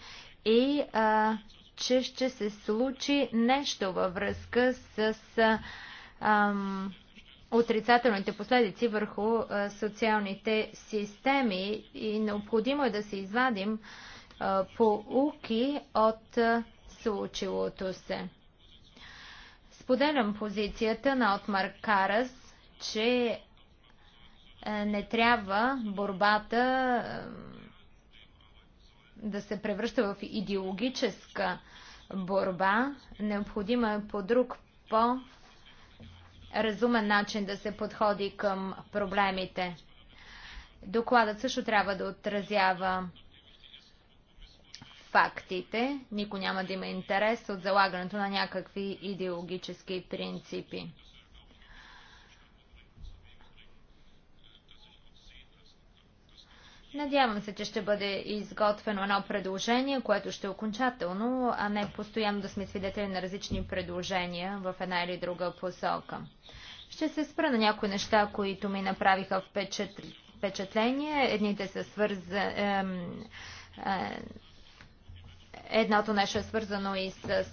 И а, че ще се случи нещо във връзка с ам, отрицателните последици върху а, социалните системи и необходимо е да се извадим а, уки от а, случилото се. Споделям позицията на Отмар Карас, че не трябва борбата да се превръща в идеологическа борба. Необходимо е по друг, по-разумен начин да се подходи към проблемите. Докладът също трябва да отразява фактите. Никой няма да има интерес от залагането на някакви идеологически принципи. Надявам се, че ще бъде изготвено едно предложение, което ще е окончателно, а не постоянно да сме свидетели на различни предложения в една или друга посока. Ще се спра на някои неща, които ми направиха впечатление. Едните са свързани. Е, едното нещо е свързано и с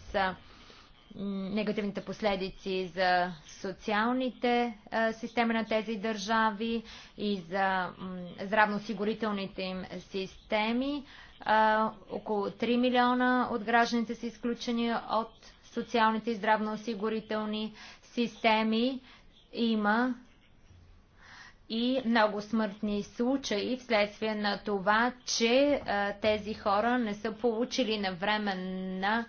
негативните последици за социалните системи на тези държави и за здравноосигурителните им системи. Около 3 милиона от гражданите са изключени от социалните и здравноосигурителни системи. Има и много смъртни случаи вследствие на това, че тези хора не са получили навременна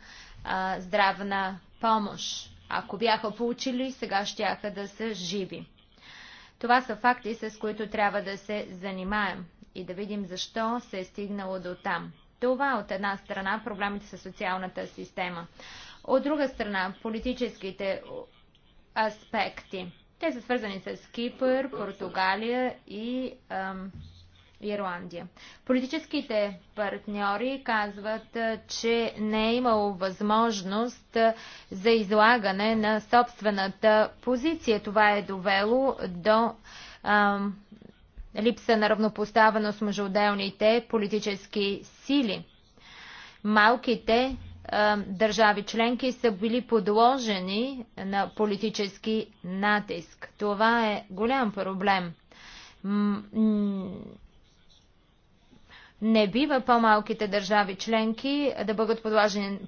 здравна помощ. Ако бяха получили, сега щяха да са живи. Това са факти, с които трябва да се занимаем и да видим защо се е стигнало до там. Това от една страна проблемите с социалната система. От друга страна политическите аспекти. Те са свързани с Кипър, Португалия и ам, Ирландия. Политическите партньори казват, че не е имало възможност за излагане на собствената позиция. Това е довело до ам, липса на равнопоставеност между отделните политически сили. Малките ам, държави членки са били подложени на политически натиск. Това е голям проблем не бива по-малките държави членки да бъдат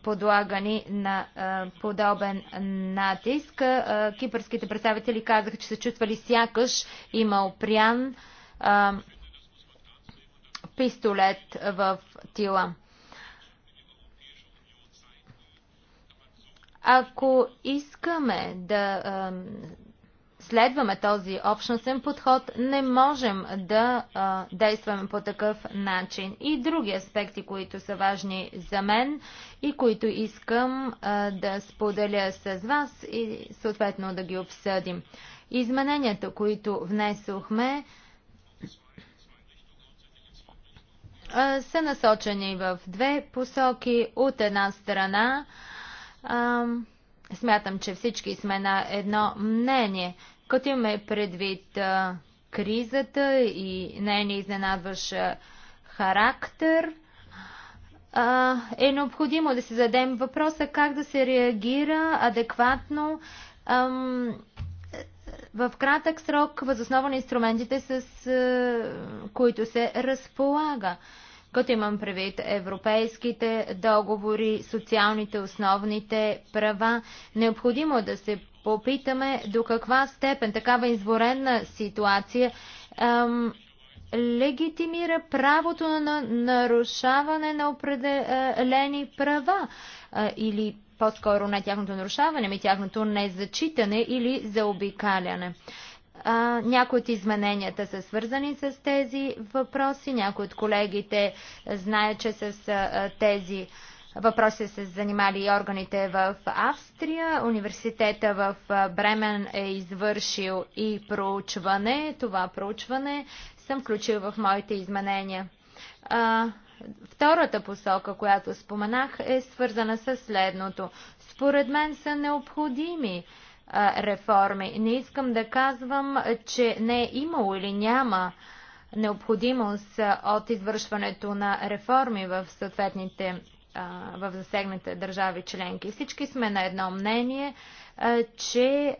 подлагани, на подобен натиск. кипърските представители казаха, че се чувствали сякаш има опрян пистолет в тила. Ако искаме да следваме този общностен подход, не можем да а, действаме по такъв начин. И други аспекти, които са важни за мен и които искам а, да споделя с вас и съответно да ги обсъдим. Измененията, които внесохме, а, са насочени в две посоки. От една страна, а, Смятам, че всички сме на едно мнение. Като имаме предвид а, кризата и нейния изненадващ характер, а, е необходимо да си зададем въпроса как да се реагира адекватно ам, в кратък срок, възоснова на инструментите, с а, които се разполага като имам предвид европейските договори, социалните основните права. Необходимо да се попитаме до каква степен такава изворена ситуация ем, легитимира правото на нарушаване на определени права е, или по-скоро не тяхното нарушаване, ми тяхното незачитане или заобикаляне. А, някои от измененията са свързани с тези въпроси, някои от колегите знаят, че с а, тези а, Въпроси се занимали и органите в Австрия. Университета в Бремен е извършил и проучване. Това проучване съм включил в моите изменения. втората посока, която споменах, е свързана с следното. Според мен са необходими реформи. Не искам да казвам, че не е имало или няма необходимост от извършването на реформи в съответните в засегнате държави членки. Всички сме на едно мнение, че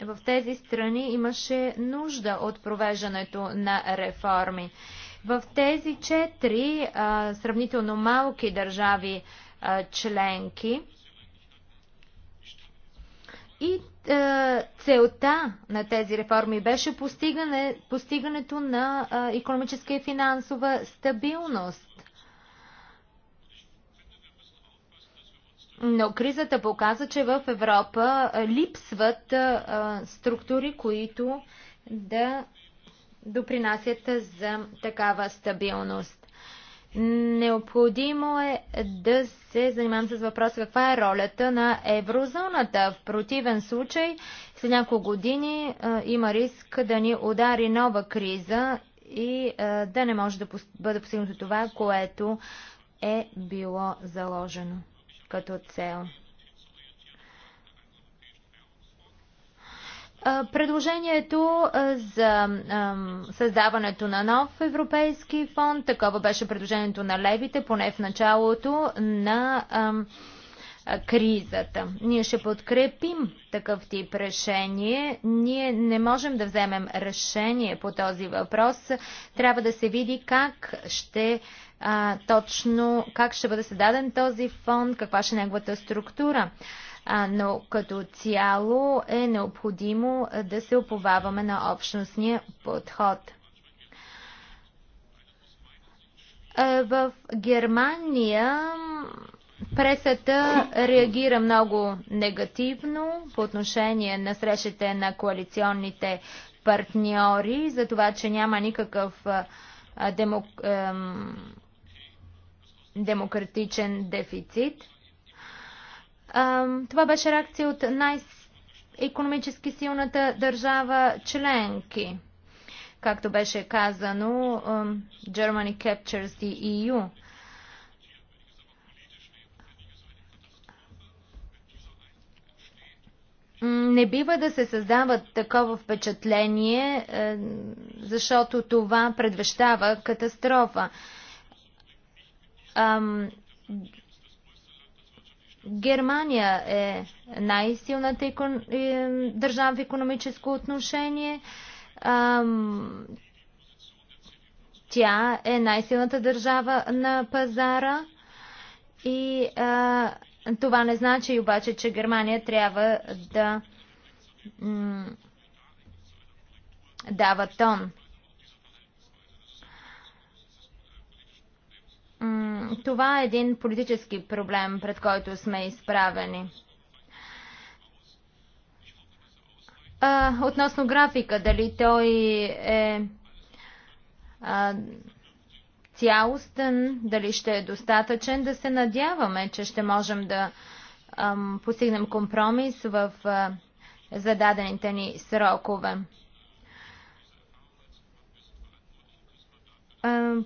в тези страни имаше нужда от провеждането на реформи. В тези четири сравнително малки държави членки и целта на тези реформи беше постигане, постигането на економическа и финансова стабилност. Но кризата показа, че в Европа липсват структури, които да допринасят за такава стабилност. Необходимо е да се занимавам с въпроса каква е ролята на еврозоната. В противен случай, след няколко години има риск да ни удари нова криза и да не може да бъде постигнато това, което е било заложено като цел. Предложението за създаването на нов европейски фонд, такова беше предложението на левите, поне в началото на кризата. Ние ще подкрепим такъв тип решение. Ние не можем да вземем решение по този въпрос. Трябва да се види как ще а, точно как ще бъде създаден този фонд, каква ще е неговата структура. А, но като цяло е необходимо да се оповаваме на общностния подход. В Германия пресата реагира много негативно по отношение на срещите на коалиционните партньори за това, че няма никакъв демок демократичен дефицит. Това беше реакция от най-економически силната държава членки. Както беше казано, Germany captures the EU. Не бива да се създава такова впечатление, е, защото това предвещава катастрофа. Ам, Германия е най-силната екон... Е, държава в економическо отношение. Ам, тя е най-силната държава на пазара и а, това не значи обаче, че Германия трябва да дава тон. това е един политически проблем, пред който сме изправени. Относно графика, дали той е цялостен, дали ще е достатъчен, да се надяваме, че ще можем да постигнем компромис в зададените ни срокове.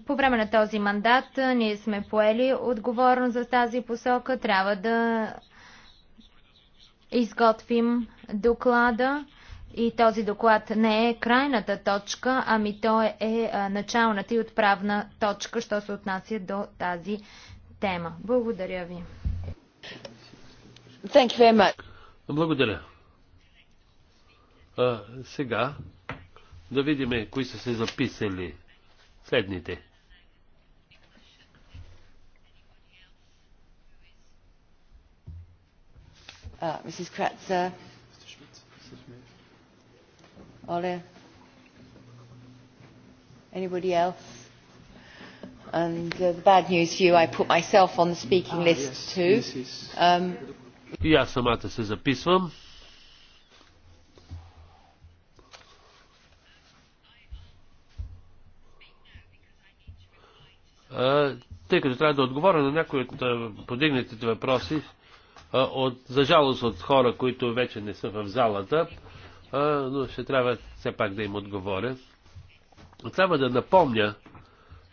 По време на този мандат ние сме поели отговорност за тази посока. Трябва да изготвим доклада и този доклад не е крайната точка, ами то е началната и отправна точка, що се отнася до тази тема. Благодаря ви. Thank you very much. Благодаря. А, сега да видим кои са се записали следните. Мисис Кратца. Оле. Anybody else? And uh, the bad news for you, I put myself on the speaking ah, list yes, too. Um, и аз самата се записвам. тъй като трябва да отговоря на някои от подигнатите въпроси, от, за жалост от хора, които вече не са в залата, но ще трябва все пак да им отговоря. Трябва да напомня,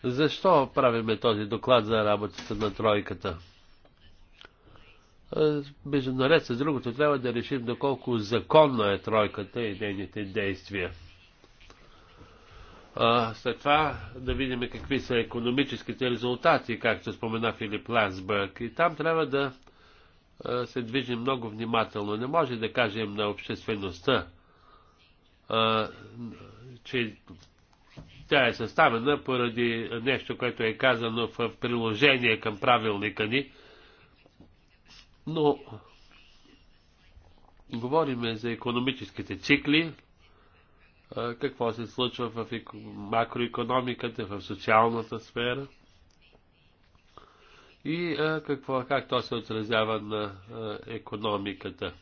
защо правиме този доклад за работата на тройката. Между наред с другото, трябва да решим доколко законна е тройката и нейните действия след това да видим какви са економическите резултати, както спомена Филип Лансбърг. И там трябва да а, се движим много внимателно. Не може да кажем на обществеността, а, че тя е съставена поради нещо, което е казано в приложение към правилника ни. Но говориме за економическите цикли, какво се случва в макроекономиката, в социалната сфера и какво, как то се отразява на економиката.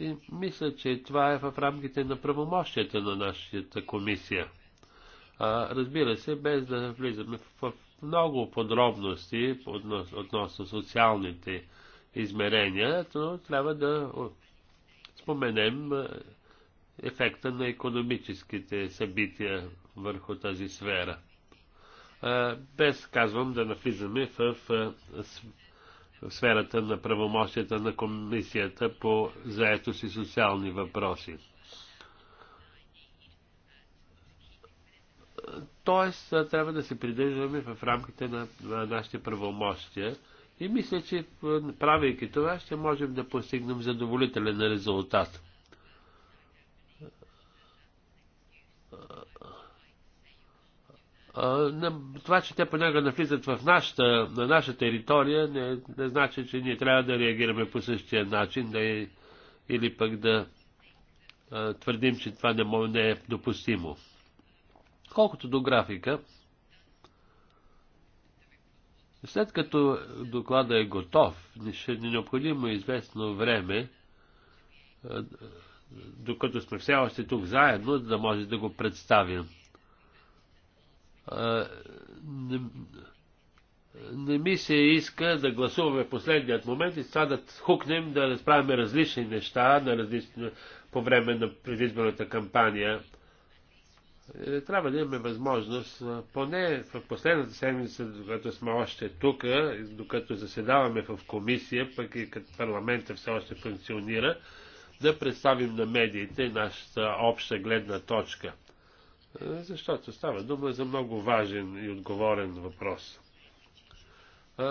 И мисля, че това е в рамките на правомощията на нашата комисия. А, разбира се, без да влизаме в, в много подробности относно социалните измерения, то трябва да споменем е, ефекта на економическите събития върху тази сфера. Без, казвам, да навлизаме в сферата на правомощията на Комисията по заето си социални въпроси. Тоест, трябва да се придържаме в рамките на нашите правомощия и мисля, че правейки това, ще можем да постигнем задоволителен резултат. Това, че те понякога навлизат в нашата, на наша територия, не, не значи, че ние трябва да реагираме по същия начин да, или пък да твърдим, че това не, не е допустимо. Колкото до графика, след като доклада е готов, ще е необходимо известно време, е, докато сме все още тук заедно, да може да го представим. Е, не, не ми се иска да гласуваме последният момент и сега да хукнем да разправяме различни неща на различни, по време на предизборната кампания е, трябва да имаме възможност, поне в последната седмица, докато сме още тук, докато заседаваме в комисия, пък и като парламента все още функционира, да представим на медиите нашата обща гледна точка. Е, защото става дума за много важен и отговорен въпрос. Е,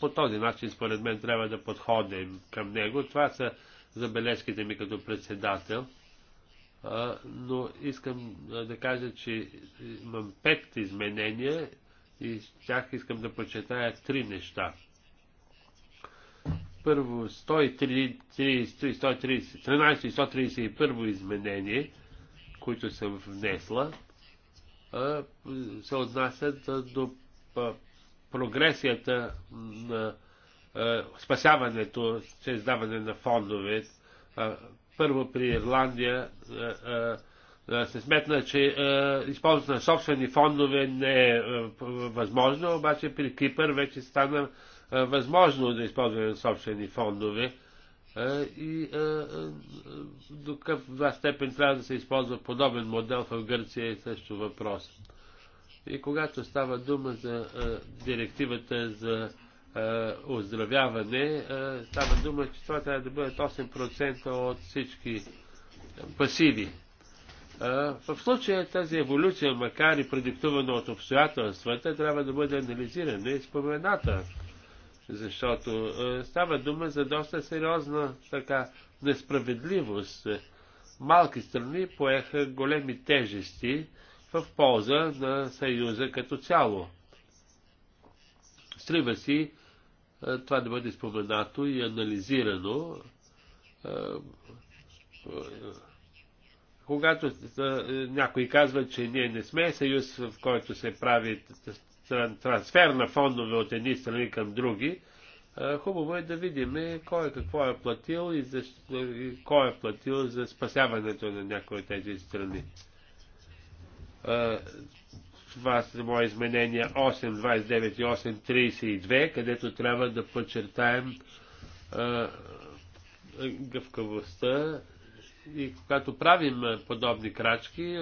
по този начин, според мен, трябва да подходим към него. Това са забележките ми като председател – но искам да кажа, че имам пет изменения и с тях искам да почетая три неща. Първо, 13 и 131 изменение, които съм внесла, се отнасят до прогресията на спасяването чрез даване на фондове, първо при Ирландия е, е, е, се сметна, че използването на собствени фондове не е възможно, обаче при Кипър вече стана възможно да използване на собствени фондове и до каква степен трябва да се използва подобен модел в Гърция е също въпрос. И когато става дума за директивата за е, оздравяване. Е, става дума, че това трябва да бъдат 8% от всички пасиви. Е, в случая тази еволюция, макар и продиктувана от обстоятелствата, трябва да бъде анализирана и спомената, защото става дума за доста сериозна така несправедливост. Малки страни поеха големи тежести в полза на Съюза като цяло. Стрива си е, това да бъде споменато и анализирано. Е, е, когато някой казва, че ние не сме съюз, в който се прави трансфер на фондове от едни страни към други, хубаво е да видим кой какво е платил и, защо, и кой е платил за спасяването на някои от тези страни това са мои изменения 8.29 и 8.32, където трябва да подчертаем а, гъвкавостта и когато правим подобни крачки,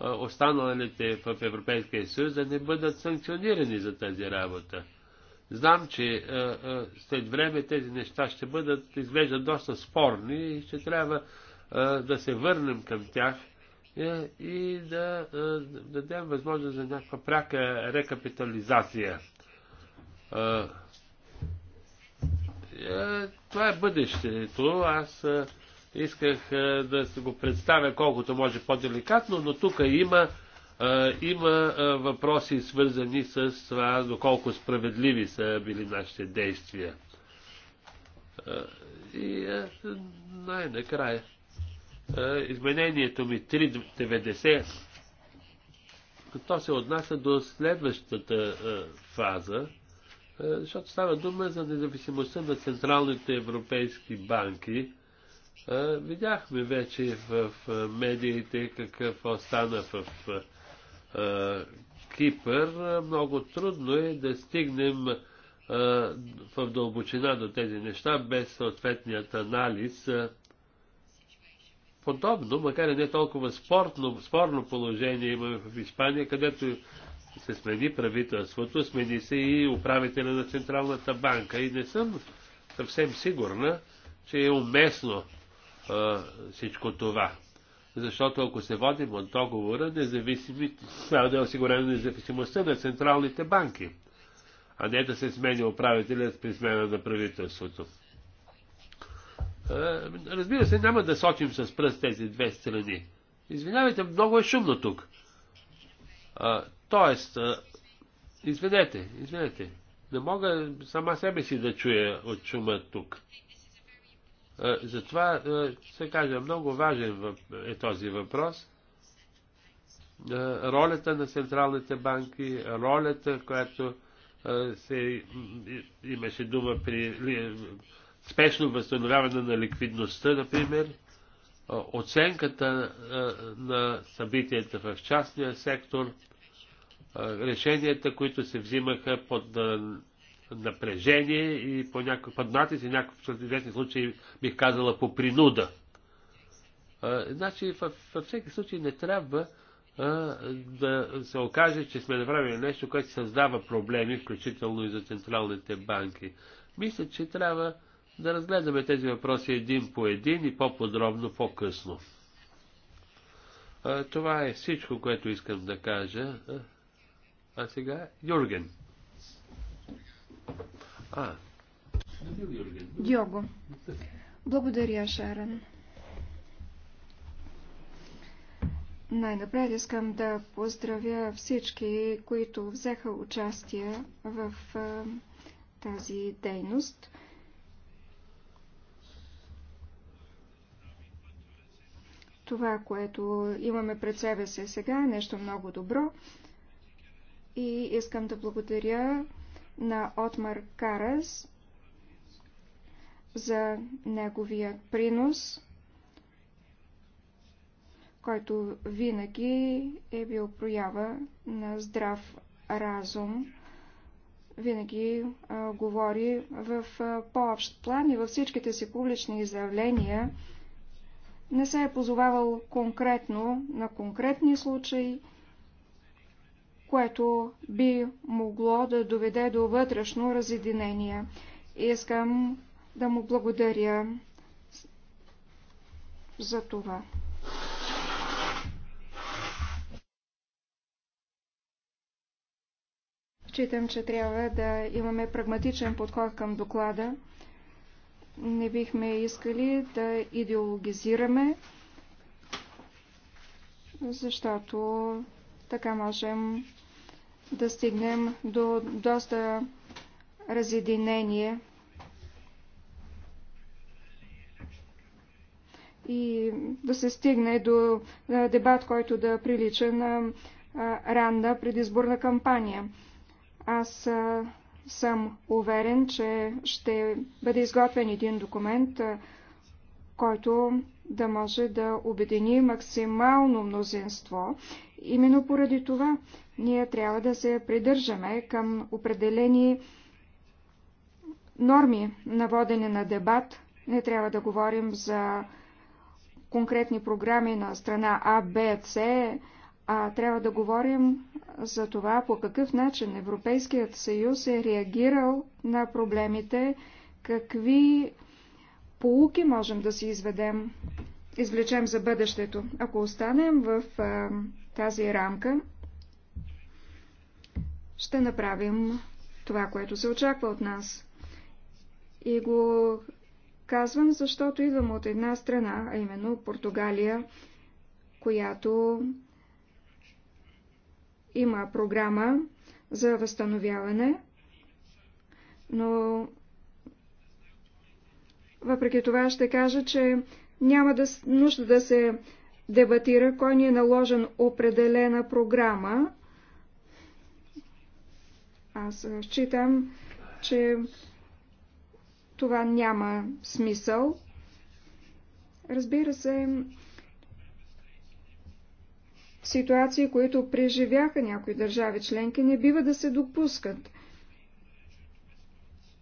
останалите в Европейския съюз да не бъдат санкционирани за тази работа. Знам, че след време тези неща ще бъдат, изглеждат доста спорни и ще трябва да се върнем към тях – е, и е, да дадем възможност за някаква пряка рекапитализация. Е, това е бъдещето. Аз исках да се го представя колкото може по-деликатно, но тук има, има въпроси свързани с това, доколко справедливи са били нашите действия. И най-накрая е, изменението ми 390, то се отнася до следващата е, фаза, е, защото става дума за независимостта на централните европейски банки. Видяхме вече в медиите какво стана в Кипър. Много трудно е да стигнем в дълбочина до тези неща без съответният анализ подобно, макар и не толкова спортно, спорно положение има в Испания, където се смени правителството, смени се и управителя на Централната банка. И не съм съвсем сигурна, че е уместно а, всичко това. Защото ако се водим от договора, независими, трябва да е осигурена независимостта на централните банки, а не да се смени управителят при смена на правителството. Разбира се, няма да сочим с пръст тези две страни. Извинявайте, много е шумно тук. А, тоест, а, извинете, извинете. Не мога сама себе си да чуя от шума тук. А, затова, а, се кажа, много важен е този въпрос. А, ролята на централните банки, ролята, която а, се имаше дума при спешно възстановяване на ликвидността, например, оценката на събитията в частния сектор, решенията, които се взимаха под напрежение и по някакъв под натиск и в известни случаи бих казала по принуда. Значи във, всеки случай не трябва да се окаже, че сме направили нещо, което създава проблеми, включително и за централните банки. Мисля, че трябва да разгледаме тези въпроси един по един и по-подробно по-късно. Това е всичко, което искам да кажа. А сега Юрген. А. Його. Благодаря, Шарен. Най-напред искам да поздравя всички, които взеха участие в тази дейност. Това, което имаме пред себе си сега, е нещо много добро. И искам да благодаря на Отмар Карас за неговия принос, който винаги е бил проява на здрав разум. Винаги а, говори в а, по-общ план и във всичките си публични изявления не се е позовавал конкретно на конкретни случаи, което би могло да доведе до вътрешно разединение. Искам да му благодаря за това. Читам, че трябва да имаме прагматичен подход към доклада. Не бихме искали да идеологизираме, защото така можем да стигнем до доста разединение и да се стигне до дебат, който да прилича на ранна предизборна кампания. Аз съм уверен, че ще бъде изготвен един документ, който да може да обедини максимално мнозинство. Именно поради това ние трябва да се придържаме към определени норми на водене на дебат. Не трябва да говорим за конкретни програми на страна А, Б, С, а трябва да говорим за това по какъв начин Европейският съюз е реагирал на проблемите, какви полуки можем да си изведем, извлечем за бъдещето. Ако останем в а, тази рамка, ще направим това, което се очаква от нас. И го казвам, защото идвам от една страна, а именно Португалия, която има програма за възстановяване, но въпреки това ще кажа, че няма да, нужда да се дебатира кой ни е наложен определена програма. Аз считам, че това няма смисъл. Разбира се, Ситуации, които преживяха някои държави членки, не бива да се допускат.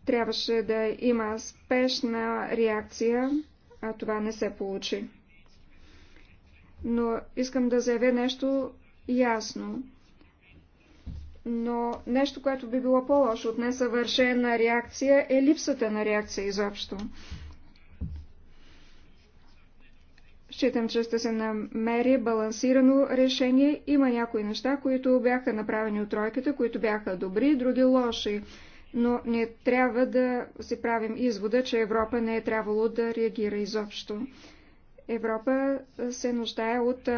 Трябваше да има спешна реакция, а това не се получи. Но искам да заявя нещо ясно. Но нещо, което би било по-лошо от несъвършена реакция, е липсата на реакция изобщо. Считам, че ще се намери балансирано решение. Има някои неща, които бяха направени от тройката, които бяха добри, други лоши. Но не трябва да си правим извода, че Европа не е трябвало да реагира изобщо. Европа се нуждае от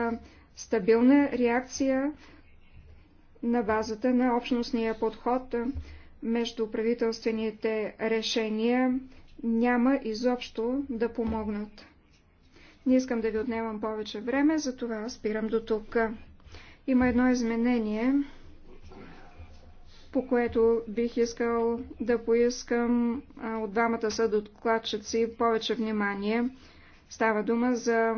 стабилна реакция на базата на общностния подход между правителствените решения няма изобщо да помогнат. Не искам да ви отнемам повече време, затова спирам до тук. Има едно изменение, по което бих искал да поискам от двамата съдокладчици повече внимание. Става дума за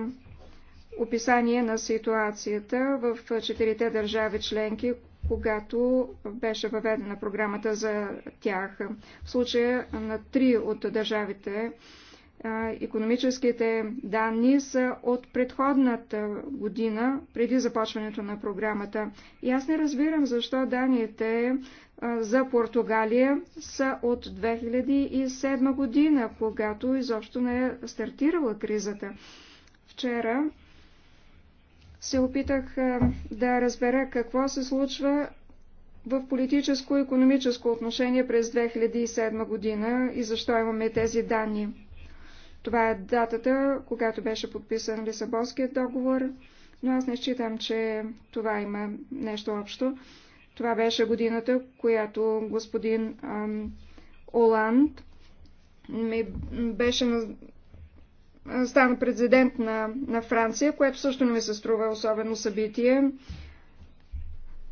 описание на ситуацията в четирите държави членки, когато беше въведена програмата за тях. В случая на три от държавите економическите данни са от предходната година, преди започването на програмата. И аз не разбирам защо данните за Португалия са от 2007 година, когато изобщо не е стартирала кризата. Вчера се опитах да разбера какво се случва в политическо-економическо и отношение през 2007 година и защо имаме тези данни. Това е датата, когато беше подписан Лисабонският договор, но аз не считам, че това има нещо общо. Това беше годината, която господин ам, Оланд ми беше стана президент на, на Франция, което също не ми се струва особено събитие.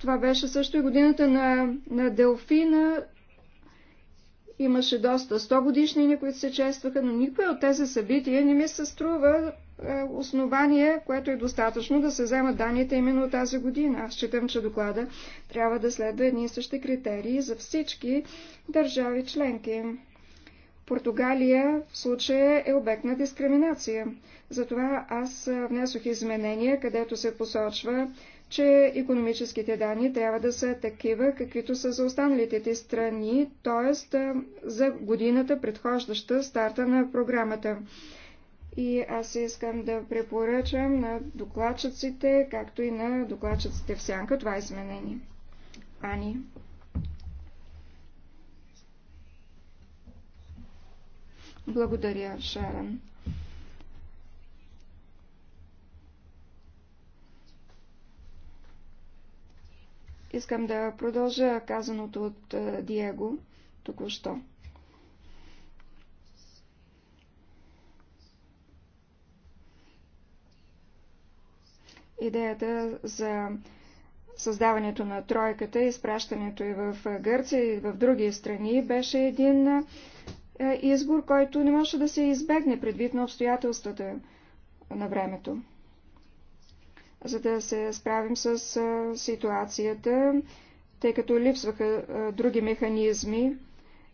Това беше също и годината на, на Делфина Имаше доста 100 годишнини, които се честваха, но никой от тези събития не ми се струва е, основание, което е достатъчно да се вземат данните именно тази година. Аз считам, че доклада трябва да следва едни и същи критерии за всички държави членки. Португалия в случая е обект на дискриминация. Затова аз е, внесох изменения, където се посочва, че економическите данни трябва да са такива, каквито са за останалите ти страни, т.е. за годината, предхождаща старта на програмата. И аз искам да препоръчам на докладчиците, както и на докладчиците в сянка, това е изменение. Ани. Благодаря, Шаран. Искам да продължа казаното от е, Диего току-що. Идеята за създаването на тройката, изпращането и в е, Гърция, и в други страни беше един е, избор, който не може да се избегне предвид на обстоятелствата на времето за да се справим с ситуацията, тъй като липсваха други механизми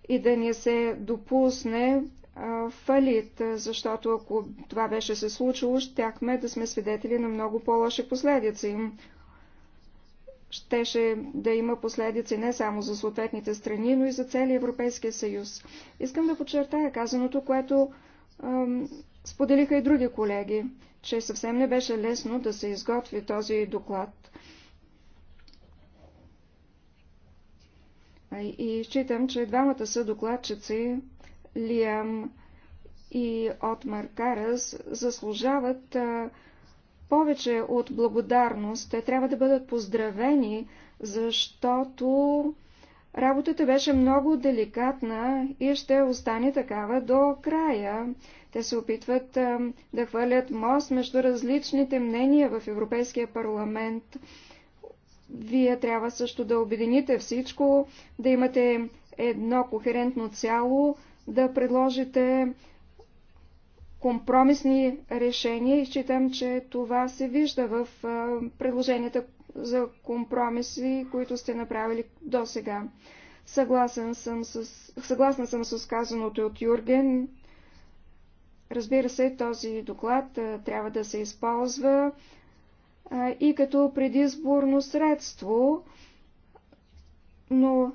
и да не се допусне фалит, защото ако това беше се случило, щяхме да сме свидетели на много по-лоши последици. Щеше да има последици не само за съответните страни, но и за целия Европейския съюз. Искам да подчертая казаното, което ам, споделиха и други колеги че съвсем не беше лесно да се изготви този доклад. И считам, че двамата са докладчици, Лиам и Отмар Карас, заслужават повече от благодарност. Те трябва да бъдат поздравени, защото Работата беше много деликатна и ще остане такава до края. Те се опитват а, да хвърлят мост между различните мнения в Европейския парламент. Вие трябва също да обедините всичко, да имате едно кохерентно цяло, да предложите компромисни решения и считам, че това се вижда в предложенията, за компромиси, които сте направили до сега. Съгласен съм с, съгласна съм с казаното от Юрген. Разбира се, този доклад а, трябва да се използва а, и като предизборно средство, но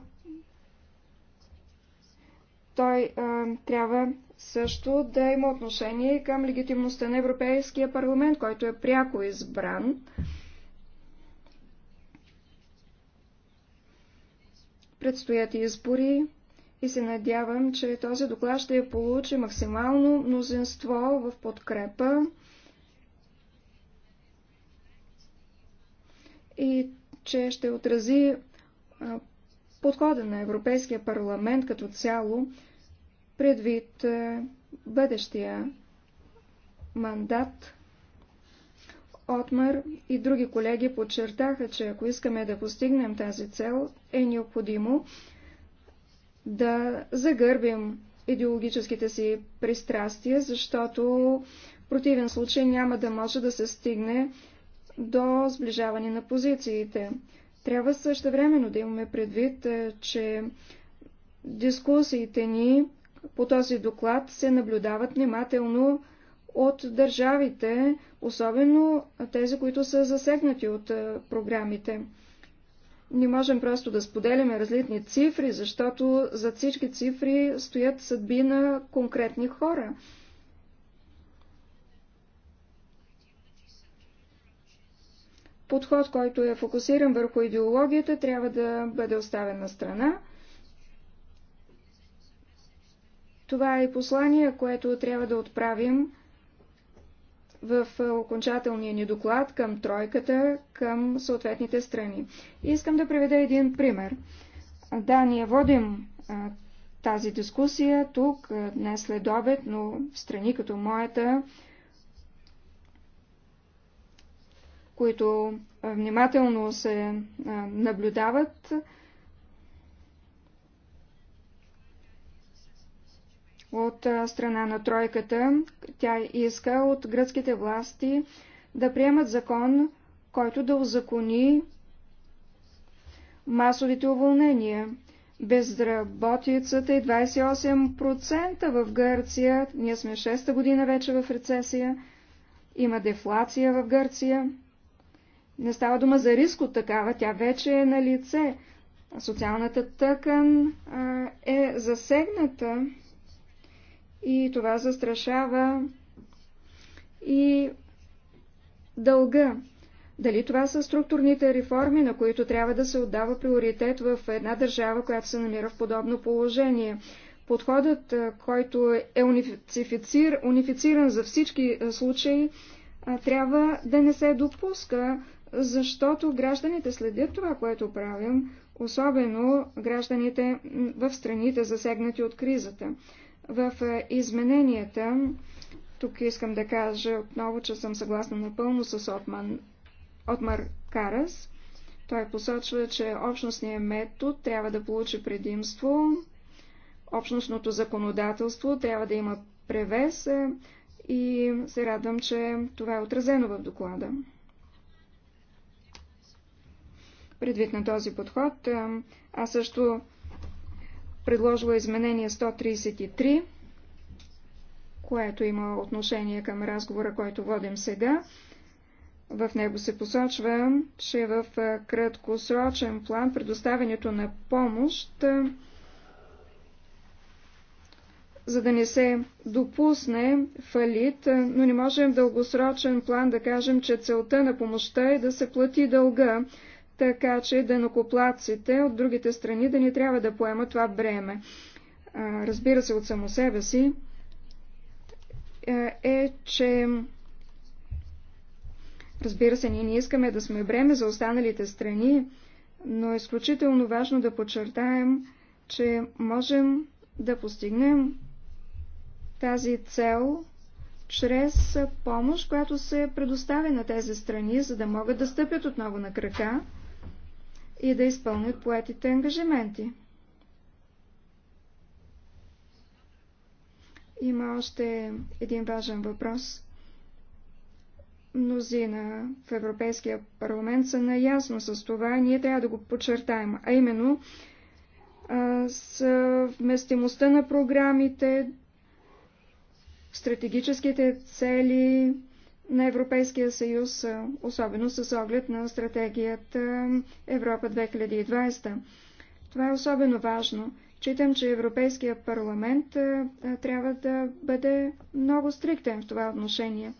той а, трябва също да има отношение към легитимността на Европейския парламент, който е пряко избран. А, Предстоят избори и се надявам, че този доклад ще получи максимално мнозинство в подкрепа. И че ще отрази подхода на Европейския парламент като цяло предвид бъдещия мандат Отмър и други колеги подчертаха, че ако искаме да постигнем тази цел, е необходимо да загърбим идеологическите си пристрастия, защото в противен случай няма да може да се стигне до сближаване на позициите. Трябва също времено да имаме предвид, е, че дискусиите ни по този доклад се наблюдават внимателно от държавите, особено тези, които са засегнати от е, програмите. Не можем просто да споделяме различни цифри, защото за всички цифри стоят съдби на конкретни хора. Подход, който е фокусиран върху идеологията, трябва да бъде оставен на страна. Това е послание, което трябва да отправим в окончателния ни доклад към тройката, към съответните страни. И искам да приведа един пример. Да, ние водим а, тази дискусия тук, а, днес след обед, но в страни като моята, които внимателно се а, наблюдават, а, от страна на тройката. Тя иска от гръцките власти да приемат закон, който да узакони масовите уволнения. Безработицата е 28% в Гърция. Ние сме 6-та година вече в рецесия. Има дефлация в Гърция. Не става дума за риск от такава, тя вече е на лице. Социалната тъкан а, е засегната и това застрашава и дълга. Дали това са структурните реформи, на които трябва да се отдава приоритет в една държава, която се намира в подобно положение? Подходът, който е унифицир, унифициран за всички случаи, трябва да не се допуска, защото гражданите следят това, което правим, особено гражданите в страните, засегнати от кризата. В е, измененията, тук искам да кажа отново, че съм съгласна напълно с Отман, Отмар Карас. Той посочва, че общностният метод трябва да получи предимство, общностното законодателство трябва да има превес е, и се радвам, че това е отразено в доклада. Предвид на този подход, е, аз също предложила изменение 133, което има отношение към разговора, който водим сега. В него се посочва, че в краткосрочен план предоставянето на помощ, за да не се допусне фалит, но не можем в дългосрочен план да кажем, че целта на помощта е да се плати дълга така че дънокоплаците от другите страни да не трябва да поемат това бреме. Разбира се, от само себе си е, е, че разбира се, ние не искаме да сме бреме за останалите страни, но е изключително важно да подчертаем, че можем да постигнем тази цел чрез помощ, която се предоставя на тези страни, за да могат да стъпят отново на крака и да изпълнят поетите ангажименти. Има още един важен въпрос. Мнозина в Европейския парламент са наясно с това и ние трябва да го подчертаем, а именно съвместимостта на програмите, стратегическите цели, на Европейския съюз, особено с оглед на стратегията Европа 2020. Това е особено важно. Читам, че Европейския парламент трябва да бъде много стриктен в това отношение.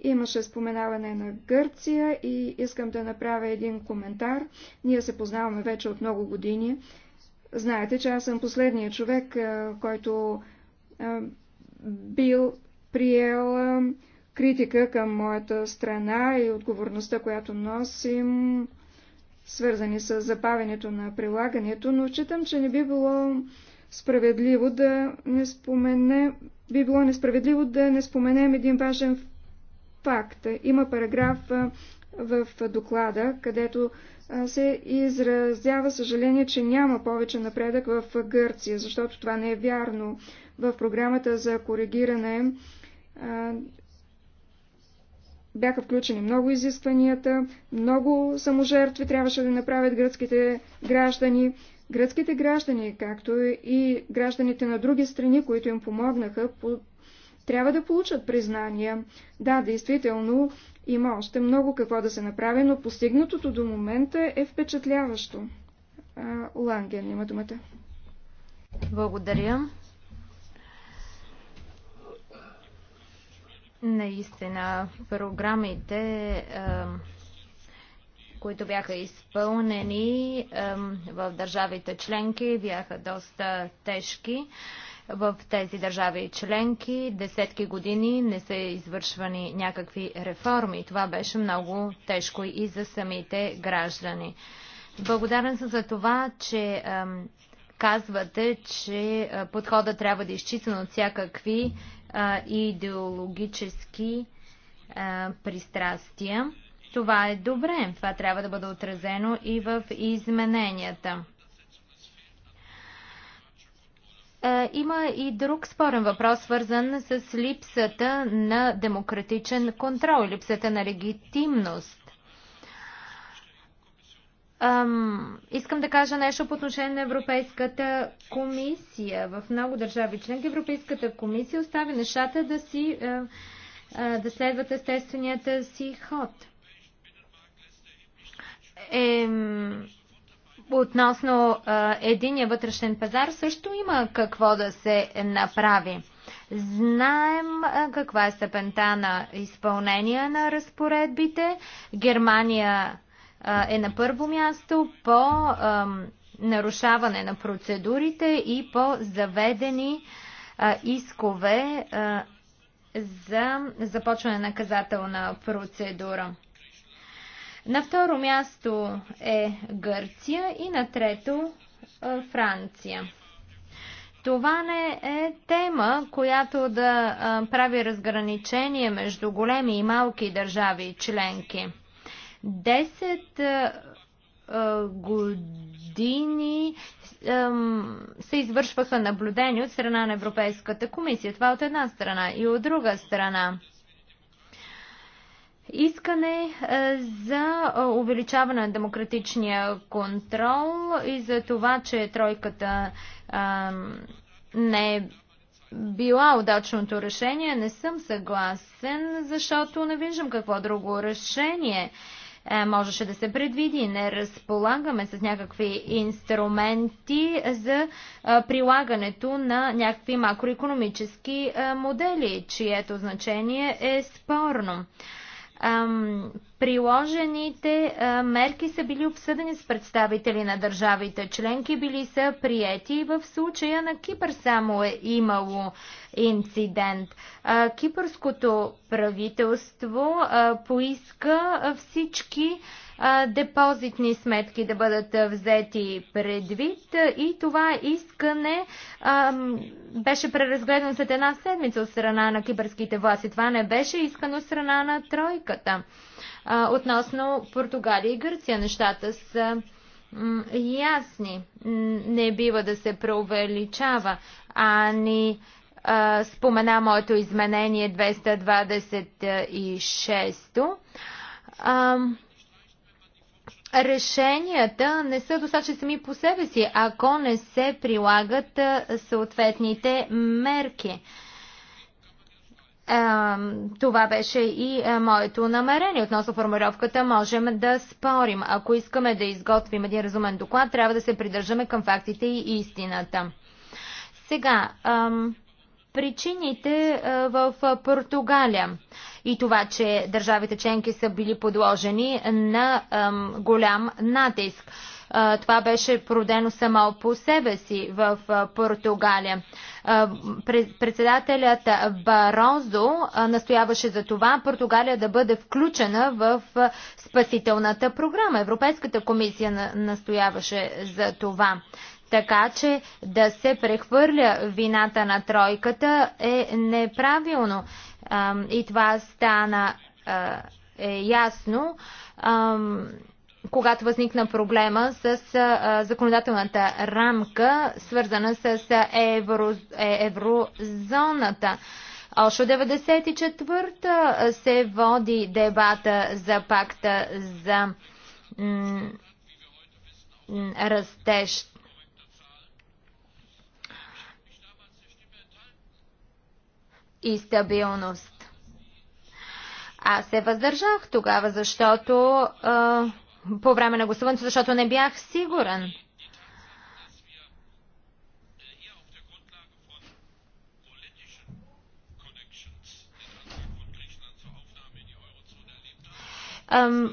Имаше споменаване на Гърция и искам да направя един коментар. Ние се познаваме вече от много години. Знаете, че аз съм последният човек, който бил приел критика към моята страна и отговорността, която носим, свързани с забавянето на прилагането, но считам, че не би било справедливо да не спомене, би било несправедливо да не споменем един важен факт. Има параграф в доклада, където се изразява съжаление, че няма повече напредък в Гърция, защото това не е вярно. В програмата за коригиране бяха включени много изискванията, много саможертви трябваше да направят гръцките граждани. Гръцките граждани, както и гражданите на други страни, които им помогнаха, трябва да получат признания. Да, действително, има още много какво да се направи, но постигнатото до момента е впечатляващо. Ланген има думата. Благодаря. Наистина, програмите, които бяха изпълнени в държавите членки, бяха доста тежки. В тези държави членки десетки години не са извършвани някакви реформи. Това беше много тежко и за самите граждани. Благодарен съм за това, че казвате, че подходът трябва да е изчистен от всякакви а, и идеологически а, пристрастия. Това е добре. Това трябва да бъде отразено и в измененията. Има и друг спорен въпрос, свързан с липсата на демократичен контрол, липсата на легитимност Ам, искам да кажа нещо по отношение на Европейската комисия. В много държави членки Европейската комисия остави нещата да, си, а, е, а, е, да следват естественията си ход. Е, относно а, единия вътрешен пазар също има какво да се направи. Знаем а, е, каква е степента на изпълнение на разпоредбите. Германия е на първо място по нарушаване на процедурите и по заведени искове за започване на наказателна процедура. На второ място е Гърция и на трето Франция. Това не е тема, която да прави разграничение между големи и малки държави и членки. Десет години се извършваха наблюдения от страна на Европейската комисия. Това от една страна. И от друга страна искане за увеличаване на демократичния контрол и за това, че тройката не е била удачното решение, не съм съгласен, защото не виждам какво друго решение. Е, можеше да се предвиди. Не разполагаме с някакви инструменти за е, прилагането на някакви макроекономически е, модели, чието значение е спорно приложените мерки са били обсъдени с представители на държавите членки, били са приети и в случая на Кипър само е имало инцидент. кипърското правителство поиска всички депозитни сметки да бъдат взети предвид и това искане беше преразгледано след една седмица от страна на киберските власти. Това не беше искано от страна на тройката. Относно Португалия и Гърция нещата са ясни. Не бива да се преувеличава. А ни спомена моето изменение 226 решенията не са достатъчни сами по себе си, ако не се прилагат съответните мерки. Това беше и моето намерение. Относно формировката можем да спорим. Ако искаме да изготвим един разумен доклад, трябва да се придържаме към фактите и истината. Сега, ам, причините в Португалия и това, че държавите членки са били подложени на голям натиск. Това беше продено само по себе си в Португалия. Председателят Барозо настояваше за това Португалия да бъде включена в спасителната програма. Европейската комисия настояваше за това. Така че да се прехвърля вината на тройката е неправилно. И това стана е ясно, когато възникна проблема с законодателната рамка, свързана с евро, е, еврозоната. Още 94-та се води дебата за пакта за растеж. и стабилност. Аз се въздържах тогава, защото а, по време на гласуването, защото не бях сигурен. Ам,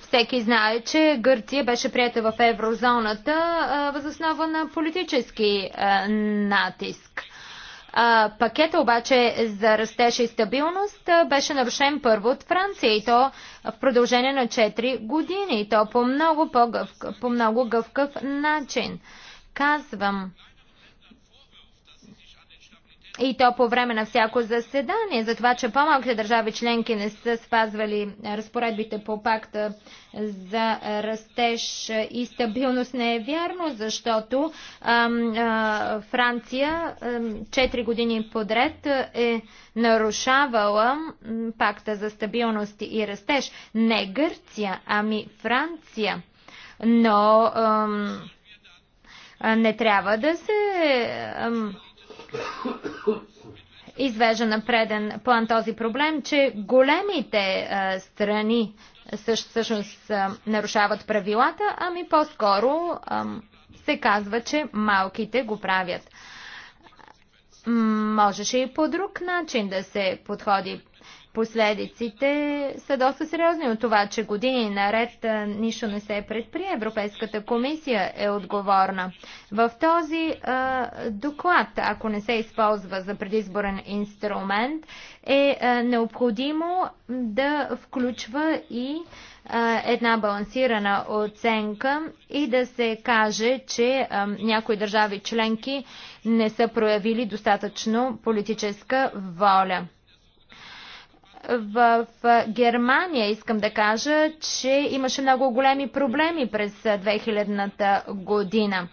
всеки знае, че Гърция беше прията в еврозоната възоснова на политически а, натиск. Пакета обаче за растеж и стабилност беше нарушен първо от Франция и то в продължение на 4 години и то по много, по, по много гъвкав начин. Казвам, и то по време на всяко заседание, за това, че по-малките държави членки не са спазвали разпоредбите по пакта за растеж и стабилност не е вярно, защото ам, а, Франция четири 4 години подред е нарушавала пакта за стабилност и растеж. Не Гърция, ами Франция. Но ам, не трябва да се... Ам, извежда на преден план този проблем, че големите а, е, страни също, всъщност а, е, нарушават правилата, ами по-скоро е, се казва, че малките го правят. Можеше и по друг начин да се подходи Последиците са доста сериозни от това, че години наред нищо не се предприе. Европейската комисия е отговорна. В този а, доклад, ако не се използва за предизборен инструмент, е а, необходимо да включва и а, една балансирана оценка и да се каже, че а, някои държави членки не са проявили достатъчно политическа воля. В Германия искам да кажа, че имаше много големи проблеми през 2000-та година.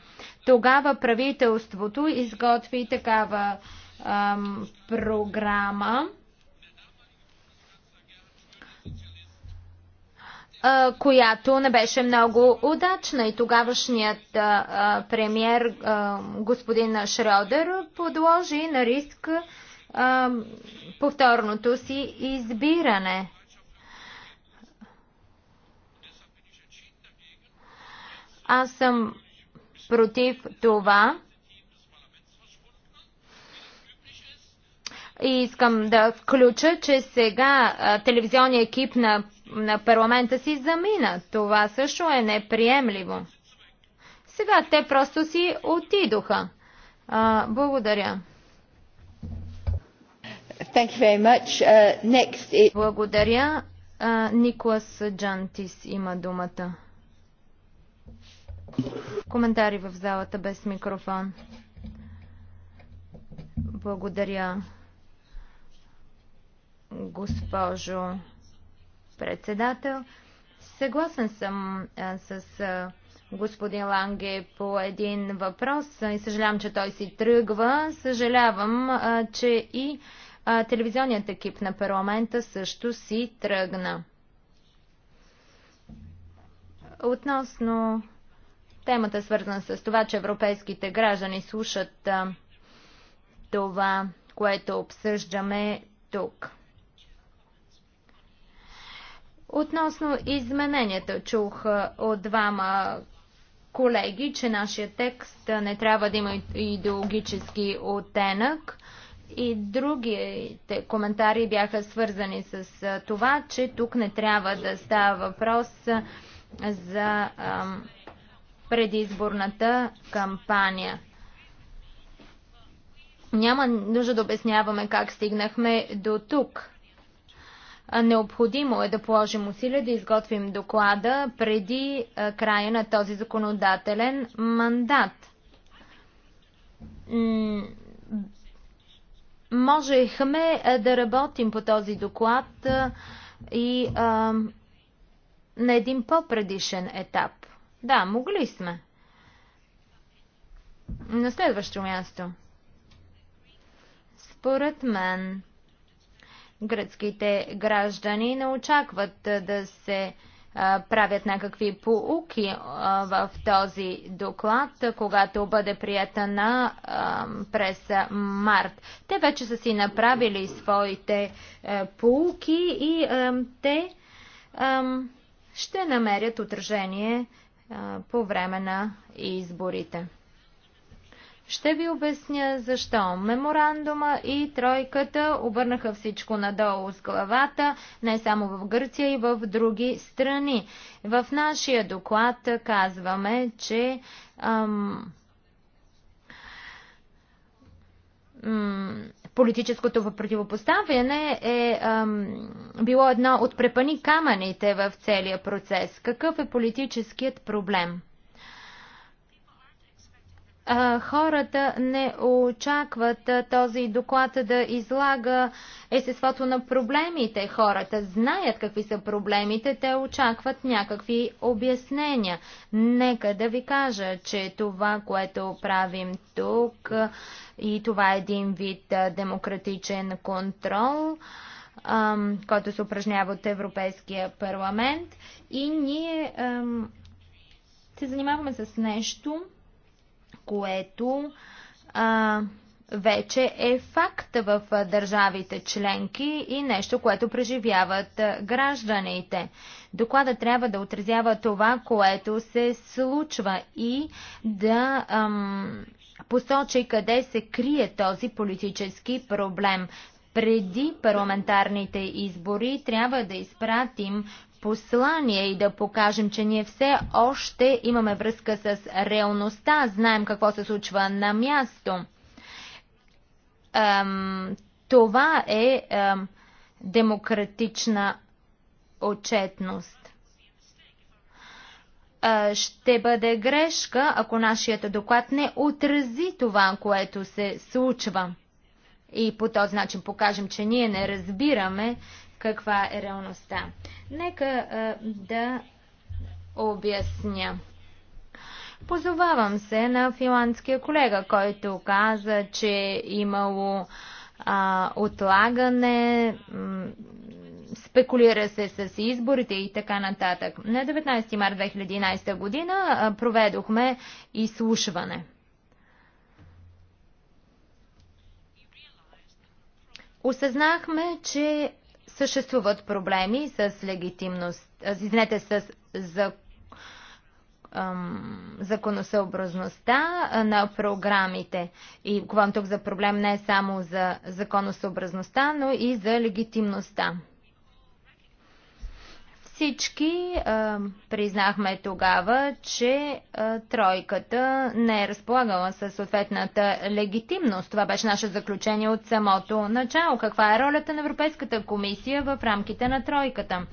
Тогава правителството изготви такава ам, програма, а, която не беше много удачна и тогавашният а, премьер а, господин Шрёдер подложи на риск а, а, повторното си избиране. Аз съм против това. И искам да включа, че сега телевизионният екип на, на парламента си замина. Това също е неприемливо. Сега те просто си отидоха. А, благодаря. Uh, Благодаря. Николас Джантис има думата. Коментари в залата без микрофон. Благодаря, госпожо председател. Съгласен съм с господин Ланге по един въпрос и съжалявам, че той си тръгва. Съжалявам, че и а, телевизионният екип на парламента също си тръгна. Относно темата свързана с това, че европейските граждани слушат а, това, което обсъждаме тук. Относно измененията, чух от двама колеги, че нашия текст не трябва да има идеологически оттенък. И другите коментари бяха свързани с това, че тук не трябва да става въпрос за предизборната кампания. Няма нужда да обясняваме как стигнахме до тук. Необходимо е да положим усилия да изготвим доклада преди края на този законодателен мандат Можехме да работим по този доклад и а, на един по-предишен етап. Да, могли сме. На следващо място. Според мен, гръцките граждани не очакват да се правят някакви поуки в този доклад, когато бъде прията на през март. Те вече са си направили своите поуки и те ще намерят отражение по време на изборите. Ще ви обясня защо. Меморандума и тройката обърнаха всичко надолу с главата, не само в Гърция и в други страни. В нашия доклад казваме, че ам, ам, политическото противопоставяне е ам, било едно от препани камъните в целия процес. Какъв е политическият проблем? хората не очакват този доклад да излага естеството на проблемите. Хората знаят какви са проблемите, те очакват някакви обяснения. Нека да ви кажа, че това, което правим тук, и това е един вид демократичен контрол, който се упражнява от Европейския парламент, и ние се занимаваме с нещо, което а, вече е факт в държавите членки и нещо, което преживяват гражданите. Доклада трябва да отразява това, което се случва и да ам, посочи къде се крие този политически проблем. Преди парламентарните избори трябва да изпратим послание и да покажем, че ние все още имаме връзка с реалността, знаем какво се случва на място. Това е демократична отчетност. Ще бъде грешка, ако нашият доклад не отрази това, което се случва. И по този начин покажем, че ние не разбираме каква е реалността. Нека а, да обясня. Позовавам се на финландския колега, който каза, че е имало а, отлагане, спекулира се с изборите и така нататък. На 19 март 2011 година а, проведохме изслушване. Осъзнахме, че съществуват проблеми с легитимност, извинете, с за, ам, законосъобразността на програмите. И говорим тук за проблем не само за законосъобразността, но и за легитимността. Всички а, признахме тогава, че а, тройката не е разполагала със съответната легитимност. Това беше наше заключение от самото начало. Каква е ролята на Европейската комисия в рамките на тройката?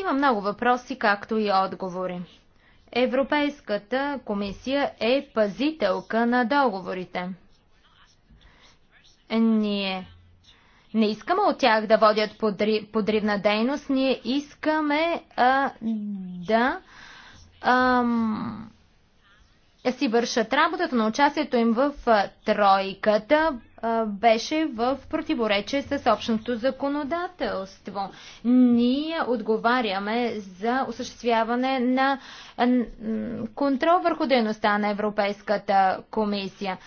Има много въпроси, както и отговори. Европейската комисия е пазителка на договорите. Ние не искаме от тях да водят подри, подривна дейност, ние искаме а, да а, си вършат работата, но участието им в тройката а, беше в противоречие с общното законодателство. Ние отговаряме за осъществяване на а, контрол върху дейността на Европейската комисия.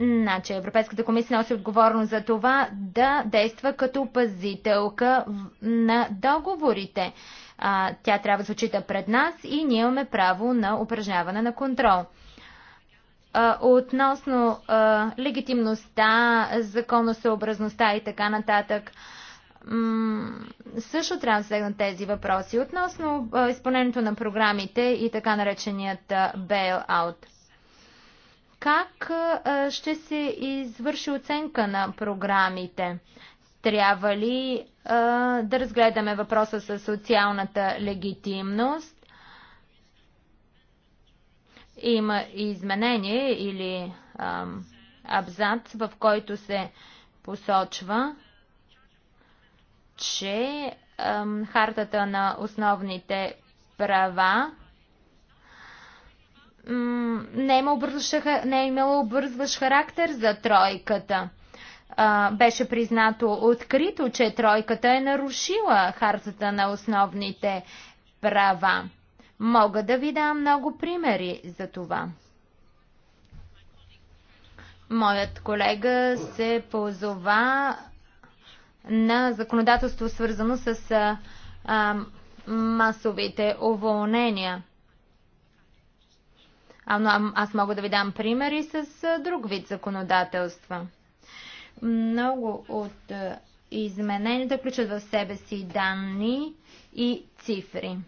Значи Европейската комисия носи отговорност за това да действа като пазителка на договорите. А, тя трябва да зачита пред нас и ние имаме право на упражняване на контрол. А, относно а, легитимността, законосъобразността и така нататък, също трябва да сегнат тези въпроси. Относно а, изпълнението на програмите и така нареченият бейл-аут. Как ще се извърши оценка на програмите? Трябва ли да разгледаме въпроса с социалната легитимност? Има изменение или абзац, в който се посочва, че хартата на основните права не е, не е имало обвързващ е характер за тройката. А, беше признато открито, че тройката е нарушила хартата на основните права. Мога да ви дам много примери за това. Моят колега се позова на законодателство, свързано с а, масовите уволнения. А, аз мога да ви дам примери с друг вид законодателства. Много от измененията включват в себе си данни и цифри.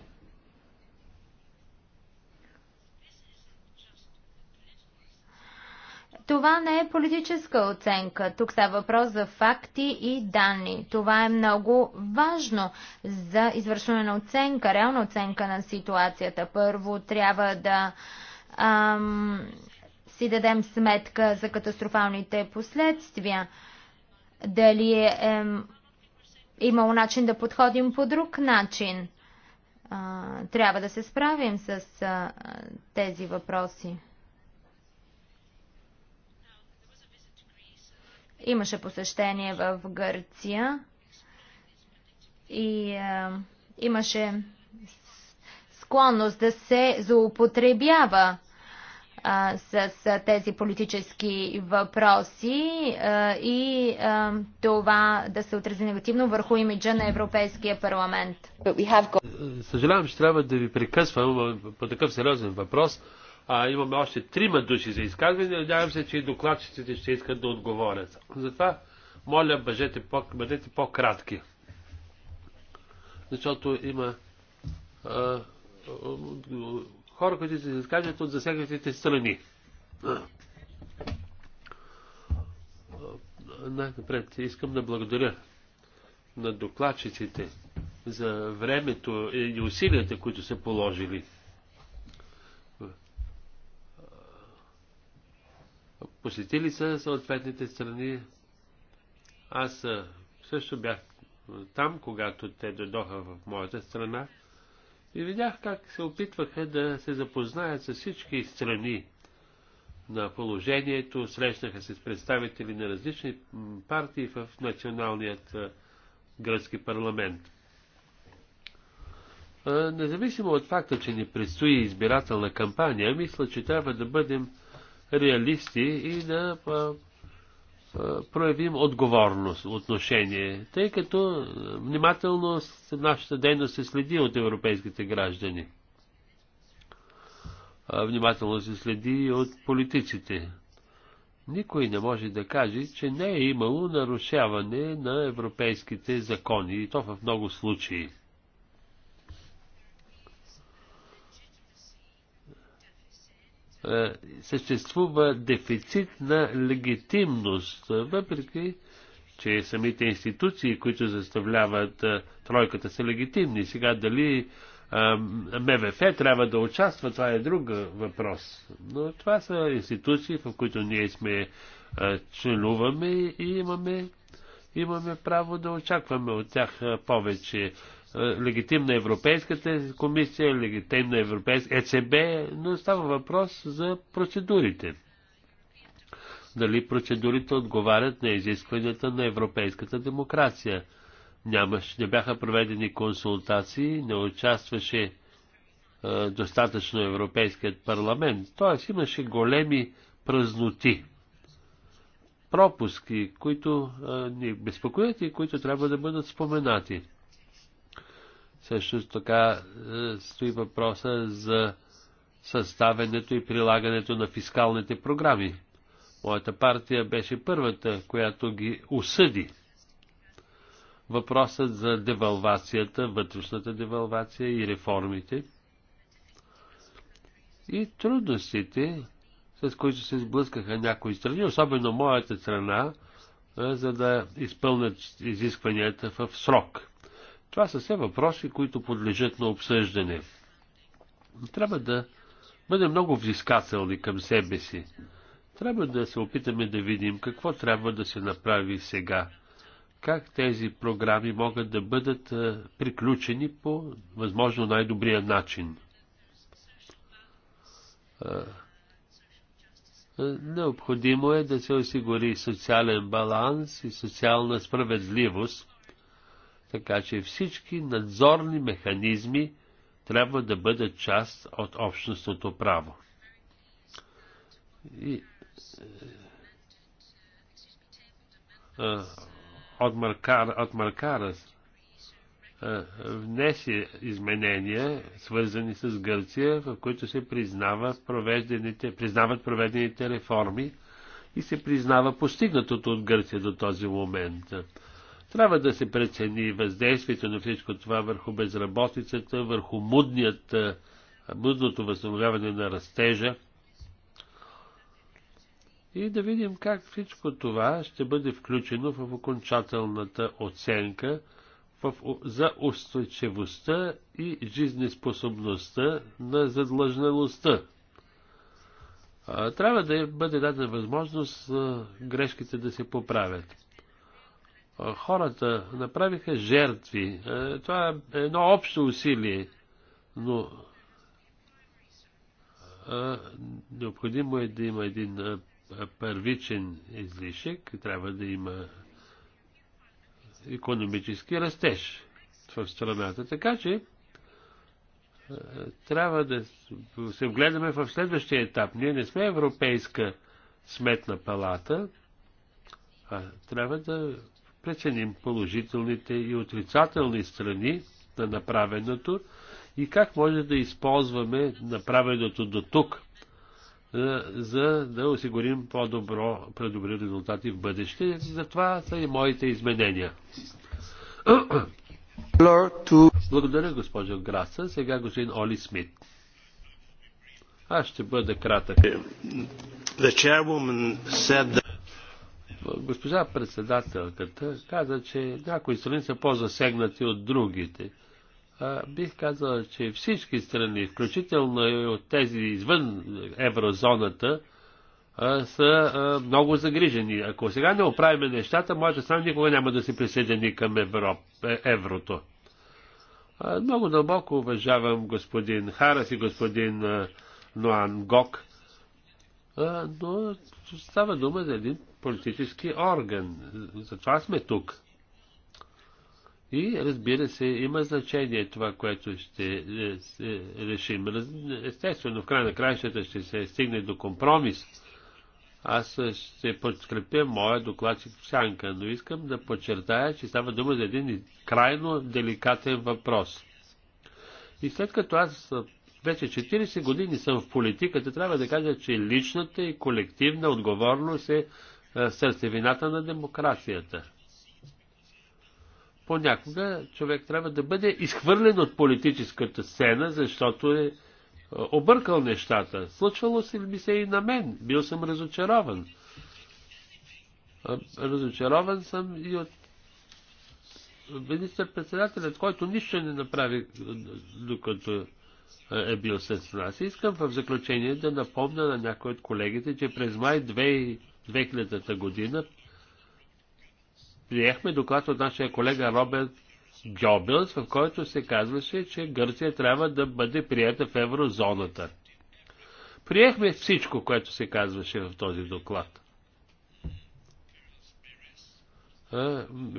Това не е политическа оценка. Тук става въпрос за факти и данни. Това е много важно за извършване на оценка, реална оценка на ситуацията. Първо трябва да а, ам, си дадем сметка за катастрофалните последствия. Дали е, е имало начин да подходим по друг начин. А, трябва да се справим с а, тези въпроси. Имаше посещение в Гърция и а, е, имаше склонност да се злоупотребява а, с, с тези политически въпроси а, и а, това да се отрази негативно върху имиджа на Европейския парламент. Got... Съжалявам, че трябва да ви прекъсвам по такъв сериозен въпрос. А, имаме още трима души за изказване. Надявам се, че и докладчиците ще искат да отговорят. Затова, моля, бъдете, по, бъдете по-кратки. Защото има а, хора, които се изкажат от засегнатите страни. Най-напред искам да благодаря на докладчиците за времето и усилията, които са положили. Посетили са съответните страни. Аз също бях там, когато те дойдоха в моята страна. И видях как се опитваха да се запознаят с всички страни на положението. Срещнаха се с представители на различни партии в националният гръцки парламент. Независимо от факта, че ни предстои избирателна кампания, мисля, че трябва да бъдем реалисти и да проявим отговорност, отношение, тъй като внимателно нашата дейност се следи от европейските граждани. Внимателно се следи и от политиците. Никой не може да каже, че не е имало нарушаване на европейските закони, и то в много случаи. Е, съществува дефицит на легитимност, въпреки че самите институции, които заставляват е, тройката, са легитимни. Сега дали е, МВФ трябва да участва, това е друг въпрос. Но това са институции, в които ние сме членуваме и имаме, имаме право да очакваме от тях повече. Е, легитимна Европейската комисия, легитимна Европейска ЕЦБ, но става въпрос за процедурите. Дали процедурите отговарят на изискванията на европейската демокрация? Нямаш, не бяха проведени консултации, не участваше е, достатъчно Европейският парламент. Тоест имаше големи празноти, пропуски, които е, ни безпокоят и които трябва да бъдат споменати. Също така е, стои въпроса за съставянето и прилагането на фискалните програми. Моята партия беше първата, която ги осъди. Въпросът за девалвацията, вътрешната девалвация и реформите и трудностите, с които се сблъскаха някои страни, особено моята страна, е, за да изпълнят изискванията в срок. Това са все въпроси, които подлежат на обсъждане. Трябва да бъдем много взискателни към себе си. Трябва да се опитаме да видим какво трябва да се направи сега. Как тези програми могат да бъдат е, приключени по възможно най-добрия начин. Е, е, необходимо е да се осигури социален баланс и социална справедливост така че всички надзорни механизми трябва да бъдат част от общностното право. И, а, е, е, от, Маркар, от Маркарас а, е, внесе изменения, свързани с Гърция, в които се признава проведените, признават проведените реформи и се признава постигнатото от Гърция до този момент. Трябва да се прецени въздействието на всичко това върху безработицата, върху мудният, мудното възстановяване на растежа и да видим как всичко това ще бъде включено в окончателната оценка в, за устойчивостта и жизнеспособността на задлъжнелостта. Трябва да бъде дадена възможност грешките да се поправят хората направиха жертви. Е, това е едно общо усилие, но е, необходимо е да има един е, първичен излишък, трябва да има економически растеж в страната. Така че трябва да се вгледаме в следващия етап. Ние не сме европейска сметна палата, а трябва да преценим положителните и отрицателни страни на направеното и как може да използваме направеното до тук, е, за да осигурим по-добро, по-добри резултати в бъдеще. Затова са и моите изменения. Благодаря, госпожо Граса. Сега господин Оли Смит. Аз ще бъда кратък. The chairwoman said that Госпожа председателката каза, че някои страни са по-засегнати от другите. А, бих казал, че всички страни, включително и от тези извън еврозоната, а, са а, много загрижени. Ако сега не оправим нещата, моята страна никога няма да се присъедини към Европ, е, еврото. А, много дълбоко уважавам господин Харас и господин а, Ноан Гок, а, но става дума за един политически орган. Затова сме тук. И разбира се, има значение това, което ще е, решим. Естествено, в край на краищата ще се стигне до компромис. Аз ще подкрепя моя доклад в сянка, но искам да подчертая, че става дума за един крайно деликатен въпрос. И след като аз вече 40 години съм в политиката, трябва да кажа, че личната и колективна отговорност е е, сърцевината на демокрацията. Понякога човек трябва да бъде изхвърлен от политическата сцена, защото е, е объркал нещата. Случвало се ми се и на мен. Бил съм разочарован. Е, разочарован съм и от министър-председателят, който нищо не направи, докато е бил с нас. Искам в заключение да напомня на някой от колегите, че през май 2000-та година приехме доклад от нашия колега Роберт Джобелс, в който се казваше, че Гърция трябва да бъде прията в еврозоната. Приехме всичко, което се казваше в този доклад.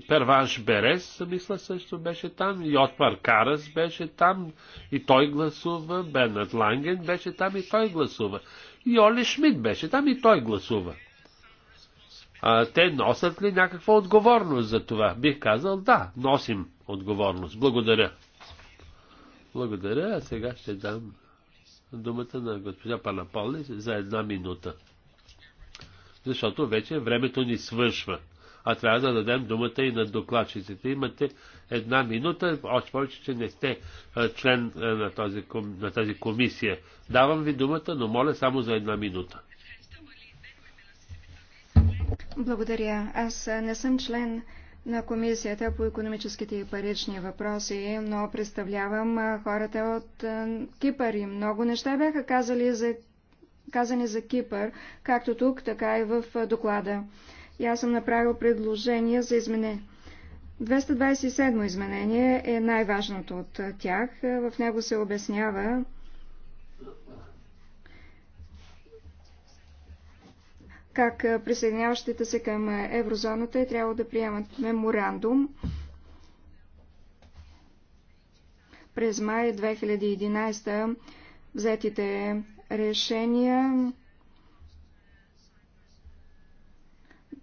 Перванш Берес, мисля, също беше там. Йотмар Карас беше там. И той гласува. Бернат Ланген беше там и той гласува. И Оли Шмидт беше там и той гласува. А, те носят ли някаква отговорност за това? Бих казал да, носим отговорност. Благодаря. Благодаря. А сега ще дам думата на госпожа Панапални за една минута. Защото вече времето ни свършва. А трябва да дадем думата и на докладчиците. Имате една минута, още повече, че не сте член на тази, на тази комисия. Давам ви думата, но моля само за една минута. Благодаря. Аз не съм член на Комисията по економическите и парични въпроси, но представлявам хората от Кипър и много неща бяха казали за, казани за Кипър, както тук, така и в доклада. И аз съм направил предложение за изменение. 227 изменение е най-важното от тях. В него се обяснява, как присъединяващите се към еврозоната е трябва да приемат меморандум. През май 2011 взетите решения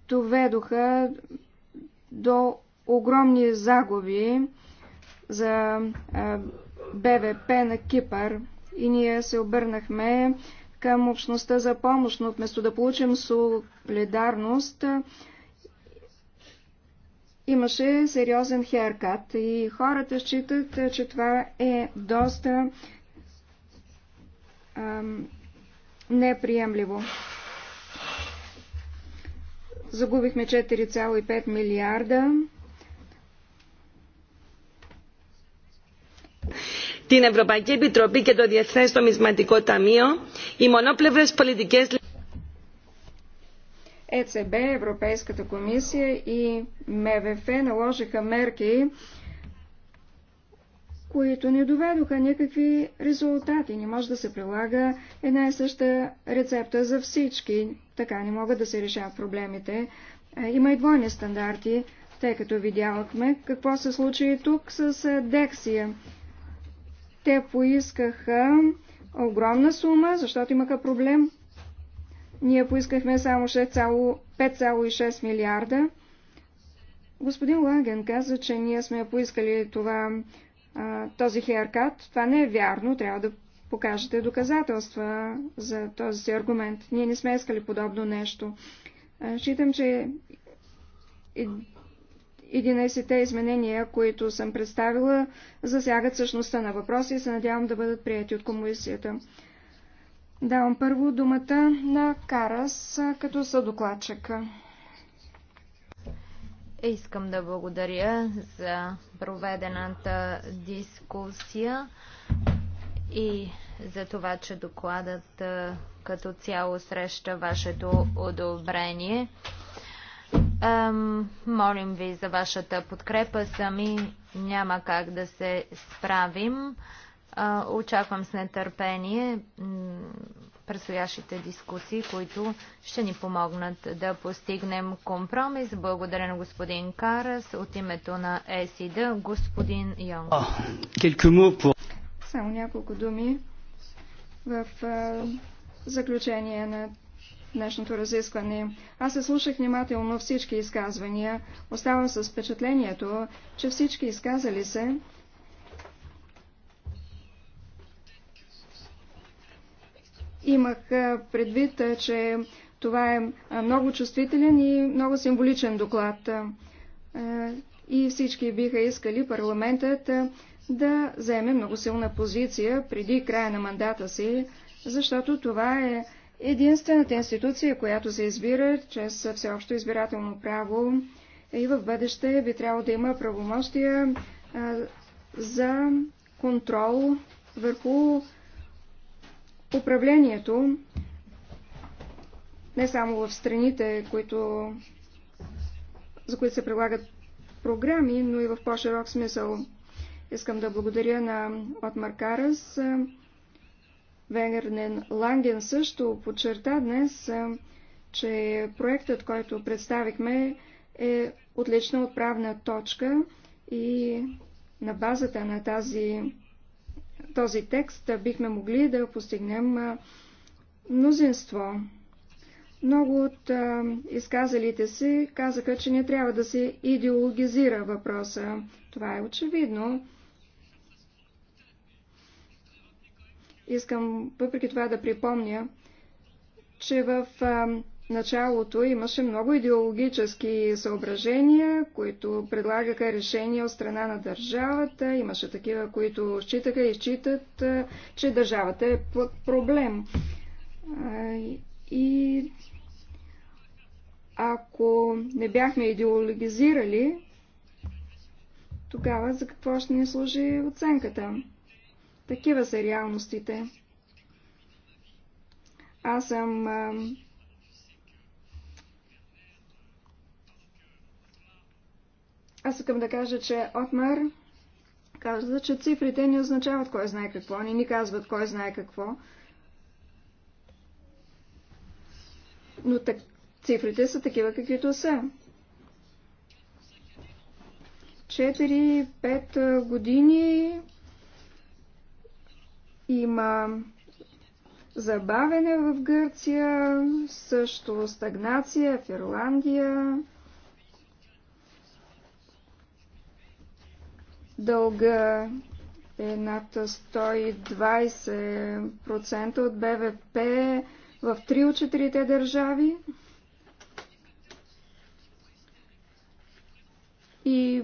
доведоха до огромни загуби за БВП на Кипър и ние се обърнахме към общността за помощ, но вместо да получим солидарност, имаше сериозен херкат и хората считат, че това е доста ам, неприемливо. Загубихме 4,5 милиарда την Ευρωπαϊκή Επιτροπή και το Διεθνές Νομισματικό Ταμείο, οι μονοπλευρές πολιτικές... ЕЦБ, Европейската комисия и МВФ наложиха мерки, които не доведоха никакви резултати. Не може да се прилага една и съща рецепта за всички. Така не могат да се решават проблемите. Е, има и двойни стандарти, тъй като видяхме какво се случи и тук с е, Дексия. Те поискаха огромна сума, защото имаха проблем. Ние поискахме само 5,6 милиарда. Господин Лаген каза, че ние сме поискали това, този херкат. Това не е вярно. Трябва да покажете доказателства за този си аргумент. Ние не сме искали подобно нещо. Считам, че 11-те изменения, които съм представила, засягат същността на въпроса и се надявам да бъдат прияти от комисията. Давам първо думата на Карас като съдокладчик. Искам да благодаря за проведената дискусия и за това, че докладът като цяло среща вашето одобрение. Молим ви за вашата подкрепа. Сами няма как да се справим. Очаквам с нетърпение предстоящите дискусии, които ще ни помогнат да постигнем компромис. Благодаря на господин Карас от името на ЕСИД, господин Йонг. Само няколко думи в заключение на днешното разискване. Аз се слушах внимателно всички изказвания. Оставам с впечатлението, че всички изказали се имах предвид, че това е много чувствителен и много символичен доклад. Е, и всички биха искали парламентът да вземе много силна позиция преди края на мандата си, защото това е Единствената институция, която се избира чрез всеобщо избирателно право е и в бъдеще би трябвало да има правомощия за контрол върху управлението не само в страните, които, за които се прилагат програми, но и в по-широк смисъл. Искам да благодаря на Отмар Карас Венгернен Ланген също подчерта днес, че проектът, който представихме, е отлична отправна точка и на базата на тази, този текст бихме могли да постигнем мнозинство. Много от а, изказалите си казаха, че не трябва да се идеологизира въпроса. Това е очевидно. Искам въпреки това да припомня, че в началото имаше много идеологически съображения, които предлагаха решения от страна на държавата. Имаше такива, които считаха и считат, че държавата е проблем. И ако не бяхме идеологизирали, тогава за какво ще ни служи оценката? Такива са реалностите. Аз съм Аз искам да кажа, че Отмар каза, че цифрите не означават кой знае какво, не ни казват кой знае какво. Но так, цифрите са такива, каквито са. 4-5 години има забавене в Гърция, също стагнация в Ирландия. Дълга е над 120% от БВП в три от четирите държави. И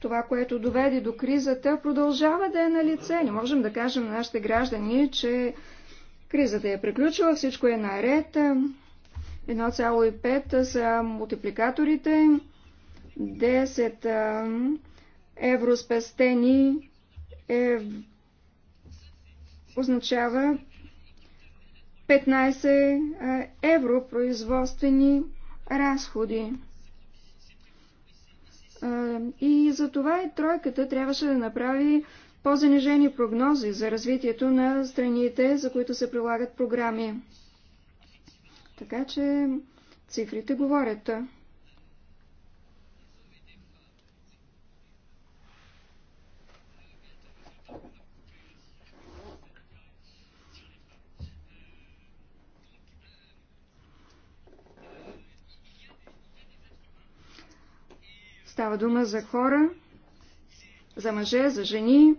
това, което доведе до кризата, продължава да е на лице. Не можем да кажем на нашите граждани, че кризата е приключила, всичко е наред. 1,5 са мултипликаторите, 10 евро спестени е, означава 15 евро производствени разходи. И за това и тройката трябваше да направи по-занижени прогнози за развитието на страните, за които се прилагат програми. Така че цифрите говорят. Става дума за хора, за мъже, за жени.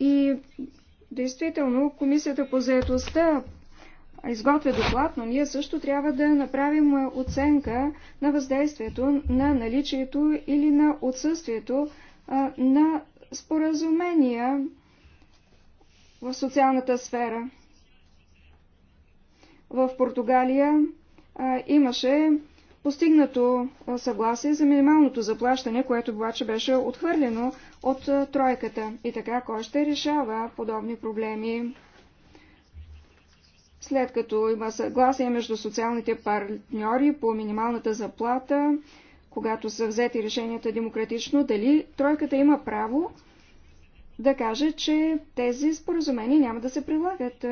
И действително Комисията по заедостта изготвя доклад, но ние също трябва да направим оценка на въздействието на наличието или на отсъствието на споразумения в социалната сфера. В Португалия а, имаше постигнато съгласие за минималното заплащане, което обаче беше отхвърлено от тройката. И така, кой ще решава подобни проблеми? След като има съгласие между социалните партньори по минималната заплата, когато са взети решенията демократично, дали тройката има право да каже, че тези споразумения няма да се прилагат.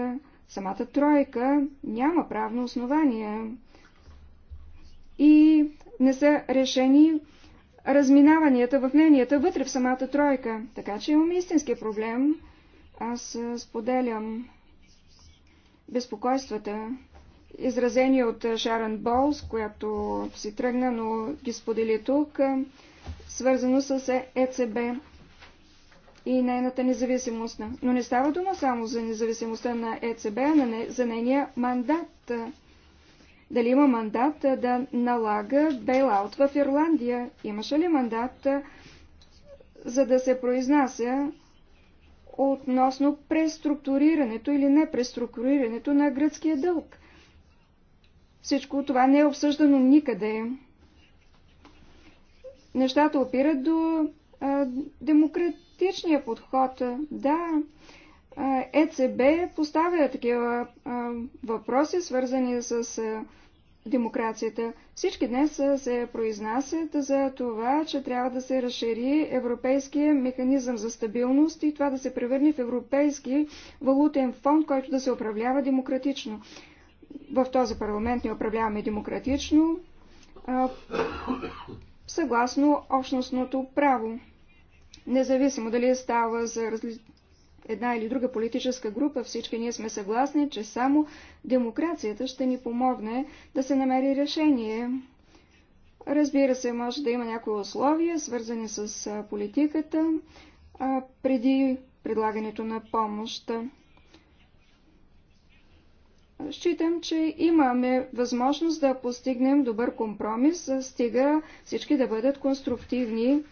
Самата тройка няма правно основание и не са решени разминаванията в мненията вътре в самата тройка. Така че имаме истински проблем. Аз споделям безпокойствата, изразени от Шаран Болс, която си тръгна, но ги сподели тук, свързано с ЕЦБ и нейната независимост. Но не става дума само за независимостта на ЕЦБ, а за нейния мандат дали има мандат да налага бейлаут в Ирландия? Имаше ли мандат за да се произнася относно преструктурирането или не преструктурирането на гръцкия дълг? Всичко това не е обсъждано никъде. Нещата опират до а, демократичния подход. Да, ЕЦБ поставя такива въпроси, свързани с демокрацията. Всички днес се произнасят за това, че трябва да се разшири европейския механизъм за стабилност и това да се превърне в европейски валутен фонд, който да се управлява демократично. В този парламент не управляваме демократично, съгласно общностното право. Независимо дали става за различни една или друга политическа група, всички ние сме съгласни, че само демокрацията ще ни помогне да се намери решение. Разбира се, може да има някои условия, свързани с политиката, преди предлагането на помощ. Считам, че имаме възможност да постигнем добър компромис, стига всички да бъдат конструктивни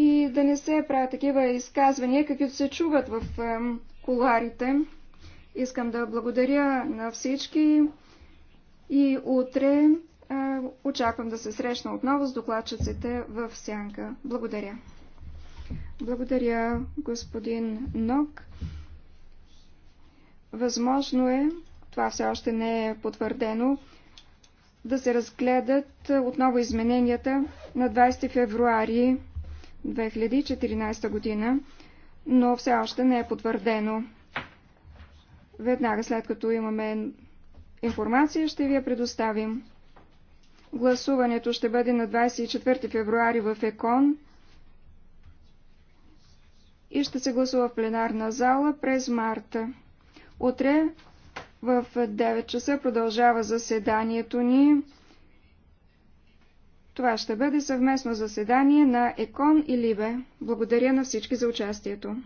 и да не се правят такива изказвания, каквито се чуват в коларите. Искам да благодаря на всички и утре е, очаквам да се срещна отново с докладчиците в Сянка. Благодаря. Благодаря, господин Нок. Възможно е, това все още не е потвърдено, да се разгледат отново измененията на 20 февруари 2014 година, но все още не е потвърдено. Веднага след като имаме информация, ще ви я предоставим. Гласуването ще бъде на 24 февруари в ЕКОН и ще се гласува в пленарна зала през марта. Утре в 9 часа продължава заседанието ни. Това ще бъде съвместно заседание на ЕКОН и ЛИБЕ. Благодаря на всички за участието.